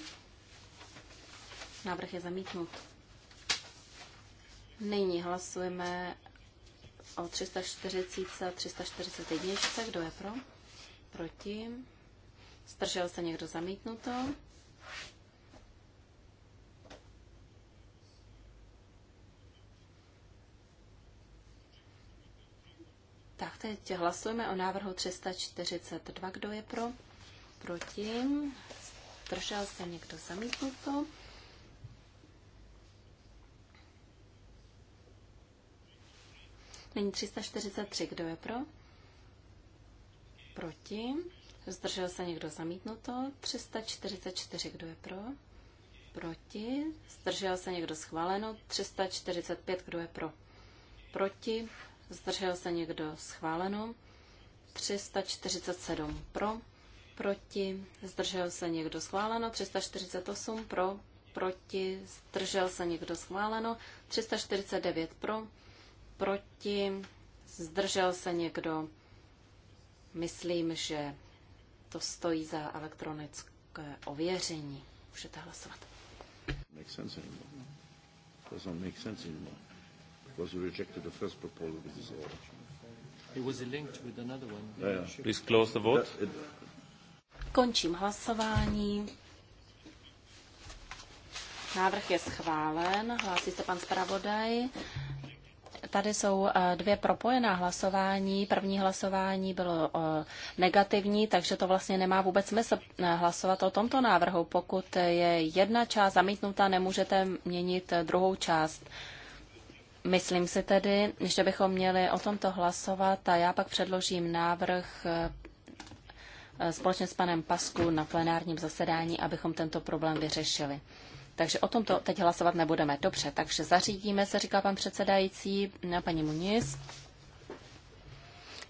Návrh je zamítnut. Nyní hlasujeme o 340 a 341. Kdo je pro? Proti. Stržel se někdo zamítnuto? Tak teď hlasujeme o návrhu 342. Kdo je pro? Proti. Zdržel se někdo zamítnuto? Nyní 343. Kdo je pro? Proti. Zdržel se někdo zamítnuto? 344. Kdo je pro? Proti. Zdržel se někdo schváleno? 345. Kdo je pro? Proti. Zdržel se někdo schváleno? 347 pro, proti, zdržel se někdo schváleno, 348 pro, proti, zdržel se někdo schváleno, 349 pro, proti, zdržel se někdo. Myslím, že to stojí za elektronické ověření. Můžete hlasovat. Make sense anymore. Does not make sense anymore. Because we rejected the first proposal It was linked with another one. Please close the vote. Končím hlasování. Návrh je schválen. Hlásí se pan zpravodaj tady jsou eh, dvě propojená hlasování. První hlasování bylo eh, negativní, takže to vlastně nemá vůbec smysl eh, hlasovat o tomto návrhu. Pokud je jedna část zamítnutá, nemůžete měnit druhou část. Myslím si tedy, že bychom měli o tomto hlasovat a já pak předložím návrh společně s panem Pasku na plenárním zasedání, abychom tento problém vyřešili. Takže o tomto teď hlasovat nebudeme. Dobře, takže zařídíme se, říká pan předsedající, na paní Muniz.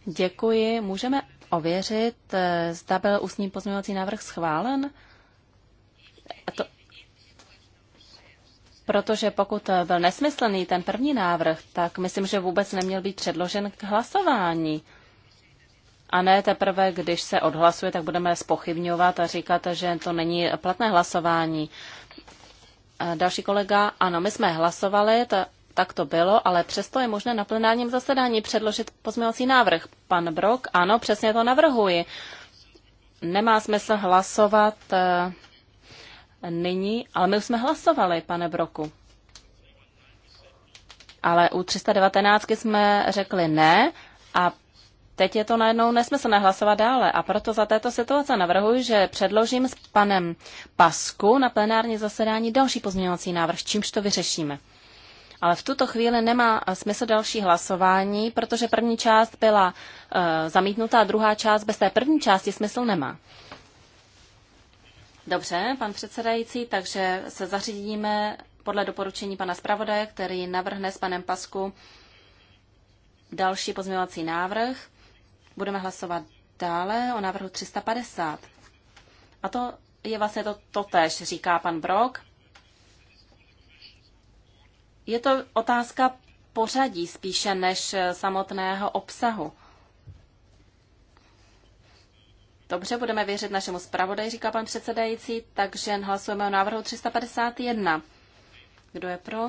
Děkuji. Můžeme ověřit, eh, zda byl ústní pozměňovací návrh schválen? A to, protože pokud eh, byl nesmyslný ten první návrh, tak myslím, že vůbec neměl být předložen k hlasování. A ne teprve, když se odhlasuje, tak budeme spochybňovat a říkat, že to není platné hlasování. Další kolega, ano, my jsme hlasovali, to, tak to bylo, ale přesto je možné na plenárním zasedání předložit pozměňovací návrh. Pan Brok, ano, přesně to navrhuji. Nemá smysl hlasovat eh, nyní, ale my už jsme hlasovali, pane Broku. Ale u 319 jsme řekli ne a Teď je to najednou nesmyslné hlasovat dále a proto za této situace navrhuji, že předložím s panem Pasku na plenární zasedání další pozměňovací návrh, čímž to vyřešíme. Ale v tuto chvíli nemá smysl další hlasování, protože první část byla uh, zamítnutá a druhá část bez té první části smysl nemá. Dobře, pan předsedající, takže se zařídíme podle doporučení pana zpravodaje, který navrhne s panem Pasku další pozměňovací návrh Budeme hlasovat dále o návrhu 350. A to je vlastně to totéž, říká pan Brok. Je to otázka pořadí spíše než samotného obsahu. Dobře, budeme věřit našemu zpravodaji, říká pan předsedající, takže hlasujeme o návrhu 351. Kdo je pro?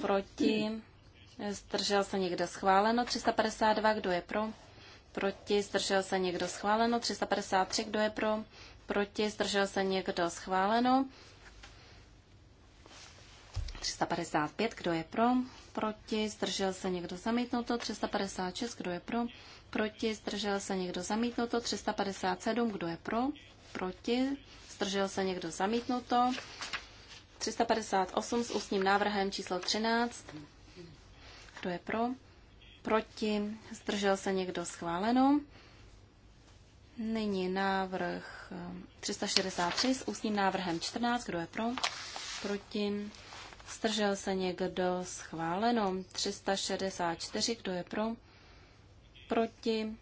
Proti? Zdržel se někdo schváleno? 352. Kdo je pro? proti, zdržel se někdo schváleno, 353, kdo je pro, proti, zdržel se někdo schváleno, 355, kdo je pro, proti, zdržel se někdo zamítnuto, 356, kdo je pro, proti, zdržel se někdo zamítnuto, 357, kdo je pro, proti, zdržel se někdo zamítnuto, 358 s ústním návrhem číslo 13, kdo je pro, proti, zdržel se někdo schváleno. Nyní návrh 363 eh, s ústním návrhem 14, kdo je pro, proti, zdržel se někdo schváleno. 364, kdo je pro, proti,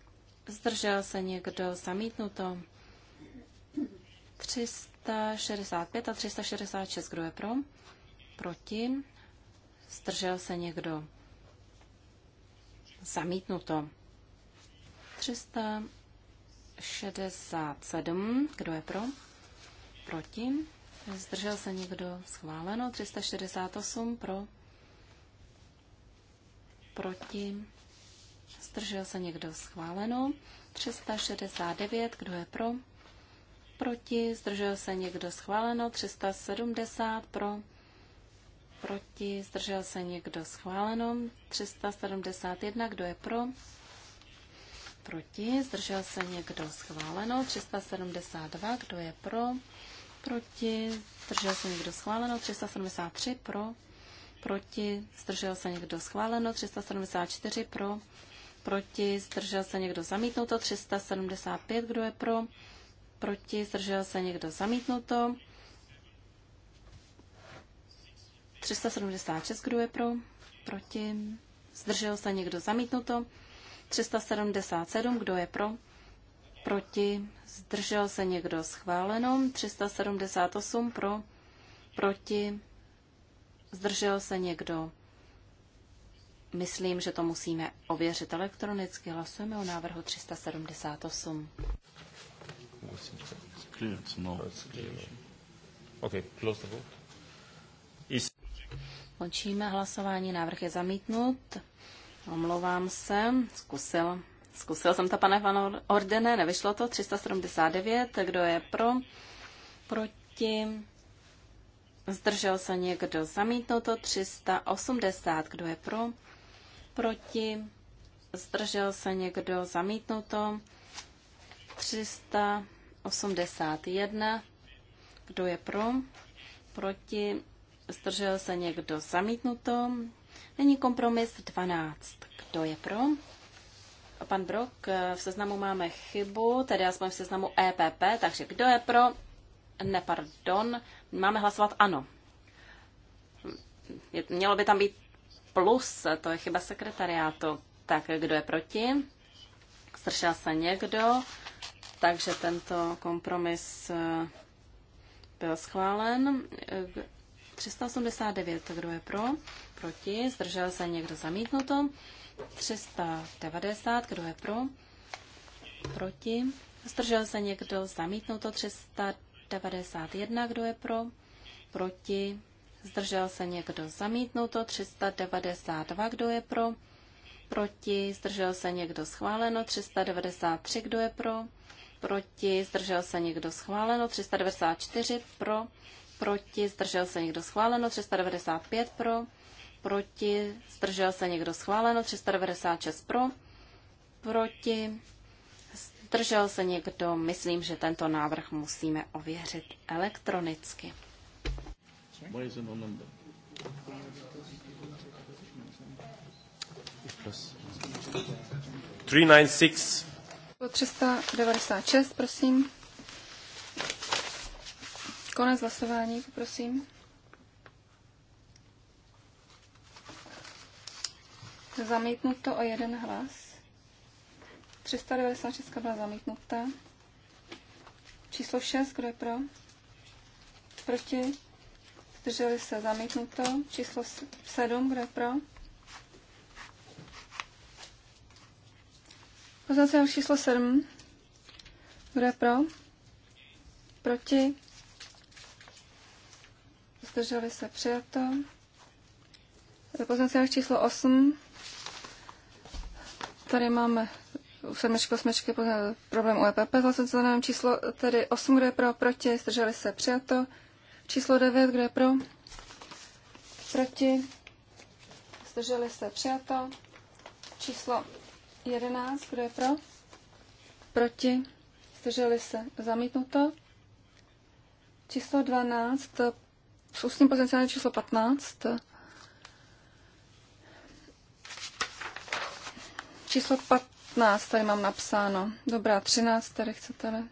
zdržel se někdo zamítnuto. 365 a 366, kdo je pro, proti, zdržel se někdo Zamítnuto. 367. Kdo je pro? Proti. Zdržel se někdo? Schváleno. 368. Pro? Proti. Zdržel se někdo? Schváleno. 369. Kdo je pro? Proti. Zdržel se někdo? Schváleno. 370. Pro? proti, zdržel se někdo schváleno, 371, kdo je pro, proti, zdržel se někdo schváleno, 372, kdo je pro, proti, zdržel se někdo schváleno, 373 pro, proti, zdržel se někdo schváleno, 374 pro, proti, zdržel se někdo zamítnuto, 375, kdo je pro, proti, zdržel se někdo zamítnuto, 376, kdo je pro? Proti? Zdržel se někdo zamítnuto? 377, kdo je pro? Proti? Zdržel se někdo schváleno? 378 pro? Proti? Zdržel se někdo? Myslím, že to musíme ověřit elektronicky. Hlasujeme o návrhu 378. No. Okay, close the vote. Is Končíme hlasování, návrh je zamítnut. Omlouvám se, zkusil, zkusil jsem to, pane Van Ordene, nevyšlo to. 379, kdo je pro, proti, zdržel se někdo, zamítnuto. 380, kdo je pro, proti, zdržel se někdo, zamítnuto. 381, kdo je pro, proti, zdržel se někdo zamítnuto. Není kompromis 12. Kdo je pro? Pan Brok, eh, v seznamu máme chybu, tedy aspoň v seznamu EPP, takže kdo je pro? Ne, pardon, máme hlasovat ano. Mělo by tam být plus, to je chyba sekretariátu. Tak kdo je proti? Zdržel se někdo, takže tento kompromis eh, byl schválen. 389, kdo je pro, proti, zdržel se někdo zamítnuto. 390, kdo je pro, proti, zdržel se někdo zamítnuto. 391, kdo je pro, proti, zdržel se někdo zamítnuto. 392, kdo je pro, proti, zdržel se někdo schváleno. 393, kdo je pro, proti, zdržel se někdo schváleno. 394, pro, proti, zdržel se někdo schváleno, 395 pro, proti, zdržel se někdo schváleno, 396 pro, proti, zdržel se někdo, myslím, že tento návrh musíme ověřit elektronicky. Plus. 396. 396, prosím. Konec hlasování, poprosím. Zamítnuto o jeden hlas. 396 byla zamítnuta. Číslo 6, kdo je pro? Proti? Zdrželi se zamítnuto. Číslo 7, kdo je pro? Poznáte číslo 7. Kdo je pro? Proti? zdrželi se přijato. Pozměňovací návrh číslo 8. Tady máme u sedmičky, osmičky problém u EPP s licencovaným číslo, tedy 8, kdo je pro, proti, zdrželi se přijato. Číslo 9, kdo je pro, proti, zdrželi se přijato. Číslo 11, kdo je pro, proti, zdrželi se zamítnuto. Číslo 12, s ústním potenciálem číslo 15. Číslo 15 tady mám napsáno. Dobrá, 13 tady chcete-li.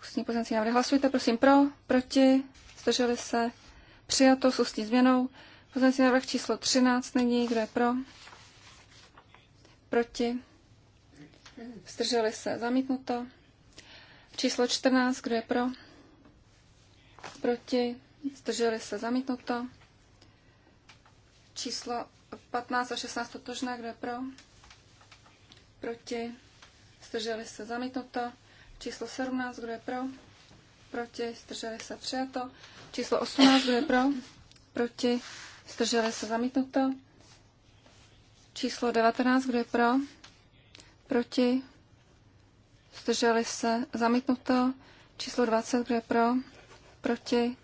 Ústní pozemcí návrhy. Hlasujte prosím pro, proti, zdrželi se. Přijato s ústní změnou. Pozemcí návrh číslo 13 není. Kdo je pro? Proti. Zdrželi se. Zamítnuto. Číslo 14. Kdo je pro? proti, zdrželi se zamítnuto. Číslo 15 a 16 totožné, kdo je pro, proti, zdrželi se zamítnuto. Číslo 17, kdo je pro, proti, zdrželi se přijato. Číslo 18, kdo je pro, proti, zdrželi se zamítnuto. Číslo 19, kdo je pro, proti, zdrželi se zamítnuto. Číslo 20, kdo je pro, proti,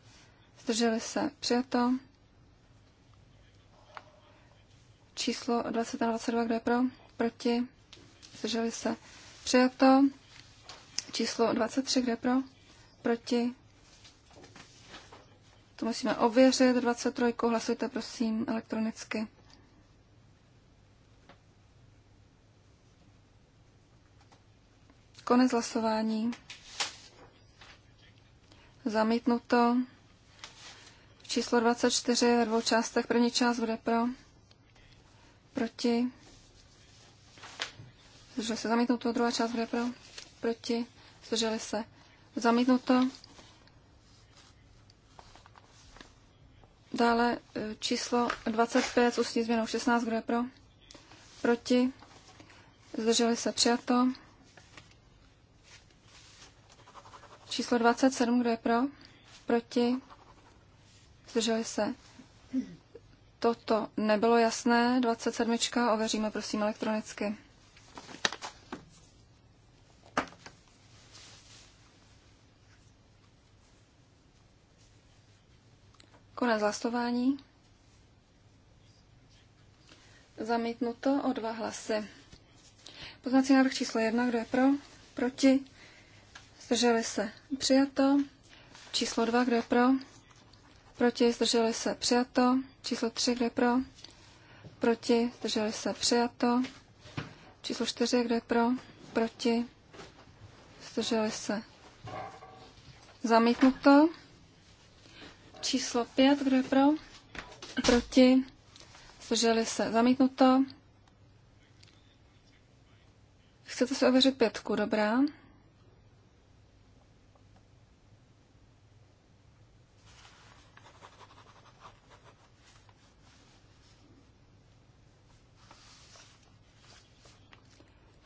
zdrželi se, přijato. Číslo 20 a 22, kdo je pro, proti, zdrželi se, přijato. Číslo 23, kde pro, proti, to musíme ověřit, 23, hlasujte prosím elektronicky. Konec hlasování. Zamítnuto. Číslo 24 ve dvou částech. První část bude pro. Proti. Zdrželi se zamítnuto. Druhá část bude pro. Proti. Zdrželi se zamítnuto. Dále e, číslo 25 s ústní změnou 16. Kdo je pro? Proti. Zdrželi se přijato. Číslo 27, kdo je pro? Proti? Zdrželi se? Toto nebylo jasné. 27. Ověříme prosím elektronicky. Konec hlasování. Zamítnuto o dva hlasy. Poznací návrh číslo 1, kdo je pro? Proti? zdrželi se, přijato. Číslo 2, kdo je pro? Proti, zdrželi se, přijato. Číslo 3, kdo je pro? Proti, zdrželi se, přijato. Číslo 4, kdo je pro? Proti, zdrželi se, zamítnuto. Číslo 5, kdo je pro? Proti, zdrželi se, zamítnuto. Chcete si ověřit pětku, dobrá.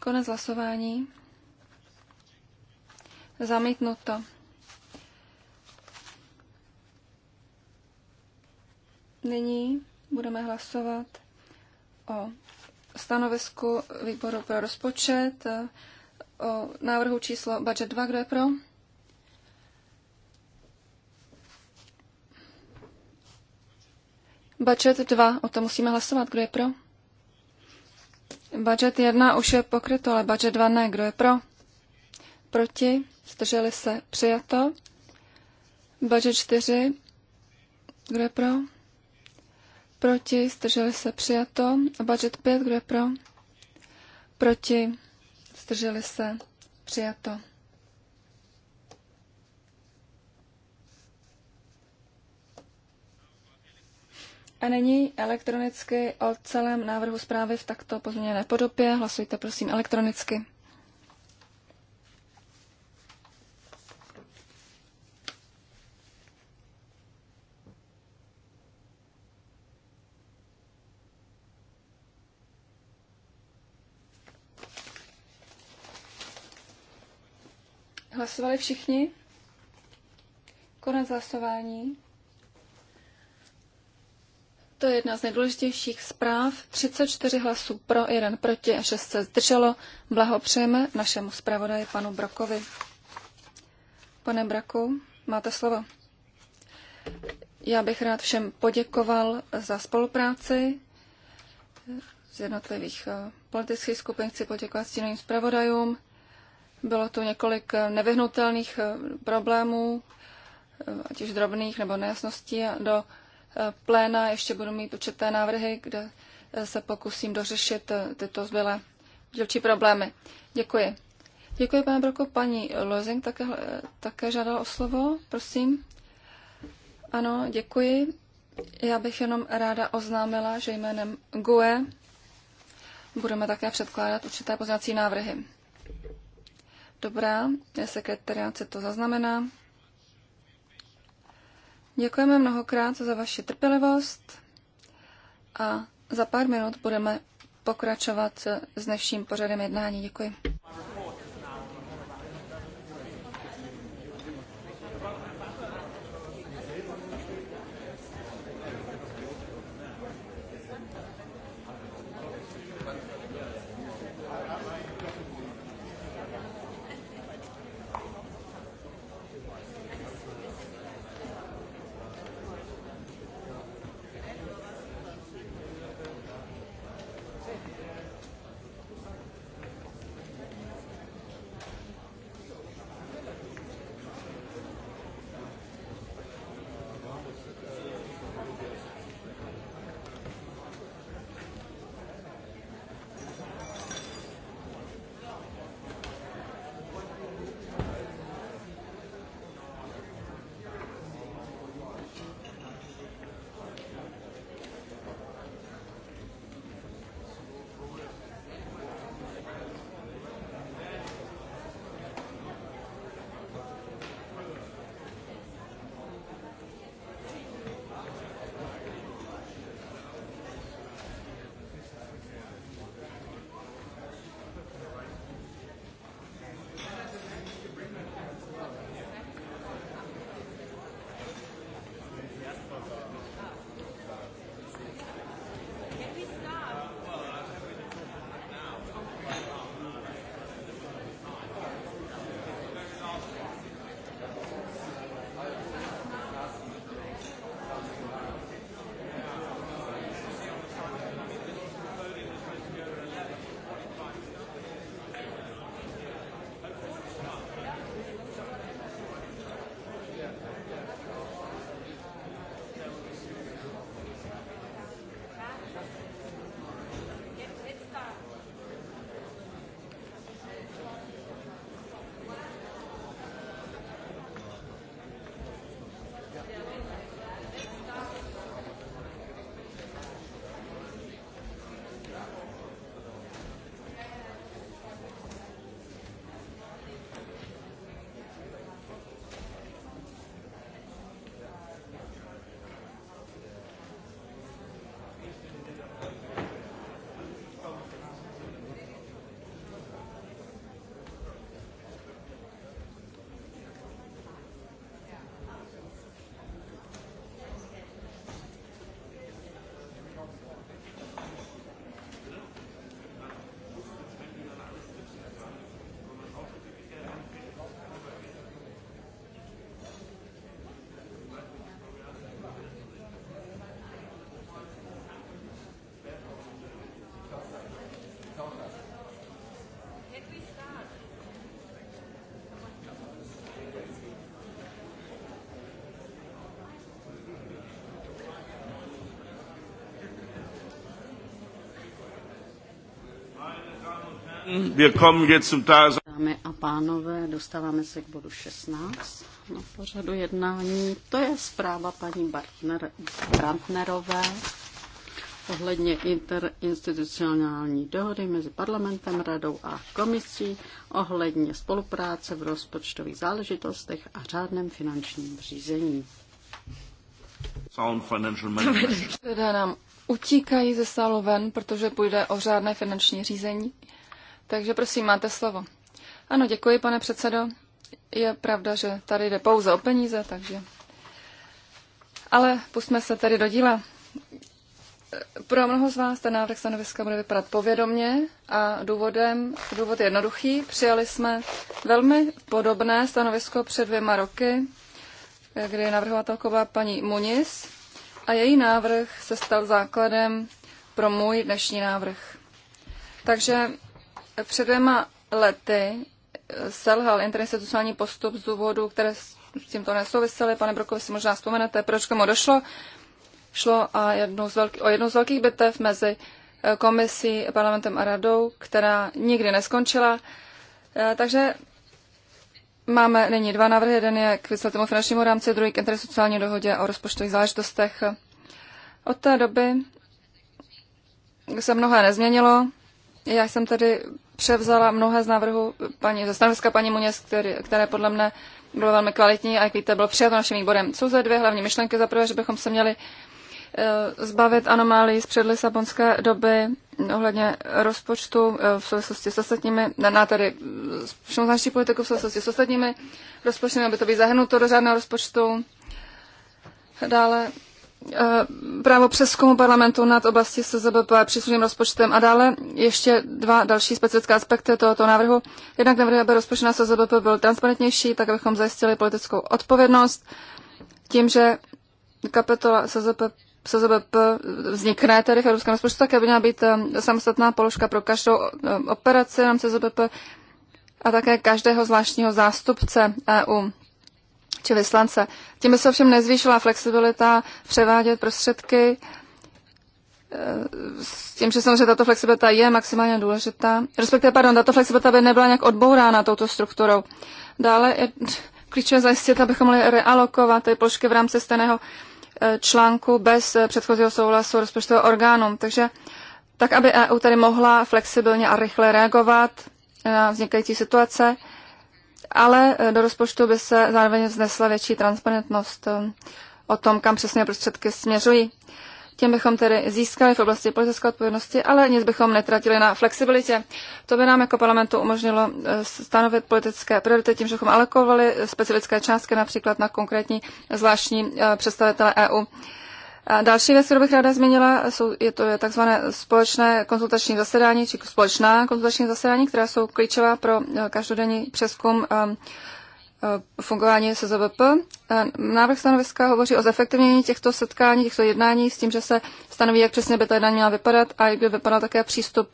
Konec hlasování. Zamítnuto. Nyní budeme hlasovat o stanovisku výboru pro rozpočet, o návrhu číslo budget 2, kdo je pro? Budget 2, o tom musíme hlasovat, kdo je pro? Budget 1 už je pokryto, ale budget 2 ne. Kdo je pro? Proti? Zdrželi se? Přijato. Budget 4. Kdo je pro? Proti? Zdrželi se? Přijato. A Budget 5. Kdo je pro? Proti? Zdrželi se? Přijato. A nyní elektronicky o celém návrhu zprávy v takto pozměněné podobě. Hlasujte prosím elektronicky. Hlasovali všichni? Konec hlasování. To je jedna z nejdůležitějších zpráv. 34 hlasů pro, 1 proti a 6 se zdrželo. Blahopřejeme našemu zpravodaji panu Brokovi. Pane Braku, máte slovo. Já bych rád všem poděkoval za spolupráci z jednotlivých eh, politických skupin. Chci poděkovat stínovým zpravodajům. Bylo tu několik eh, nevyhnutelných eh, problémů, ať už drobných nebo nejasností. A do pléna ještě budu mít určité návrhy, kde eh, se pokusím dořešit eh, tyto zbylé dělčí problémy. Děkuji. Děkuji, pane Broko. Paní Lozing také, eh, také žádala o slovo, prosím. Ano, děkuji. Já bych jenom ráda oznámila, že jménem GUE budeme také předkládat určité poznací návrhy. Dobrá, sekretariat se to zaznamená. Děkujeme mnohokrát za vaši trpělivost a za pár minut budeme pokračovat s dnešním pořadem jednání. Děkuji. Dámy a pánové, dostáváme se k bodu 16 na pořadu jednání. To je zpráva paní Bartner, Brandnerové ohledně interinstitucionální dohody mezi parlamentem, radou a komisí ohledně spolupráce v rozpočtových záležitostech a řádném finančním řízení. Sound Teda nám utíkají ze sálu ven, protože půjde o řádné finanční řízení. Takže prosím, máte slovo. Ano, děkuji, pane předsedo. Je pravda, že tady jde pouze o peníze, takže... Ale pusme se tedy do díla. Pro mnoho z vás ten návrh stanoviska bude vypadat povědomně a důvodem, důvod je jednoduchý. Přijali jsme velmi podobné stanovisko před dvěma roky, kdy navrhovatelkou byla paní Muniz a její návrh se stal základem pro můj dnešní návrh. Takže před dvěma lety selhal interinstitucionální postup z důvodu, které s tímto nesouvisely. Pane Brokovi si možná vzpomenete, proč k tomu došlo. Šlo a jednou z velký, o jednu z velkých bitev mezi eh, komisí, parlamentem a radou, která nikdy neskončila. Eh, takže máme nyní dva návrhy. Jeden je k výslednému finančnímu rámci, druhý k interinstitucionální dohodě o rozpočtových záležitostech. Od té doby se mnohé nezměnilo. Já jsem tedy převzala mnohé z návrhu paní, ze stanoviska paní Muněs, které, které podle mne bylo velmi kvalitní a jak víte, bylo přijato naším výborem. Jsou zde dvě hlavní myšlenky. Za prvé, že bychom se měli eh, zbavit anomálí z předlisabonské doby ohledně rozpočtu eh, v souvislosti s ostatními, ne, tedy všemu naší politiku v souvislosti s ostatními rozpočty, aby to bylo zahrnuto do řádného rozpočtu. Dále Eh, právo přeskumu parlamentu nad oblasti SZBP příslušným rozpočtem a dále ještě dva další specifické aspekty tohoto návrhu. Jednak navrhuje, aby rozpočet na SZBP byl transparentnější, tak abychom zajistili politickou odpovědnost tím, že kapitola SZP, SZBP vznikne tedy v evropském rozpočtu, tak aby měla být eh, samostatná položka pro každou eh, operaci na SZBP a také každého zvláštního zástupce EU či vyslance. Tím by se ovšem nezvýšila flexibilita převádět prostředky eh, s tím, že samozřejmě tato flexibilita je maximálně důležitá. Respektive, pardon, tato flexibilita by nebyla nějak odbourána touto strukturou. Dále je klíče zajistit, abychom mohli realokovat ty plošky v rámci stejného eh, článku bez eh, předchozího souhlasu rozpočtového orgánu. Takže tak, aby EU tady mohla flexibilně a rychle reagovat na vznikající situace ale eh, do rozpočtu by se zároveň vznesla větší transparentnost eh, o tom, kam přesně prostředky směřují. Tím bychom tedy získali v oblasti politické odpovědnosti, ale nic bychom netratili na flexibilitě. To by nám jako parlamentu umožnilo eh, stanovit politické priority tím, že bychom alokovali specifické částky například na konkrétní zvláštní představitele EU. A další věc, kterou bych ráda zmínila, jsou, je to takzvané společné konzultační zasedání, či společná konzultační zasedání, která jsou klíčová pro eh, každodenní přeskum eh, eh, fungování SZVP. Návrh stanoviska hovoří o zefektivnění těchto setkání, těchto jednání s tím, že se stanoví, jak přesně by ta jednání měla vypadat a jak by vypadal také přístup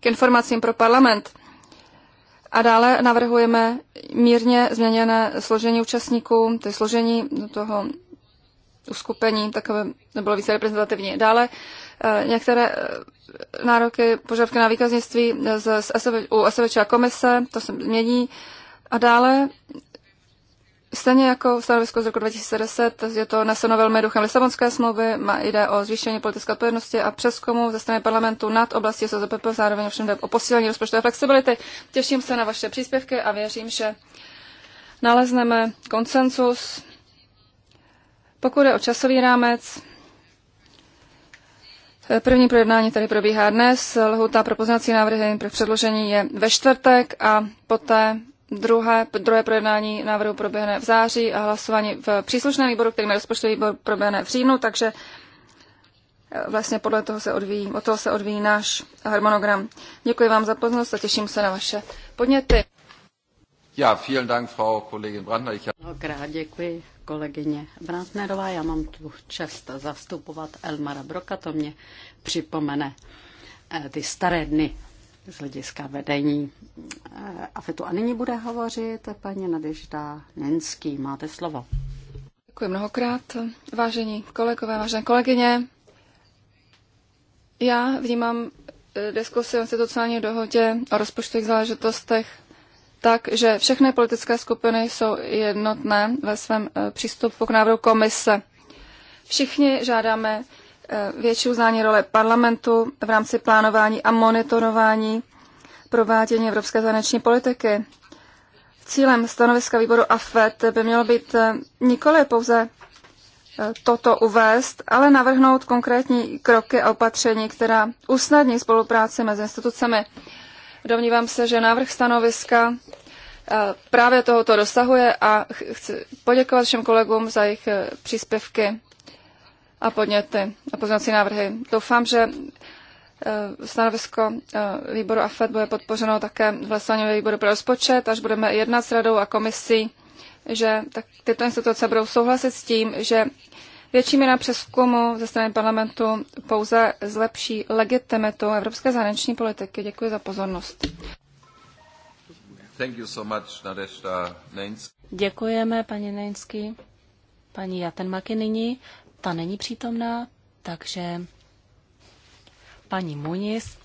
k informacím pro parlament. A dále navrhujeme mírně změněné složení účastníků, je složení toho uskupení, takové nebylo více reprezentativní. Dále eh, některé eh, nároky, požadavky na výkaznictví z, z SV, u SVČ a komise, to se mění. A dále, stejně jako stanovisku z roku 2010, je to neseno velmi duchem Lisabonské smlouvy, má, jde o zvýšení politické odpovědnosti a přeskumu ze strany parlamentu nad oblastí SZPP, zároveň ovšem jde o posílení rozpočtové flexibility. Těším se na vaše příspěvky a věřím, že nalezneme konsensus pokud je o časový rámec, eh, První projednání tady probíhá dnes. Lhuta pro poznací návrhy pro předložení je ve čtvrtek a poté druhé, druhé projednání návrhu proběhne v září a hlasování v příslušném výboru, který má rozpočtový výbor, proběhne v říjnu, takže eh, vlastně podle toho se odvíjí, od toho se odvíjí náš harmonogram. Děkuji vám za pozornost a těším se na vaše podněty. Ja, vielen Dank, Frau Kollegin Brandner. Ich... Mnohokrát děkuji, kolegyně Brantnerová. Já mám tu čest zastupovat Elmara Broka, to mě připomene eh, ty staré dny z hlediska vedení eh, tu A nyní bude hovořit paní Nadežda Nenský. Máte slovo. Děkuji mnohokrát, vážení kolegové, vážené kolegyně. Já vnímám eh, diskusi o institucionální dohodě o rozpočtových záležitostech tak, že všechny politické skupiny jsou jednotné ve svém eh, přístupu k návrhu komise. Všichni žádáme eh, větší uznání role parlamentu v rámci plánování a monitorování provádění evropské zahraniční politiky. Cílem stanoviska výboru AFET by mělo být eh, nikoli pouze toto uvést, ale navrhnout konkrétní kroky a opatření, která usnadní spolupráci mezi institucemi. Domnívám se, že návrh stanoviska eh, právě tohoto dosahuje a chci poděkovat všem kolegům za jejich eh, příspěvky a podněty a poznací návrhy. Doufám, že eh, stanovisko výboru AFED bude podpořeno také v hlasování výboru pro rozpočet, až budeme jednat s radou a komisí, že tak tyto instituce budou souhlasit s tím, že Větší míra přeskumu ze strany parlamentu pouze zlepší legitimitu evropské zahraniční politiky. Děkuji za pozornost. Thank you so much, Děkujeme, paní Nejnsky. Paní Jatenmaky nyní, ta není přítomná, takže paní Muniz.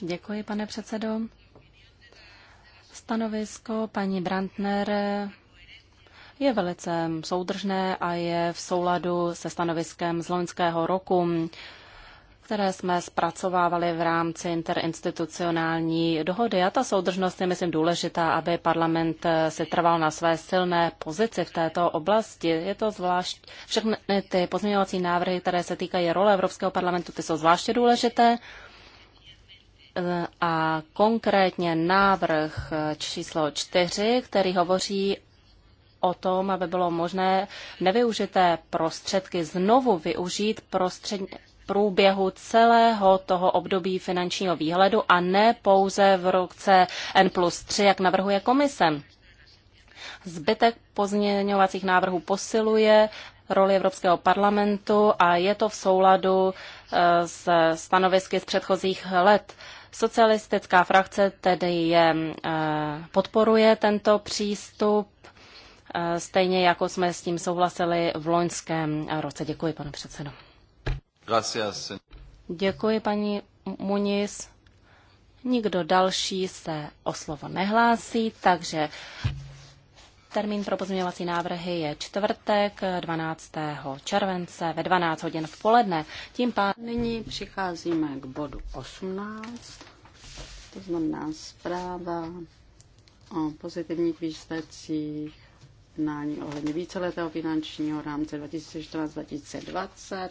Děkuji, pane předsedo. Stanovisko paní Brandner je velice soudržné a je v souladu se stanoviskem z loňského roku, které jsme zpracovávali v rámci interinstitucionální dohody. A ta soudržnost je, myslím, důležitá, aby parlament si trval na své silné pozici v této oblasti. Je to zvlášť, všechny ty pozměňovací návrhy, které se týkají role Evropského parlamentu, ty jsou zvláště důležité e, a konkrétně návrh číslo čtyři, který hovoří o tom, aby bylo možné nevyužité prostředky znovu využít prostřed, průběhu celého toho období finančního výhledu a ne pouze v roce N plus 3, jak navrhuje komise. Zbytek pozměňovacích návrhů posiluje roli Evropského parlamentu a je to v souladu eh, s stanovisky z předchozích let. Socialistická frakce tedy je, eh, podporuje tento přístup Eh, stejně jako jsme s tím souhlasili v loňském roce. Děkuji, pane předsedo. Gracias. Děkuji, paní Muniz. Nikdo další se o slovo nehlásí, takže termín pro pozměňovací návrhy je čtvrtek 12. Eh, července ve 12 hodin v poledne. Tím pádem nyní přicházíme k bodu 18, to znamená zpráva o pozitivních výsledcích jednání ohledně víceletého finančního rámce 2014-2020.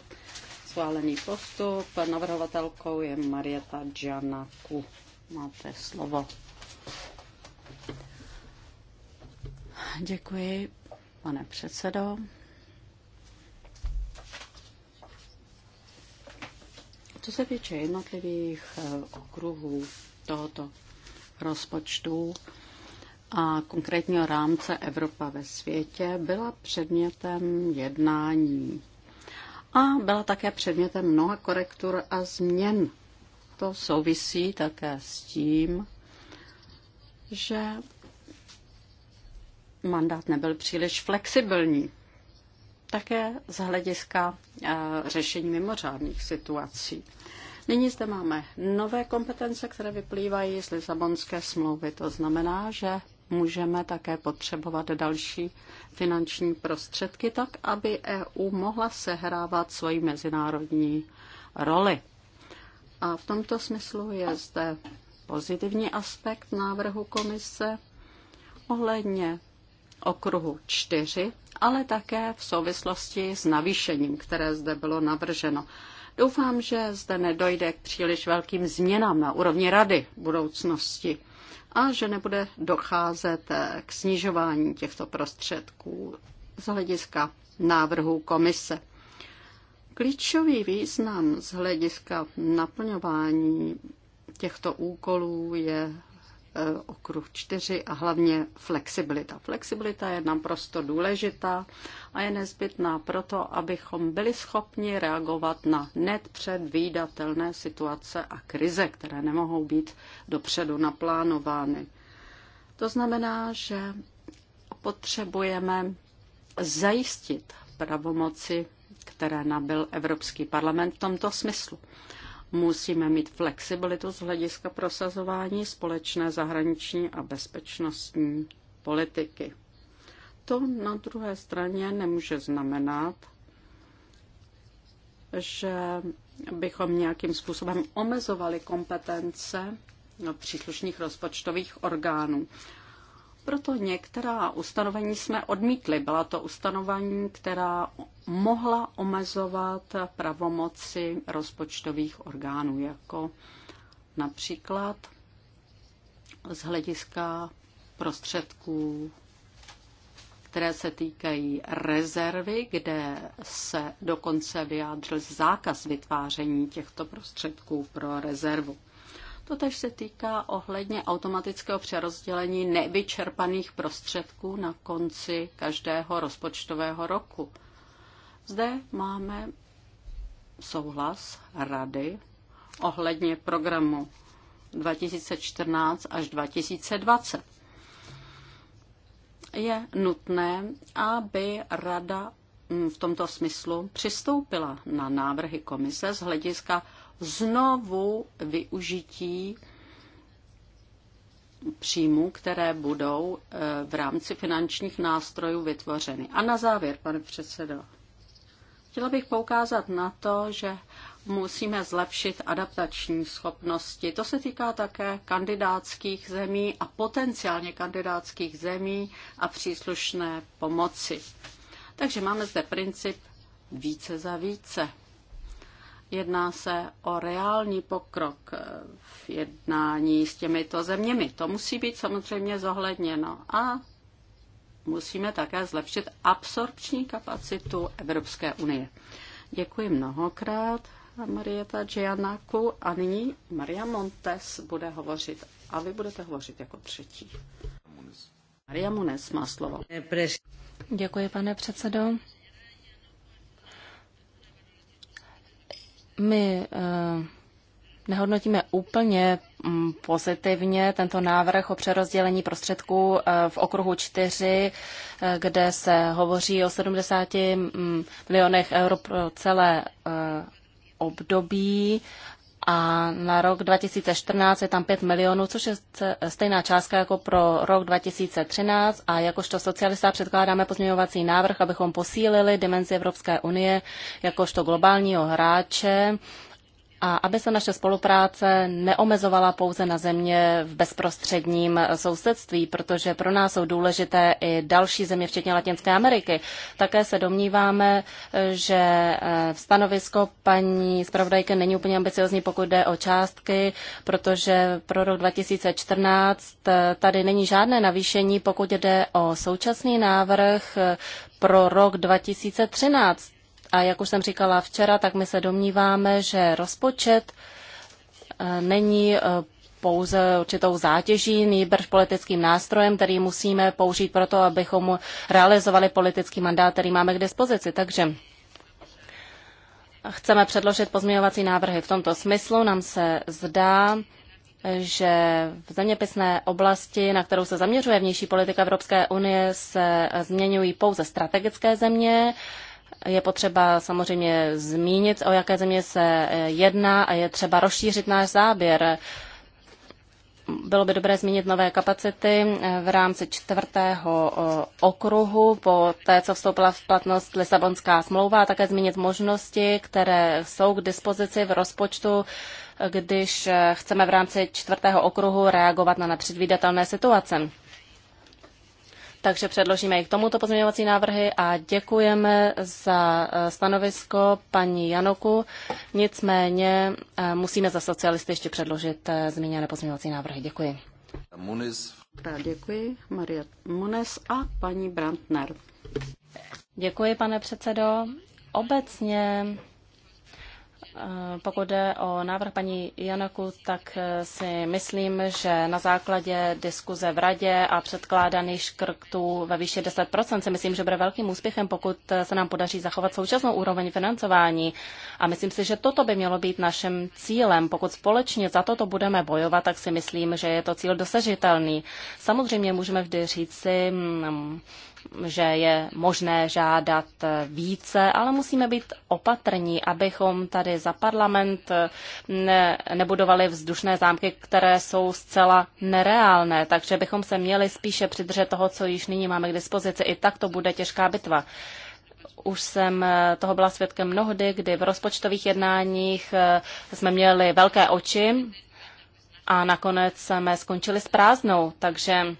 Schválený postup. Navrhovatelkou je Marieta Džanaku. Máte slovo. Děkuji, pane předsedo. Co se týče jednotlivých eh, okruhů tohoto rozpočtu, a konkrétního rámce Evropa ve světě byla předmětem jednání a byla také předmětem mnoha korektur a změn. To souvisí také s tím, že mandát nebyl příliš flexibilní. Také z hlediska eh, řešení mimořádných situací. Nyní zde máme nové kompetence, které vyplývají z Lisabonské smlouvy. To znamená, že můžeme také potřebovat další finanční prostředky, tak aby EU mohla sehrávat svoji mezinárodní roli. A v tomto smyslu je zde pozitivní aspekt návrhu komise ohledně okruhu 4, ale také v souvislosti s navýšením, které zde bylo navrženo. Doufám, že zde nedojde k příliš velkým změnám na úrovni rady budoucnosti a že nebude docházet eh, k snižování těchto prostředků z hlediska návrhu komise. Klíčový význam z hlediska naplňování těchto úkolů je E, okruh čtyři a hlavně flexibilita. Flexibilita je naprosto důležitá a je nezbytná proto, abychom byli schopni reagovat na nedpředvídatelné situace a krize, které nemohou být dopředu naplánovány. To znamená, že potřebujeme zajistit pravomoci, které nabil Evropský parlament v tomto smyslu. Musíme mít flexibilitu z hlediska prosazování společné zahraniční a bezpečnostní politiky. To na druhé straně nemůže znamenat, že bychom nějakým způsobem omezovali kompetence příslušných rozpočtových orgánů. Proto některá ustanovení jsme odmítli. Byla to ustanovení, která mohla omezovat pravomoci rozpočtových orgánů, jako například z hlediska prostředků, které se týkají rezervy, kde se dokonce vyjádřil zákaz vytváření těchto prostředků pro rezervu. Totež se týká ohledně automatického přerozdělení nevyčerpaných prostředků na konci každého rozpočtového roku. Zde máme souhlas Rady ohledně programu 2014 až 2020. Je nutné, aby Rada v tomto smyslu přistoupila na návrhy komise z hlediska znovu využití příjmů, které budou eh, v rámci finančních nástrojů vytvořeny. A na závěr, pane předsedo, chtěla bych poukázat na to, že musíme zlepšit adaptační schopnosti. To se týká také kandidátských zemí a potenciálně kandidátských zemí a příslušné pomoci. Takže máme zde princip více za více. Jedná se o reálný pokrok v jednání s těmito zeměmi. To musí být samozřejmě zohledněno a musíme také zlepšit absorpční kapacitu Evropské unie. Děkuji mnohokrát, Marieta Giannaku. A nyní Maria Montes bude hovořit a vy budete hovořit jako třetí. Maria Montes má slovo. Děkuji, pane předsedo. My eh, nehodnotíme úplně mm, pozitivně tento návrh o přerozdělení prostředků eh, v okruhu 4, eh, kde se hovoří o 70 mm, milionech euro pro celé období a na rok 2014 je tam 5 milionů, což je stejná částka jako pro rok 2013 a jakožto socialista předkládáme pozměňovací návrh, abychom posílili dimenzi Evropské unie jakožto globálního hráče a aby se naše spolupráce neomezovala pouze na země v bezprostředním sousedství, protože pro nás jsou důležité i další země, včetně Latinské Ameriky. Také se domníváme, že v eh, stanovisko paní zpravodajky není úplně ambiciozní, pokud jde o částky, protože pro rok 2014 eh, tady není žádné navýšení, pokud jde o současný návrh eh, pro rok 2013. A jak už jsem říkala včera, tak my se domníváme, že rozpočet eh, není eh, pouze určitou zátěží, nejbrž politickým nástrojem, který musíme použít proto, abychom realizovali politický mandát, který máme k dispozici. Takže chceme předložit pozměňovací návrhy v tomto smyslu. Nám se zdá, že v zeměpisné oblasti, na kterou se zaměřuje vnější politika Evropské unie, se změňují pouze strategické země, je potřeba samozřejmě zmínit, o jaké země se eh, jedná a je třeba rozšířit náš záběr. Bylo by dobré zmínit nové kapacity eh, v rámci čtvrtého okruhu, po té, co vstoupila v platnost Lisabonská smlouva, a také zmínit možnosti, které jsou k dispozici v rozpočtu, eh, když chceme v rámci čtvrtého okruhu reagovat na nepředvídatelné situace takže předložíme i k tomuto pozměňovací návrhy a děkujeme za e, stanovisko paní Janoku. Nicméně e, musíme za socialisty ještě předložit e, zmíněné pozměňovací návrhy. Děkuji. Muniz. Děkuji, Maria Munes a paní Brandner. Děkuji, pane předsedo. Obecně Eh, pokud jde o návrh paní Janaku, tak eh, si myslím, že na základě diskuze v radě a předkládaných škrtů ve výši 10% si myslím, že bude velkým úspěchem, pokud eh, se nám podaří zachovat současnou úroveň financování. A myslím si, že toto by mělo být naším cílem. Pokud společně za toto budeme bojovat, tak si myslím, že je to cíl dosažitelný. Samozřejmě můžeme vždy říci, mm, že je možné žádat více, ale musíme být opatrní, abychom tady za parlament ne, nebudovali vzdušné zámky, které jsou zcela nereálné, takže bychom se měli spíše přidržet toho, co již nyní máme k dispozici. I tak to bude těžká bitva už jsem toho byla svědkem mnohdy, kdy v rozpočtových jednáních jsme měli velké oči a nakonec jsme skončili s prázdnou, takže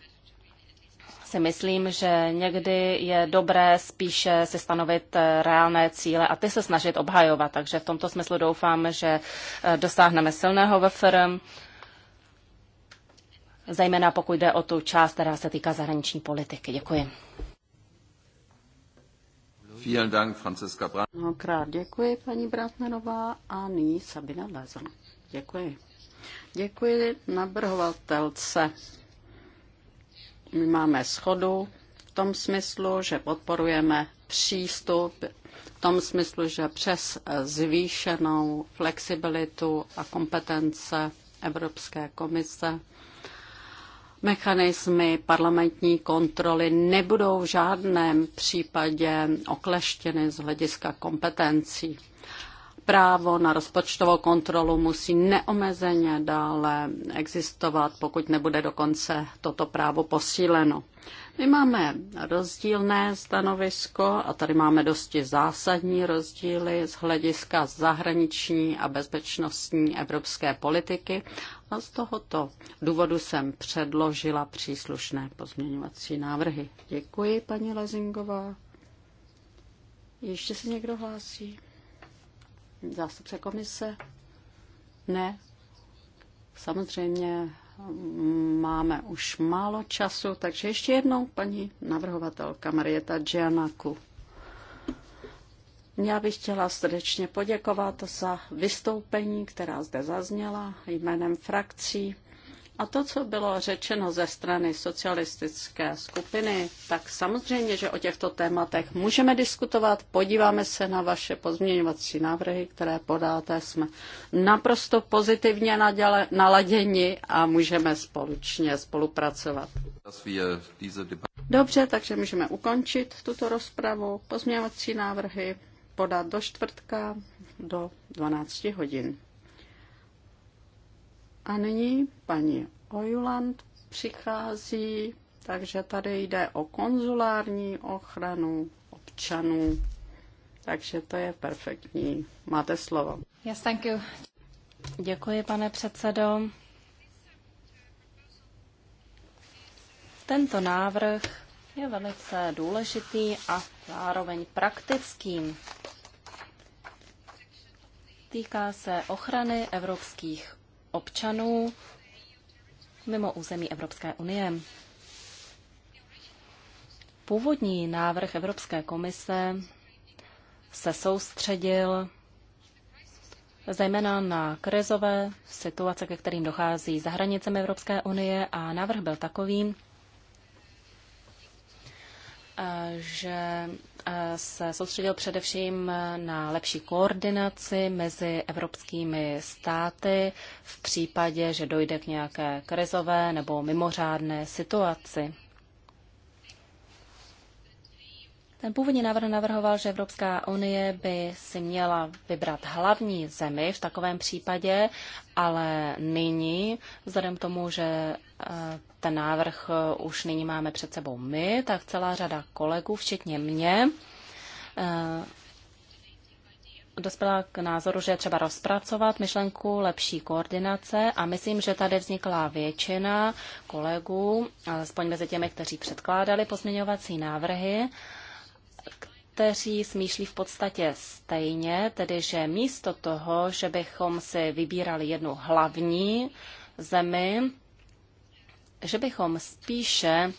si myslím, že někdy je dobré spíše si stanovit eh, reálné cíle a ty se snažit obhajovat. Takže v tomto smyslu doufám, že eh, dosáhneme silného VFR, zejména pokud jde o tu část, která se týká zahraniční politiky. Děkuji. Vielen Dank, Franziska Mnohokrát děkuji, paní Bratnerová a nyní Sabina Lezon. Děkuji. Děkuji nabrhovatelce. My máme schodu v tom smyslu, že podporujeme přístup v tom smyslu, že přes zvýšenou flexibilitu a kompetence Evropské komise mechanismy parlamentní kontroly nebudou v žádném případě okleštěny z hlediska kompetencí právo na rozpočtovou kontrolu musí neomezeně dále existovat, pokud nebude dokonce toto právo posíleno. My máme rozdílné stanovisko a tady máme dosti zásadní rozdíly z hlediska zahraniční a bezpečnostní evropské politiky a z tohoto důvodu jsem předložila příslušné pozměňovací návrhy. Děkuji, paní Lezingová. Ještě se někdo hlásí? zástupce komise? Ne. Samozřejmě mm, máme už málo času, takže ještě jednou paní navrhovatelka Marieta Gianaku. Já bych chtěla srdečně poděkovat za vystoupení, která zde zazněla jménem frakcí. A to, co bylo řečeno ze strany socialistické skupiny, tak samozřejmě, že o těchto tématech můžeme diskutovat. Podíváme se na vaše pozměňovací návrhy, které podáte. Jsme naprosto pozitivně naděle, naladěni a můžeme společně spolupracovat. Dobře, takže můžeme ukončit tuto rozpravu. Pozměňovací návrhy podat do čtvrtka do 12 hodin. A nyní paní Ojuland přichází, takže tady jde o konzulární ochranu občanů. Takže to je perfektní. Máte slovo. Yes, thank you. Děkuji, pane předsedo. Tento návrh je velice důležitý a zároveň praktickým. Týká se ochrany evropských občanů mimo území Evropské unie. Původní návrh Evropské komise se soustředil zejména na krizové situace, ke kterým dochází za hranicemi Evropské unie a návrh byl takový, že eh, se soustředil především na lepší koordinaci mezi evropskými státy v případě, že dojde k nějaké krizové nebo mimořádné situaci. Ten původní návrh navrhoval, že Evropská unie by si měla vybrat hlavní zemi v takovém případě, ale nyní, vzhledem k tomu, že ten návrh eh, už nyní máme před sebou my, tak celá řada kolegů, včetně mě, eh, dospěla k názoru, že je třeba rozpracovat myšlenku lepší koordinace a myslím, že tady vznikla většina kolegů, alespoň mezi těmi, kteří předkládali pozměňovací návrhy, kteří smýšlí v podstatě stejně, tedy že místo toho, že bychom si vybírali jednu hlavní zemi, že bychom spíše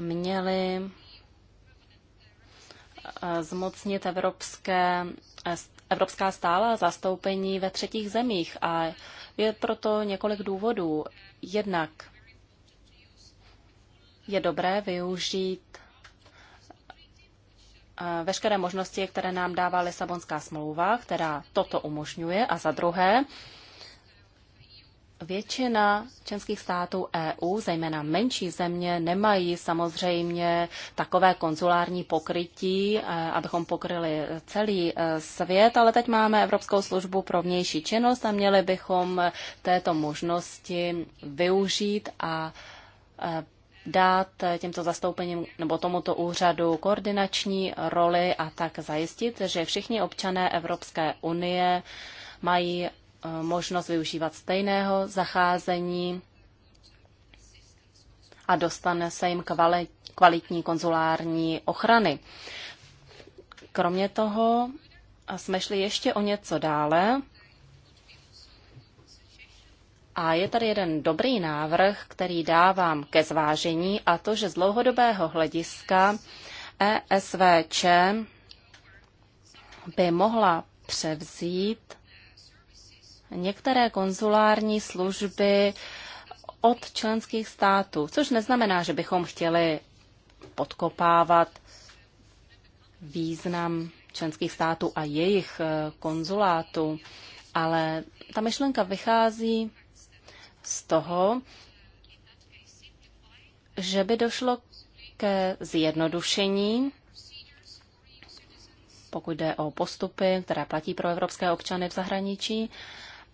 měli eh, zmocnit evropské, eh, evropská stála zastoupení ve třetích zemích a je proto několik důvodů. Jednak je dobré využít eh, veškeré možnosti, které nám dává Lisabonská smlouva, která toto umožňuje. A za druhé, Většina členských států EU, zejména menší země, nemají samozřejmě takové konzulární pokrytí, eh, abychom pokryli celý eh, svět, ale teď máme Evropskou službu pro vnější činnost a měli bychom této možnosti využít a eh, dát těmto zastoupením nebo tomuto úřadu koordinační roli a tak zajistit, že všichni občané Evropské unie mají možnost využívat stejného zacházení a dostane se jim kvalitní konzulární ochrany. Kromě toho jsme šli ještě o něco dále. A je tady jeden dobrý návrh, který dávám ke zvážení, a to, že z dlouhodobého hlediska ESVČ by mohla převzít některé konzulární služby od členských států, což neznamená, že bychom chtěli podkopávat význam členských států a jejich eh, konzulátů, ale ta myšlenka vychází z toho, že by došlo ke zjednodušení, pokud jde o postupy, které platí pro evropské občany v zahraničí,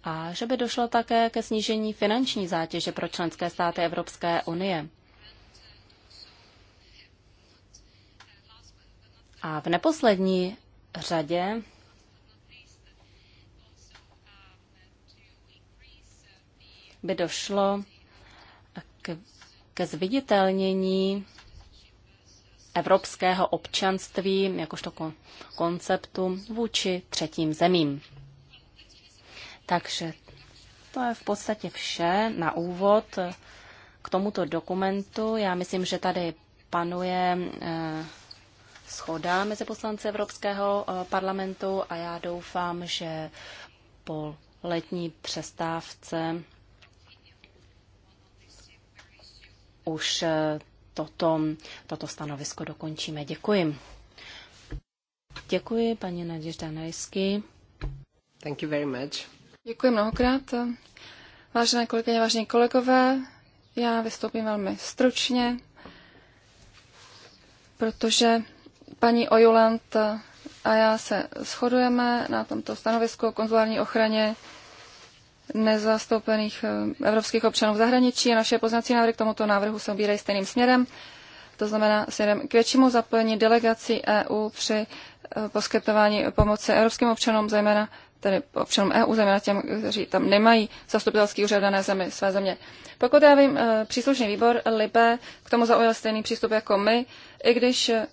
a že by došlo také ke snížení finanční zátěže pro členské státy Evropské unie. A v neposlední řadě by došlo k, ke zviditelnění evropského občanství jakožto konceptu vůči třetím zemím. Takže to je v podstatě vše na úvod k tomuto dokumentu. Já myslím, že tady panuje eh, schoda mezi poslanci Evropského eh, parlamentu a já doufám, že po letní přestávce už eh, toto, toto stanovisko dokončíme. Děkuji. Děkuji, paní Naděžda Nejsky. Thank you very much. Děkuji mnohokrát. Vážené kolegyně, vážení kolegové, já vystoupím velmi stručně, protože paní Ojuland a já se shodujeme na tomto stanovisku o konzulární ochraně nezastoupených eh, evropských občanů v zahraničí a naše poznací návrhy k tomuto návrhu se obírají stejným směrem, to znamená směrem k většímu zapojení delegací EU při eh, poskytování pomoci evropským občanům, zejména tedy občanům EU, zejména těm, kteří tam nemají zastupitelský úřad dané zemi, své země. Pokud já vím, eh, příslušný výbor LIPE k tomu zaujal stejný přístup jako my, i když eh,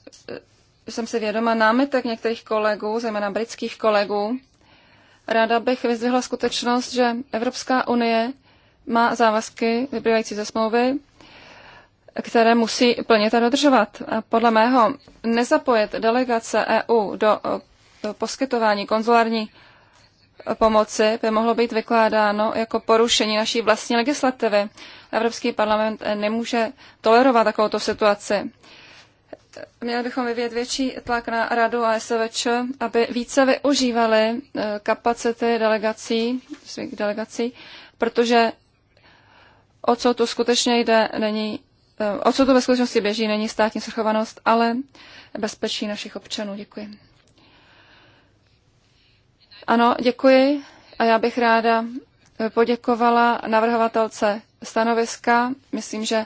jsem si vědoma námitek některých kolegů, zejména britských kolegů, ráda bych vyzdvihla skutečnost, že Evropská unie má závazky vyplývající ze smlouvy, které musí plně a dodržovat. A podle mého nezapojit delegace EU do, eh, do poskytování konzulární pomoci by mohlo být vykládáno jako porušení naší vlastní legislativy. Evropský parlament nemůže tolerovat takovouto situaci. Měli bychom vyvíjet větší tlak na radu a SVČ, aby více využívali eh, kapacity delegací, svých delegací, protože o co tu skutečně jde, není, eh, o co tu ve skutečnosti běží, není státní svrchovanost, ale bezpečí našich občanů. Děkuji. Ano, děkuji. A já bych ráda eh, poděkovala navrhovatelce stanoviska. Myslím, že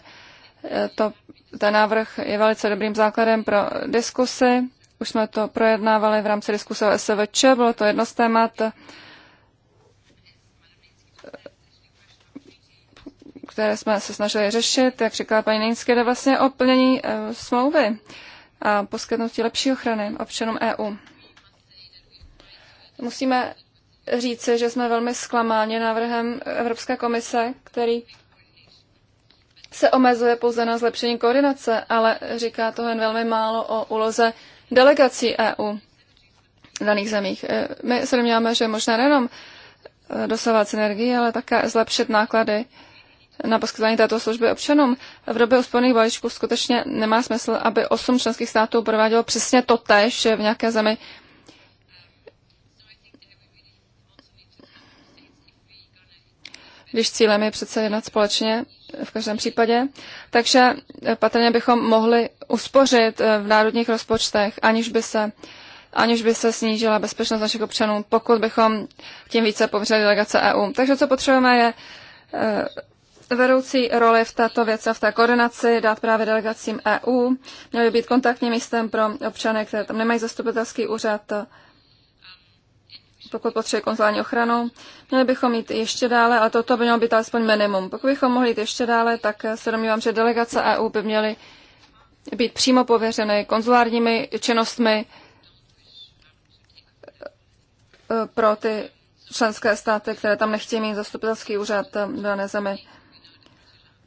eh, to, ten návrh je velice dobrým základem pro diskusy. Už jsme to projednávali v rámci diskuse o SVČ, bylo to jedno z témat, eh, které jsme se snažili řešit, jak říkala paní Nejnské, vlastně o plnění smlouvy a poskytnutí lepší ochrany občanům EU. Musíme říci, že jsme velmi zklamáni návrhem Evropské komise, který se omezuje pouze na zlepšení koordinace, ale říká to jen velmi málo o úloze delegací EU v daných zemích. E, my se domníváme, že možná nejenom e, dosávat synergii, ale také zlepšit náklady na poskytování této služby občanům. V době úsporných balíčků skutečně nemá smysl, aby osm členských států provádělo přesně to tež v nějaké zemi když cílem je přece jednat společně v každém případě. Takže eh, patrně bychom mohli uspořit eh, v národních rozpočtech, aniž by se aniž by se snížila bezpečnost našich občanů, pokud bychom tím více povřeli delegace EU. Takže co potřebujeme je eh, vedoucí roli v této věci a v té koordinaci dát právě delegacím EU. Měly být kontaktním místem pro občany, které tam nemají zastupitelský úřad, pokud potřebuje konzulární ochranu. Měli bychom jít ještě dále, ale toto by mělo být alespoň minimum. Pokud bychom mohli jít ještě dále, tak se domnívám, že delegace EU by měly být přímo pověřeny konzulárními činnostmi eh, pro ty členské státy, které tam nechtějí mít zastupitelský úřad v dané zemi.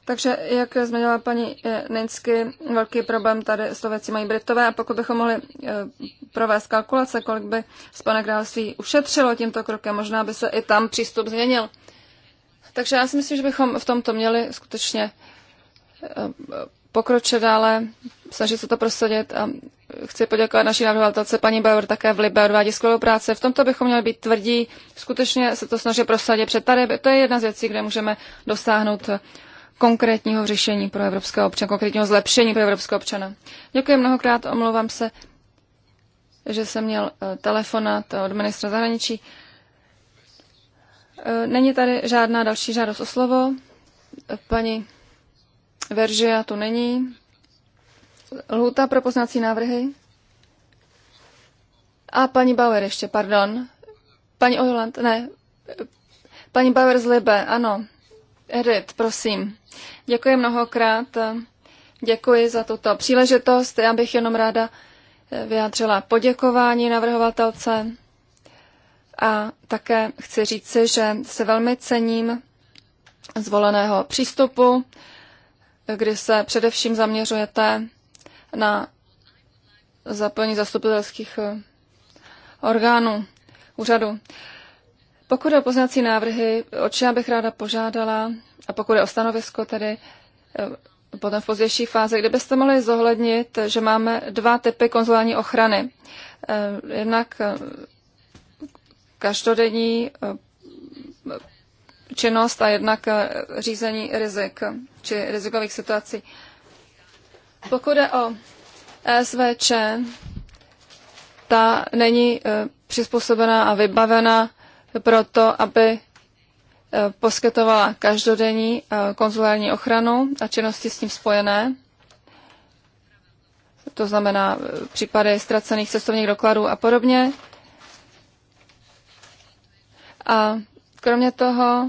Takže, jak zmiňovala paní eh, Nejnsky, velký problém tady s to věcí mají Britové a pokud bychom mohli eh, provést kalkulace, kolik by Spojené království ušetřilo tímto krokem, možná by se i tam přístup změnil. Takže já si myslím, že bychom v tomto měli skutečně eh, pokročit dále, snažit se to prosadit a chci poděkovat naší navrhovatelce paní Bauer také v Libe odvádí skvělou práci. V tomto bychom měli být tvrdí, skutečně se to snaží prosadit před tady. To je jedna z věcí, kde můžeme dosáhnout konkrétního řešení pro evropského občana, konkrétního zlepšení pro evropského občana. Děkuji mnohokrát, omlouvám se, že jsem měl eh, telefonát od ministra zahraničí. Eh, není tady žádná další žádost o slovo. Paní Veržia tu není. Lhuta pro poznací návrhy. A paní Bauer ještě, pardon. Paní Ojoland, ne. Paní Bauer z Libe, ano. Edith, prosím. Děkuji mnohokrát. Děkuji za tuto příležitost. Já bych jenom ráda eh, vyjádřila poděkování navrhovatelce a také chci říci, že se velmi cením zvoleného přístupu, kdy se především zaměřujete na zaplnění zastupitelských eh, orgánů úřadu. Pokud o poznací návrhy, o čem bych ráda požádala, a pokud je o stanovisko tedy, eh, potom v pozdější fázi, kde byste mohli zohlednit, že máme dva typy konzulární ochrany. Eh, jednak eh, každodenní činnost a jednak řízení rizik či rizikových situací. Pokud je o SVČ, ta není přizpůsobená a vybavena proto, aby e, poskytovala každodenní e, konzulární ochranu a činnosti s tím spojené. To znamená e, případy ztracených cestovních dokladů a podobně. A kromě toho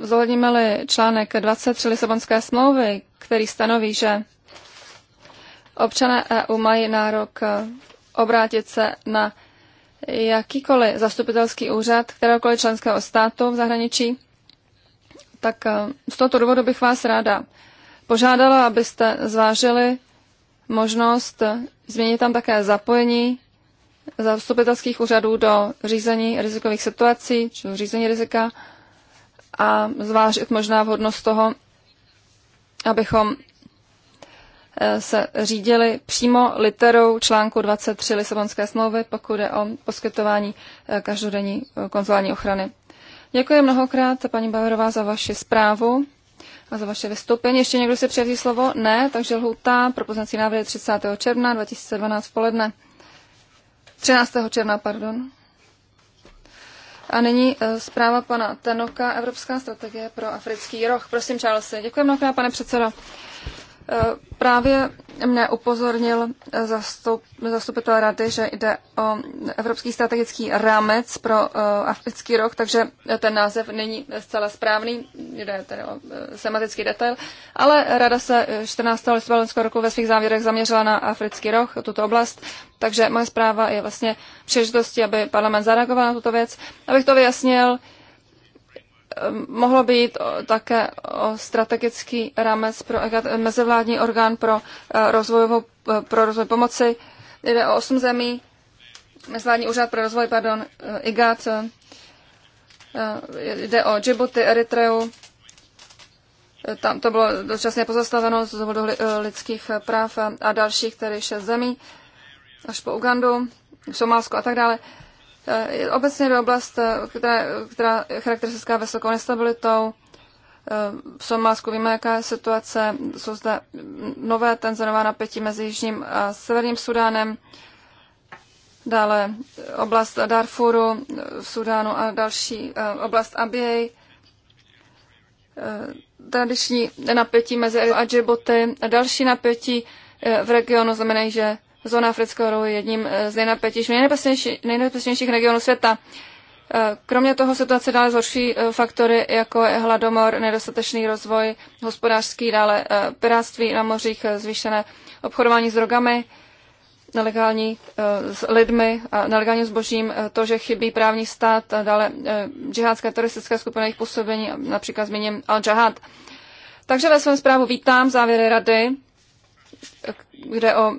zohledníme-li článek 23 Lisabonské smlouvy, který stanoví, že občané EU mají nárok obrátit se na jakýkoliv zastupitelský úřad kteréhokoliv členského státu v zahraničí, tak eh, z tohoto důvodu bych vás ráda požádala, abyste zvážili možnost změnit tam také zapojení zastupitelských úřadů do řízení rizikových situací, či řízení rizika a zvážit možná vhodnost toho, abychom Eh, se řídili přímo literou článku 23 Lisabonské smlouvy, pokud je o poskytování eh, každodenní eh, konzulární ochrany. Děkuji mnohokrát, paní Bauerová, za vaši zprávu a za vaše vystoupení. Ještě někdo si převzí slovo? Ne, takže lhůta pro poznací návrhy 30. června 2012 v poledne. 13. června, pardon. A nyní zpráva pana Tenoka, Evropská strategie pro africký roh. Prosím, Charlesy. Děkuji mnohokrát, pane předsedo. Právě mne upozornil zastup, zastupitel rady, že jde o Evropský strategický rámec pro uh, africký rok, takže ten název není zcela správný, jde tedy o eh, sematický detail, ale rada se 14. listopadu roku ve svých závěrech zaměřila na africký rok, tuto oblast, takže moje zpráva je vlastně příležitosti, aby parlament zareagoval na tuto věc. Abych to vyjasnil, uh, mohlo by jít také o strategický rámec pro e mezivládní orgán pro, eh, rozvojovou, eh, pro rozvoj pomoci. Jde o osm zemí, Mezivládní úřad pro rozvoj, pardon, IGAT, eh, e jde o Djibouti, Eritreu, tam to bylo dočasně pozastaveno z důvodu lidských práv a dalších, tedy šest zemí, až po Ugandu, Somálsko a tak dále. Eh, obecně je oblast, eh, která, která je charakteristická vysokou nestabilitou, eh, v Somálsku víme, jaká je situace. Jsou zde nové tenzorová napětí mezi Jižním a Severním Sudánem. Dále oblast Darfuru v Sudánu a další oblast Abiej. Tradiční napětí mezi a Djibouti. Další napětí v regionu znamenají, že Zóna Afrického rohu je jedním eh, z nejnapětějších, nejnebezpečnějších regionů světa. Eh, kromě toho situace dále zhorší eh, faktory, jako je hladomor, nedostatečný rozvoj hospodářský, dále piráctví na mořích, zvýšené obchodování s drogami, nelegální s lidmi a nelegálním zbožím, to, že chybí právní stát, a dále džihádské teroristické skupiny jejich působení, například zmíním al-Jahad. Takže ve svém zprávu vítám závěry rady, kde o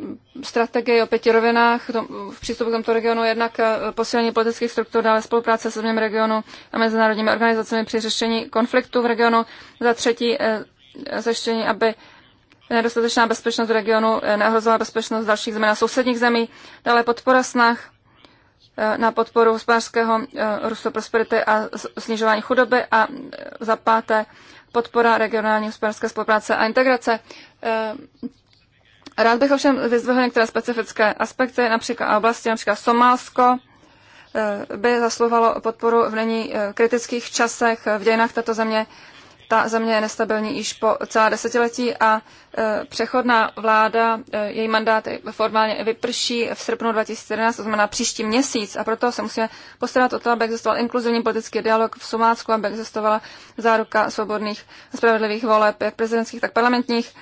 strategii o pěti rovinách v přístupu k tomto regionu, jednak eh, posílení politických struktur, dále spolupráce se zeměmi regionu a mezinárodními organizacemi při řešení konfliktu v regionu, za třetí eh, zajištění, aby nedostatečná bezpečnost v regionu eh, nehrozila bezpečnost dalších zemí a sousedních zemí, dále podpora snah na podporu hospodářského růstu prosperity a snižování chudoby a za páté podpora regionální hospodářské spolupráce a integrace. Rád bych ovšem vyzvihl některé specifické aspekty, například oblasti, například Somálsko, eh, by zasluhovalo podporu v není eh, kritických časech eh, v dějinách této země. Ta země je nestabilní již po celá desetiletí a přechodná vláda, její mandát formálně vyprší v srpnu 2014, to znamená příští měsíc a proto se musíme postarat o to, aby existoval inkluzivní politický dialog v Somálsku, aby existovala záruka svobodných a spravedlivých voleb, jak prezidentských, tak parlamentních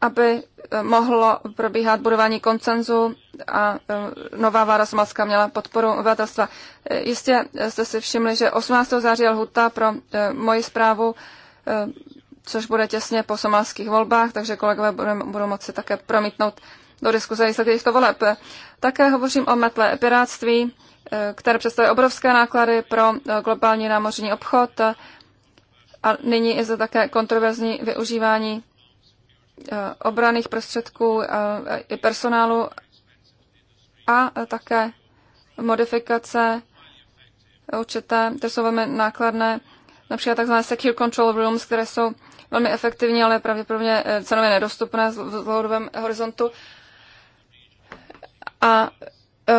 aby eh, mohlo probíhat budování koncenzu a eh, nová vláda Somalska měla podporu obyvatelstva. Eh, jistě jste si všimli, že 18. září je lhuta pro moji zprávu, což bude těsně po somalských volbách, takže kolegové budou moci také promítnout do diskuze výsledky těchto voleb. Také hovořím o metle piráctví, které představuje obrovské náklady pro globální námořní obchod a nyní je zde také kontroverzní využívání Eh, obraných prostředků eh, i personálu a eh, také modifikace určité, které jsou velmi nákladné, například takzvané secure control rooms, které jsou velmi efektivní, ale pravděpodobně cenově nedostupné v dlouhodobém horizontu. A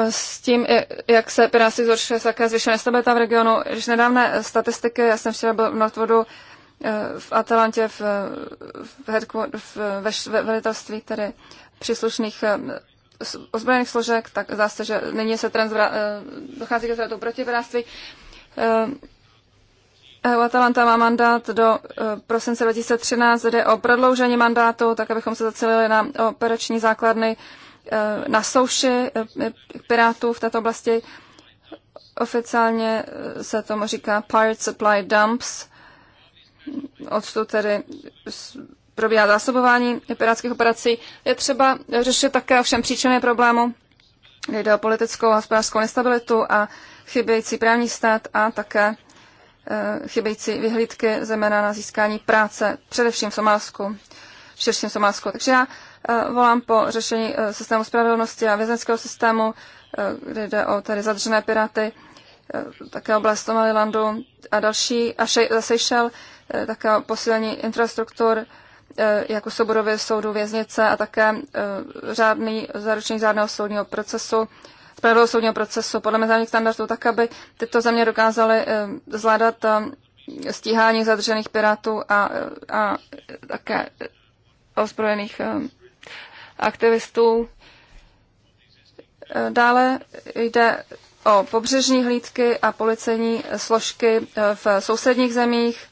s tím, jak se piráci zhoršuje také zvýšené stabilita v regionu. Když nedávné statistiky, já jsem včera byl v Northwoodu Eh, v Atalantě, v, v, v, ve, ve velitelství tedy příslušných eh, ozbrojených složek, tak zdá se, že nyní se transvra, eh, dochází ke zvratu protivědáctví. Atalanta má mandát do prosince 2013, jde o prodloužení mandátu, tak abychom se zacelili na operační základny na souši pirátů v této oblasti. Oficiálně se tomu říká Pirate Supply Dumps odtud tedy probíhá zásobování pirátských operací. Je třeba řešit také ovšem příčiny problému, kde jde o politickou a hospodářskou nestabilitu a chybějící právní stát a také eh, chybějící vyhlídky, zejména na získání práce, především v Somálsku, v širším Somálsku. Takže já eh, volám po řešení eh, systému spravedlnosti a vězenského systému, kde jde o tady zadržené piráty, také oblast Somalilandu a další, a šej, Seychelles Eh, také posílení infrastruktur, eh, jako soborové soudu, věznice a také eh, řádný, zaručení řádného soudního procesu, spravedlivého soudního procesu podle mezinárodních standardů, tak aby tyto země dokázaly zvládat stíhání zadržených pirátů a, a také ozbrojených aktivistů. Dále jde o pobřežní hlídky a policejní složky v sousedních zemích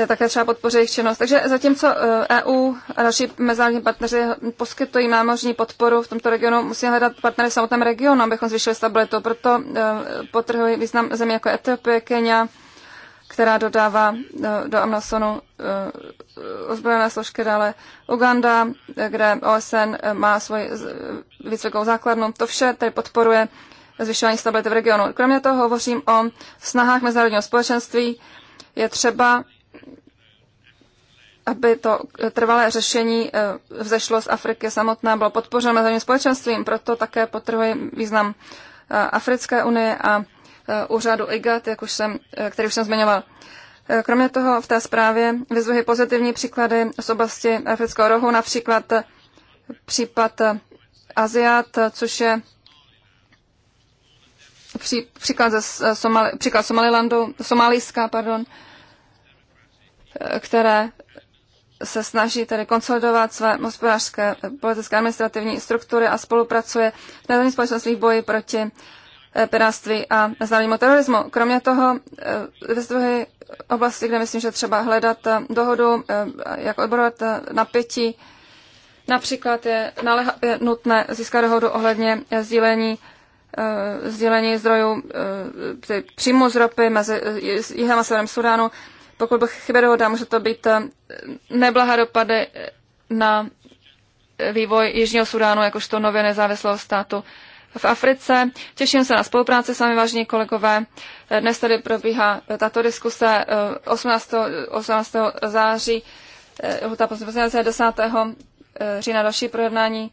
je také třeba podpořit jejich činnost. Takže zatímco EU eh, e a další mezinárodní partneři poskytují námořní podporu v tomto regionu, musí hledat partnery v samotném regionu, abychom zvýšili stabilitu. Proto eh, potrhují význam země jako Etiopie, Kenia, která dodává eh, do Amazonu ozbrojené složky dále Uganda, kde OSN má svoji výcvikovou základnu. To vše tady podporuje zvyšování stability v regionu. Kromě toho hovořím o snahách mezinárodního společenství. Je třeba aby to trvalé řešení eh, vzešlo z Afriky samotné, bylo podpořeno mezi společenstvím, proto také potrhuji význam eh, Africké unie a eh, úřadu IGAT, jak už jsem, který už jsem zmiňoval. Kromě toho v té zprávě vyzvuji pozitivní příklady z oblasti afrického rohu, například případ Aziat, což je pří, příklad, ze Somali, příklad Somalilandu, Somálíska, pardon, které se snaží tedy konsolidovat své hospodářské, politické, administrativní struktury a spolupracuje v národní společenství v boji proti eh, piráctví a mezinárodnímu terorismu. Kromě toho, eh, v druhé oblasti, kde myslím, že třeba hledat eh, dohodu, jak odborovat napětí, například je, je nutné získat dohodu ohledně sdílení sdílení zdrojů přímo z ropy mezi jihem a severem Sudánu. Pokud bych chybě dohoda, může to být eh, neblahá dopady eh, na eh, vývoj Jižního Sudánu jakožto nově nezávislého státu v Africe. Těším se na spolupráci s vámi, vážení kolegové. Dnes tady probíhá tato diskuse 18. 18. září, lhuta poslance 10. října další projednání,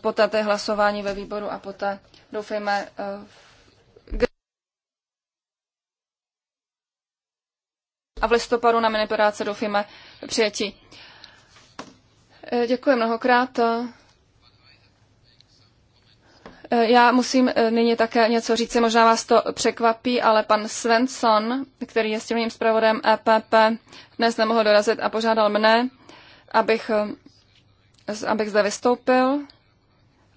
poté té hlasování ve výboru a poté doufejme v a v listopadu na do doufíme přijetí. Eh, děkuji mnohokrát. Eh, já musím eh, nyní také něco říct, možná vás to překvapí, ale pan Svensson, který je stěhovým zpravodem EPP, dnes nemohl dorazit a požádal mne, abych, abych zde vystoupil.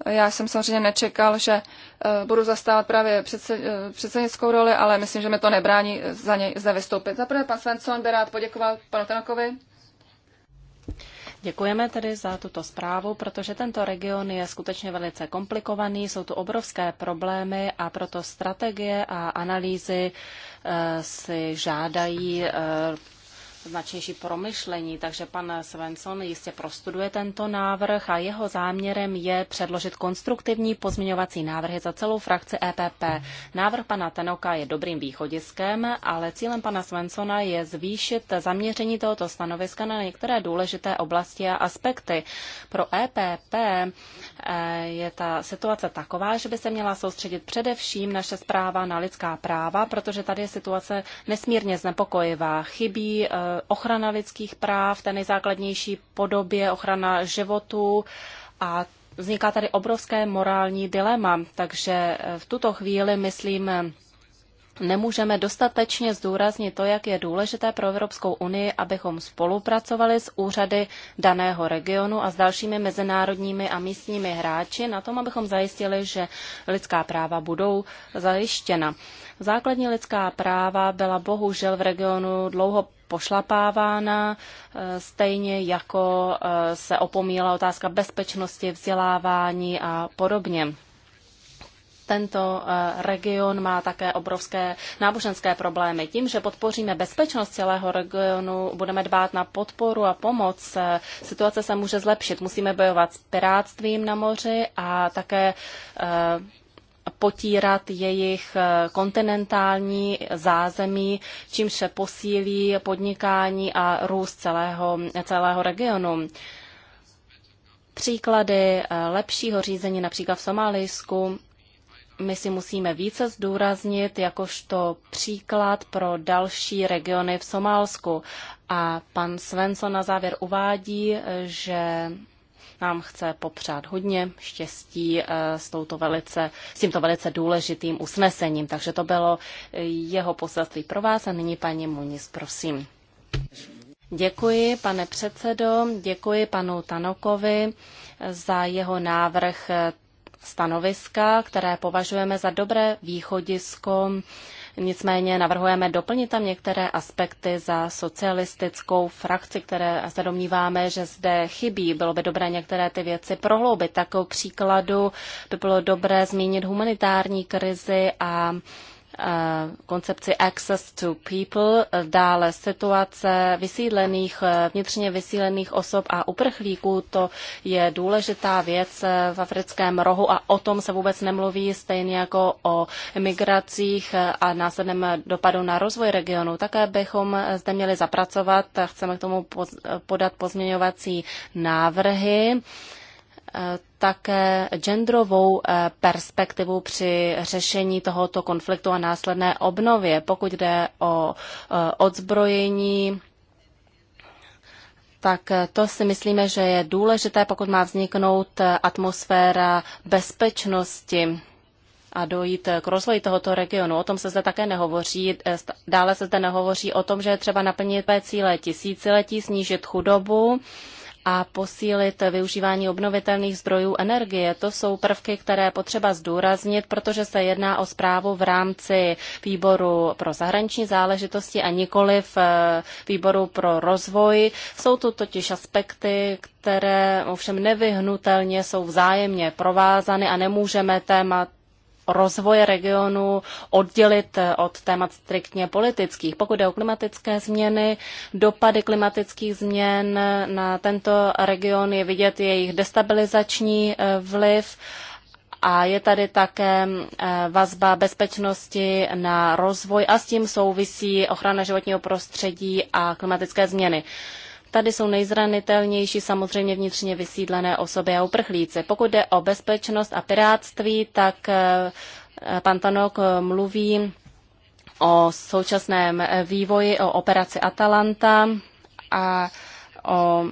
Já jsem samozřejmě nečekal, že eh, budu zastávat právě předsed, eh, předsednickou roli, ale myslím, že mi to nebrání eh, za něj zde vystoupit. Za prvé pan Svensson by rád poděkoval panu Tenakovi. Děkujeme tedy za tuto zprávu, protože tento region je skutečně velice komplikovaný, jsou tu obrovské problémy a proto strategie a analýzy si žádají značnější promyšlení, takže pan Svensson jistě prostuduje tento návrh a jeho záměrem je předložit konstruktivní pozměňovací návrhy za celou frakci EPP. Návrh pana Tenoka je dobrým východiskem, ale cílem pana Svensona je zvýšit zaměření tohoto stanoviska na některé důležité oblasti a aspekty. Pro EPP Eh, je ta situace taková, že by se měla soustředit především naše zpráva na lidská práva, protože tady je situace nesmírně znepokojivá. Chybí eh, ochrana lidských práv, té nejzákladnější podobě, ochrana životu a vzniká tady obrovské morální dilema, takže eh, v tuto chvíli, myslím, nemůžeme dostatečně zdůraznit to, jak je důležité pro Evropskou unii, abychom spolupracovali s úřady daného regionu a s dalšími mezinárodními a místními hráči na tom, abychom zajistili, že lidská práva budou zajištěna. Základní lidská práva byla bohužel v regionu dlouho pošlapávána, e, stejně jako e, se opomíla otázka bezpečnosti, vzdělávání a podobně tento eh, region má také obrovské náboženské problémy. Tím, že podpoříme bezpečnost celého regionu, budeme dbát na podporu a pomoc, eh, situace se může zlepšit. Musíme bojovat s pirátstvím na moři a také eh, potírat jejich kontinentální zázemí, čímž se posílí podnikání a růst celého, celého regionu. Příklady lepšího řízení například v Somálisku my si musíme více zdůraznit jakožto příklad pro další regiony v Somálsku. A pan Svensson na závěr uvádí, že nám chce popřát hodně štěstí eh, s, touto velice, s tímto velice důležitým usnesením. Takže to bylo eh, jeho poselství pro vás a nyní paní Muniz, prosím. Děkuji, pane předsedo, děkuji panu Tanokovi eh, za jeho návrh stanoviska, které považujeme za dobré východisko. Nicméně navrhujeme doplnit tam některé aspekty za socialistickou frakci, které se domníváme, že zde chybí. Bylo by dobré některé ty věci prohloubit. Takovou příkladu by bylo dobré zmínit humanitární krizi a Eh, koncepci Access to People, eh, dále situace vysídlených, eh, vnitřně vysílených osob a uprchlíků. To je důležitá věc v africkém rohu a o tom se vůbec nemluví, stejně jako o migracích a následném dopadu na rozvoj regionu. Také bychom zde měli zapracovat, chceme k tomu podat pozměňovací návrhy Eh, také genderovou eh, perspektivu při řešení tohoto konfliktu a následné obnově. Pokud jde o eh, odzbrojení, tak to si myslíme, že je důležité, pokud má vzniknout atmosféra bezpečnosti a dojít k rozvoji tohoto regionu. O tom se zde také nehovoří. Dále se zde nehovoří o tom, že je třeba naplnit cíle tisíciletí, snížit chudobu a posílit využívání obnovitelných zdrojů energie. To jsou prvky, které potřeba zdůraznit, protože se jedná o zprávu v rámci výboru pro zahraniční záležitosti a nikoli v eh, výboru pro rozvoj. Jsou to totiž aspekty, které ovšem nevyhnutelně jsou vzájemně provázany a nemůžeme témat rozvoje regionu oddělit eh, od témat striktně politických. Pokud jde o klimatické změny, dopady klimatických změn eh, na tento region je vidět jejich destabilizační eh, vliv a je tady také mm, vazba bezpečnosti na rozvoj a s tím souvisí ochrana životního prostředí a klimatické změny. Tady jsou nejzranitelnější samozřejmě vnitřně vysídlené osoby a uprchlíci. Pokud jde o bezpečnost a piráctví, tak eh, pan Tanok eh, mluví o současném eh, vývoji, o operaci Atalanta a o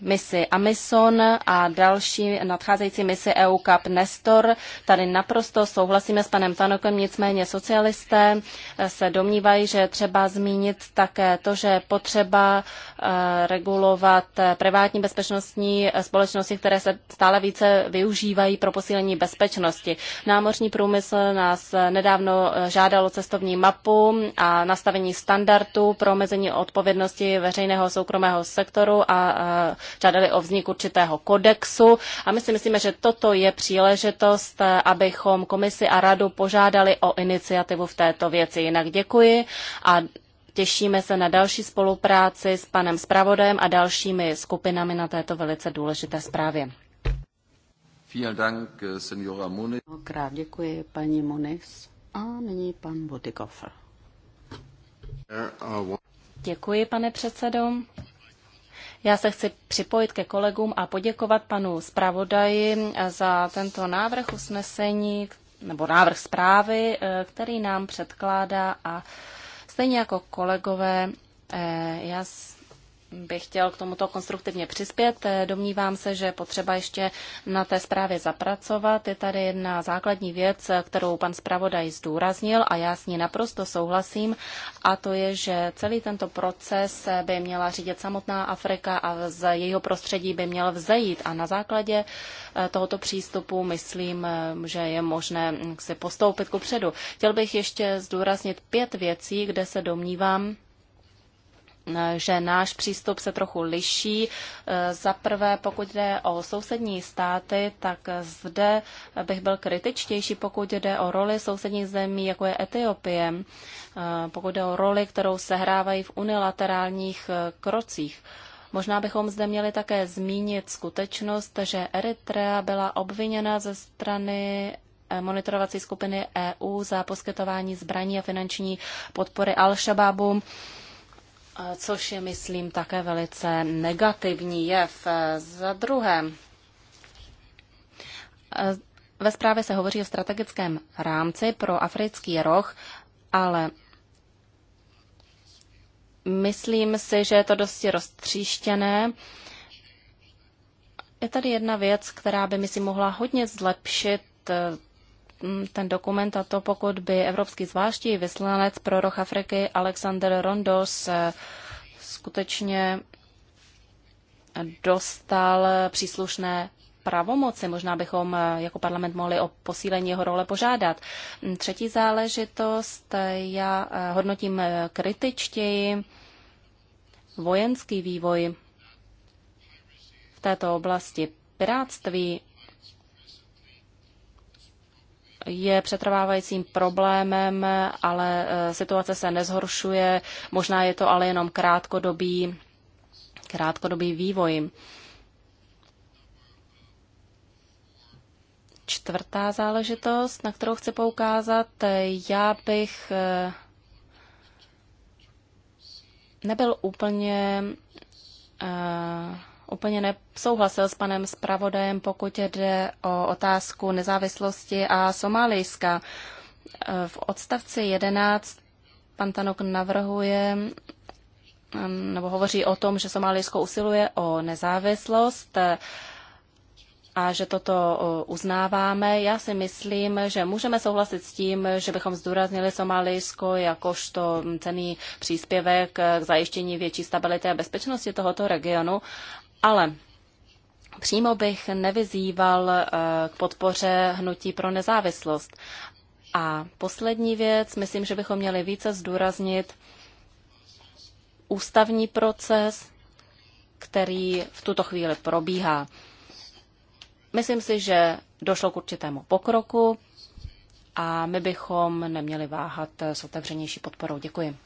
misi Amison a další nadcházející misi e Cup Nestor. Tady naprosto souhlasíme s panem Tanokem, nicméně socialisté eh, se domnívají, že třeba zmínit také to, že je potřeba eh, regulovat eh, privátní bezpečnostní společnosti, které se stále více využívají pro posílení bezpečnosti. Námořní průmysl nás nedávno žádalo cestovní mapu a nastavení standardů pro omezení odpovědnosti veřejného soukromého sektoru sektoru a žádali o vznik určitého kodexu. A my si myslíme, že toto je příležitost, abychom komisi a radu požádali o iniciativu v této věci. Jinak děkuji a Těšíme se na další spolupráci s panem Spravodem a dalšími skupinami na této velice důležité zprávě. Krát děkuji paní Moniz a nyní pan Bodygofer. Uh, děkuji, pane předsedo. Já se chci připojit ke kolegům a poděkovat panu zpravodaji za tento návrh usnesení nebo návrh zprávy, eh, který nám předkládá a stejně jako kolegové, eh, já bych chtěl k tomuto konstruktivně přispět. Eh, domnívám se, že potřeba ještě na té zprávě zapracovat. Je tady jedna základní věc, eh, kterou pan zpravodaj zdůraznil a já s ní naprosto souhlasím, a to je, že celý tento proces eh, by měla řídit samotná Afrika a z jejího prostředí by měl vzejít. A na základě tohoto přístupu myslím, že je možné hm, si postoupit ku předu. Chtěl bych ještě zdůraznit pět věcí, kde se domnívám, že náš přístup se trochu liší. Za prvé, pokud jde o sousední státy, tak zde bych byl kritičtější, pokud jde o roli sousedních zemí, jako je Etiopie, pokud jde o roli, kterou sehrávají v unilaterálních krocích. Možná bychom zde měli také zmínit skutečnost, že Eritrea byla obviněna ze strany monitorovací skupiny EU za poskytování zbraní a finanční podpory Al-Shababu což je, myslím, také velice negativní jev. Za druhé, ve zprávě se hovoří o strategickém rámci pro africký roh, ale myslím si, že je to dosti roztříštěné. Je tady jedna věc, která by, mi si mohla hodně zlepšit Mm, ten dokument a to pokud by evropský zvláštní vyslanec pro roh Afriky Alexander Rondos eh, skutečně dostal příslušné pravomoci. Možná bychom eh, jako parlament mohli o posílení jeho role požádat. Mm, třetí záležitost, eh, já hodnotím kritičtěji vojenský vývoj v této oblasti. Pirátství je přetrvávajícím problémem, ale eh, situace se nezhoršuje. Možná je to ale jenom krátkodobý, krátkodobý vývoj. Čtvrtá záležitost, na kterou chci poukázat, já bych eh, nebyl úplně eh, úplně nesouhlasil s panem zpravodajem, pokud jde o otázku nezávislosti a Somálijska. V odstavci 11 pan Tanok navrhuje mm, nebo hovoří o tom, že Somálijsko usiluje o nezávislost a že toto uznáváme. Já si myslím, že můžeme souhlasit s tím, že bychom zdůraznili Somálijsko jakožto cený příspěvek k zajištění větší stability a bezpečnosti tohoto regionu, ale přímo bych nevyzýval eh, k podpoře hnutí pro nezávislost. A poslední věc, myslím, že bychom měli více zdůraznit ústavní proces, který v tuto chvíli probíhá. Myslím si, že došlo k určitému pokroku a my bychom neměli váhat s otevřenější podporou. Děkuji.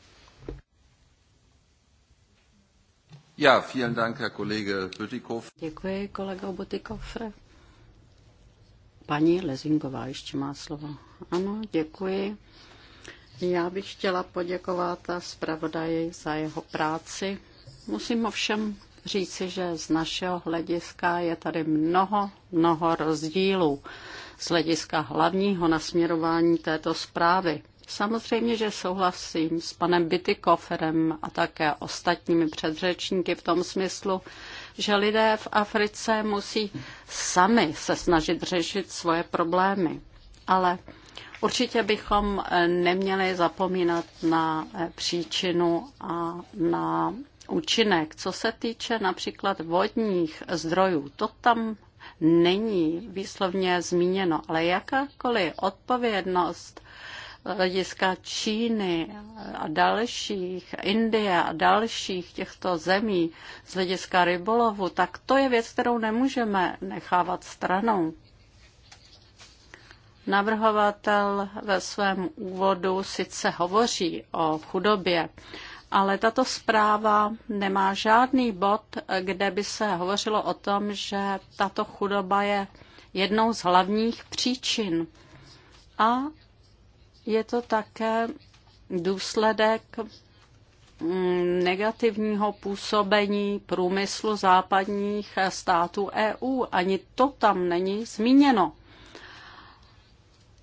Ja, vielen Dank, Herr Kollege Bütikofer. Děkuji, kolega Butikofre. Paní Lezinková ještě má slovo. Ano, děkuji. Já bych chtěla poděkovat zpravodaji za jeho práci. Musím ovšem říci, že z našeho hlediska je tady mnoho, mnoho rozdílů z hlediska hlavního nasměrování této zprávy. Samozřejmě, že souhlasím s panem Bitykoferem a také ostatními předřečníky v tom smyslu, že lidé v Africe musí sami se snažit řešit svoje problémy. Ale určitě bychom eh, neměli zapomínat na eh, příčinu a na účinek. Co se týče například vodních zdrojů, to tam není výslovně zmíněno, ale jakákoliv odpovědnost hlediska Číny a dalších, Indie a dalších těchto zemí z hlediska rybolovu, tak to je věc, kterou nemůžeme nechávat stranou. Navrhovatel ve svém úvodu sice hovoří o chudobě, ale tato zpráva nemá žádný bod, kde by se hovořilo o tom, že tato chudoba je jednou z hlavních příčin. A je to také důsledek mm, negativního působení průmyslu západních států EU. Ani to tam není zmíněno.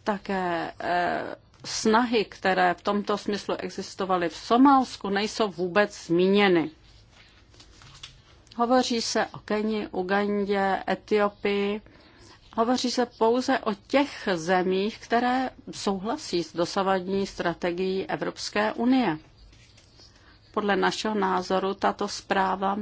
Také e, snahy, které v tomto smyslu existovaly v Somálsku, nejsou vůbec zmíněny. Hovoří se o Keni, Ugandě, Etiopii Hovoří se pouze o těch zemích, které souhlasí s dosavadní strategií Evropské unie. Podle našeho názoru tato zpráva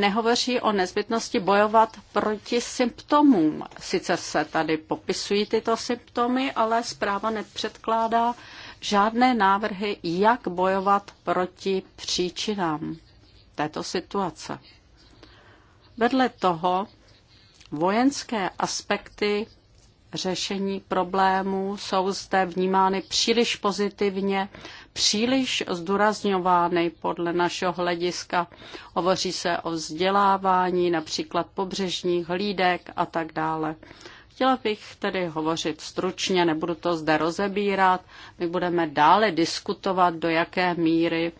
nehovoří o nezbytnosti bojovat proti symptomům. Sice se tady popisují tyto symptomy, ale zpráva nepředkládá žádné návrhy, jak bojovat proti příčinám této situace. Vedle toho vojenské aspekty řešení problémů jsou zde vnímány příliš pozitivně, příliš zdůrazňovány podle našeho hlediska. Hovoří se o vzdělávání, například pobřežních hlídek a tak dále. Chtěla bych tedy hovořit stručně, nebudu to zde rozebírat. My budeme dále diskutovat, do jaké míry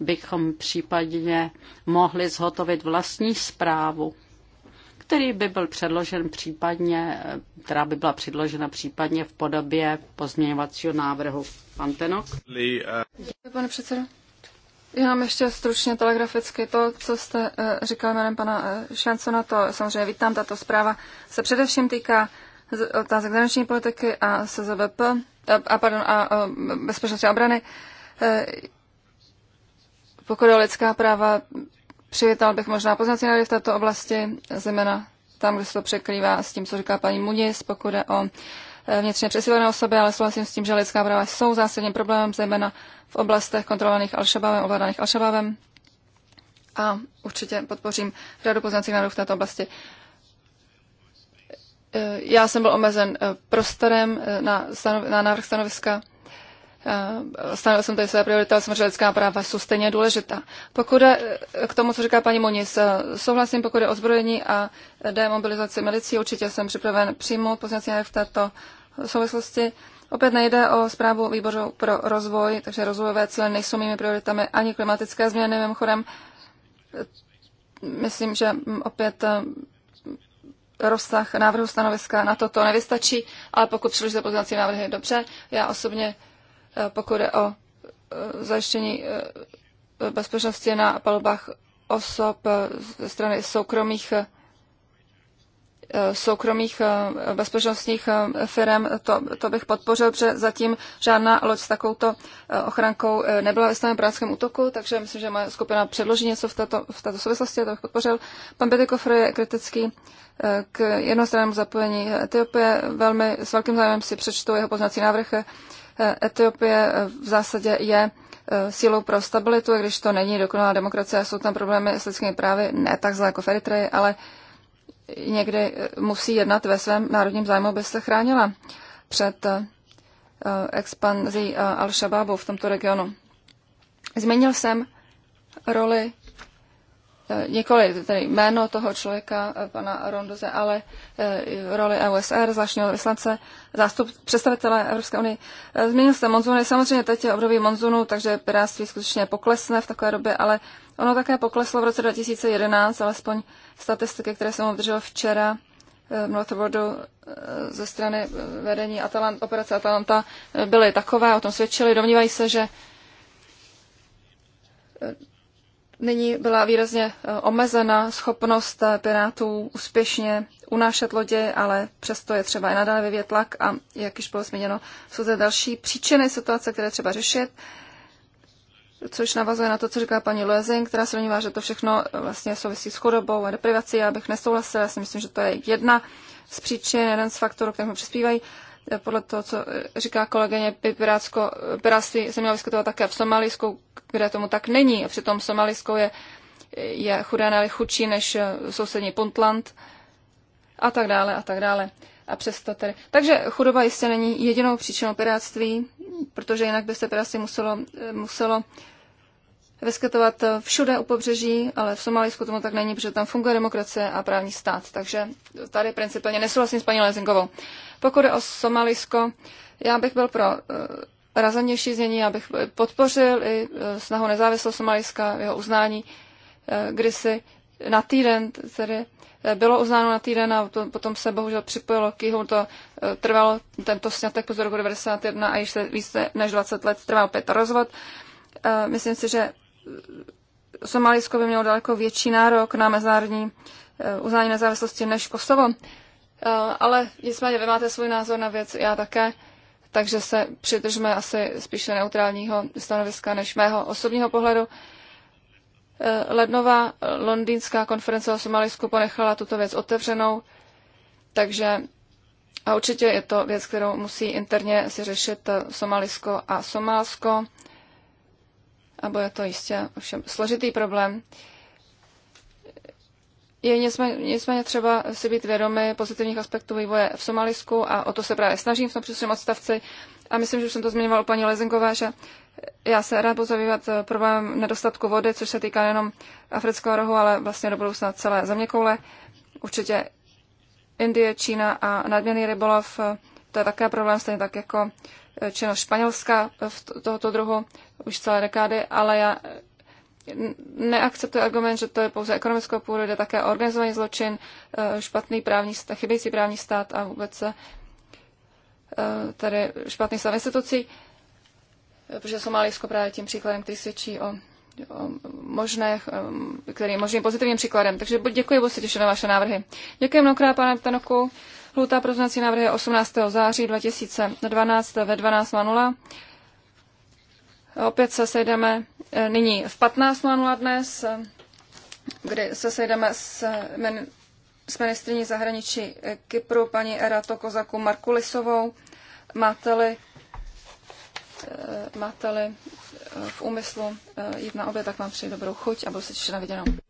bychom případně mohli zhotovit vlastní zprávu který by byl předložen případně, která by byla předložena případně v podobě pozměňovacího návrhu. Pan Tenok? Děkuji, pane předsedo. Jenom ještě stručně telegraficky to, co jste eh, říkal jménem pana eh, Šancona, to samozřejmě vítám, tato zpráva se především týká otázek zahraniční politiky a SZVP, eh, a, pardon, a bezpečnosti obrany. Pokud o lidská práva, Přivítal bych možná poznací návrhy v této oblasti, zejména tam, kde se to překrývá s tím, co říká paní Munis, pokud je o eh, vnitřně přesídlené osoby, ale souhlasím s tím, že lidská práva jsou zásadním problémem, zejména v oblastech kontrolovaných Al-Shabaabem, ovládaných Al-Shabaabem. A určitě podpořím řadu poznacích návrhů v této oblasti. Eh, já jsem byl omezen eh, prostorem na, stanov- na návrh stanoviska Eh, stanovil jsem tady své priority, ale samozřejmě lidská práva jsou stejně důležitá. Pokud je eh, k tomu, co říká paní Moniz, eh, souhlasím, pokud je ozbrojení a demobilizaci milicí, určitě jsem připraven přijmout pozněcí v této souvislosti. Opět nejde o zprávu výboru pro rozvoj, takže rozvojové cíle nejsou mými prioritami ani klimatické změny. Mimochodem, myslím, že opět rozsah návrhu stanoviska na toto nevystačí, ale pokud přiložíte pozměňovací návrhy, dobře. Já osobně Eh, pokud je o eh, zajištění eh, bezpečnosti na palubách osob ze strany soukromých soukromých bezpečnostních firm, to, to bych podpořil, protože zatím žádná loď s takovouto ochrankou nebyla stavě islamobráckém útoku, takže myslím, že moje skupina předloží něco v této, v této souvislosti, to bych podpořil. Pan Bětykofr je kritický k jednostrannému zapojení Etiopie. Velmi s velkým zájmem si přečtu jeho poznací návrh. Etiopie v zásadě je eh, sílou pro stabilitu, když to není dokonalá demokracie a jsou tam problémy s lidskými právy, ne tak zlé jako v Eritreji, ale někdy eh, musí jednat ve svém národním zájmu, aby se chránila před eh, expanzí al shabaabu v tomto regionu. Zmínil jsem roli Eh, nikoli tedy jméno toho člověka, eh, pana Rondoze, ale eh, roli EUSR, zvláštního vyslance, zástup představitele Evropské unie. Změnil se monzuny, samozřejmě teď je období monzunu, takže piráctví skutečně poklesne v takové době, ale ono také pokleslo v roce 2011, alespoň statistiky, které jsem obdržel včera v Northwardu ze strany vedení Atalant, operace Atalanta byly takové, o tom svědčili. Domnívají se, že Nyní byla výrazně eh, omezena schopnost eh, pirátů úspěšně unášet lodě, ale přesto je třeba i nadále vyvět tlak a, jak již bylo zmíněno, jsou zde další příčiny situace, které třeba řešit, což navazuje na to, co říká paní Lezing, která domnívá, že to všechno eh, vlastně souvisí s chudobou a deprivací. Já bych nesouhlasila, já si myslím, že to je jedna z příčin, jeden z faktorů, které přispívají podle toho, co říká kolegyně, by pirátsko, piráctví se mělo vyskytovat také v Somalisku, kde tomu tak není. A přitom Somalisko je, je chudé, nebo chudší než eh, sousední Puntland a tak dále a tak dále. A přesto tedy. Takže chudoba jistě není jedinou příčinou piráctví, protože jinak by se piráctví muselo, eh, muselo vyskytovat eh, všude u pobřeží, ale v Somalisku tomu tak není, protože tam funguje demokracie a právní stát. Takže tady principálně nesouhlasím s paní Lezingovou. Pokud jde o Somalisko, já bych byl pro eh, razenější znění, abych podpořil i eh, snahu nezávislého Somaliska, jeho uznání, eh, kdysi na týden, tedy bylo uznáno na týden a to, potom se bohužel připojilo k jihu. To trvalo tento snětek po roku 91 a již se více než 20 let trval opět rozvod. Myslím si, že Somalisko by mělo daleko větší nárok na mezinárodní uznání nezávislosti než Kosovo. Eh, ale nicméně vy máte svůj názor na věc, já také, takže se přidržme asi spíše neutrálního stanoviska než mého osobního pohledu. Eh, lednová londýnská konference o Somalisku ponechala tuto věc otevřenou, takže a určitě je to věc, kterou musí interně si řešit eh, Somalisko a Somálsko, a bude to jistě ovšem složitý problém. Uh, je nicméně, nicméně třeba si být vědomi pozitivních aspektů vývoje v Somalisku a o to se právě snažím v tom příštím odstavci. A myslím, že už jsem to zmiňoval paní Lezingové, že já se rád budu zabývat eh, problém nedostatku vody, což se týká jenom afrického rohu, ale vlastně do budoucna celé zeměkoule. Určitě Indie, Čína a nadměrný rybolov, eh, to je také problém, stejně tak jako eh, činnost Španělska v tohoto druhu už celé dekády, ale já neakceptuje argument, že to je pouze ekonomickou půdu, jde také o organizovaný zločin, eh, špatný právní, chybějící právní stát a vůbec eh, tady špatný stav institucí, eh, protože Somálisko právě tím příkladem, který svědčí o, o možné, který je možným pozitivním příkladem. Takže děkuji, budu se těšit na vaše návrhy. Děkuji mnohokrát, pane Tanoku. Lhůta pro návrhy je 18. září 2012 ve 12.00 Opět se sejdeme eh, nyní v 15.00 dnes, eh, kdy se sejdeme s, min, s ministriní zahraničí eh, Kypru, paní Erato Kozaku Markulisovou. Máte-li, máte-li v úmyslu jít na oběd, tak vám přeji dobrou chuť a budu se těšit na viděnou.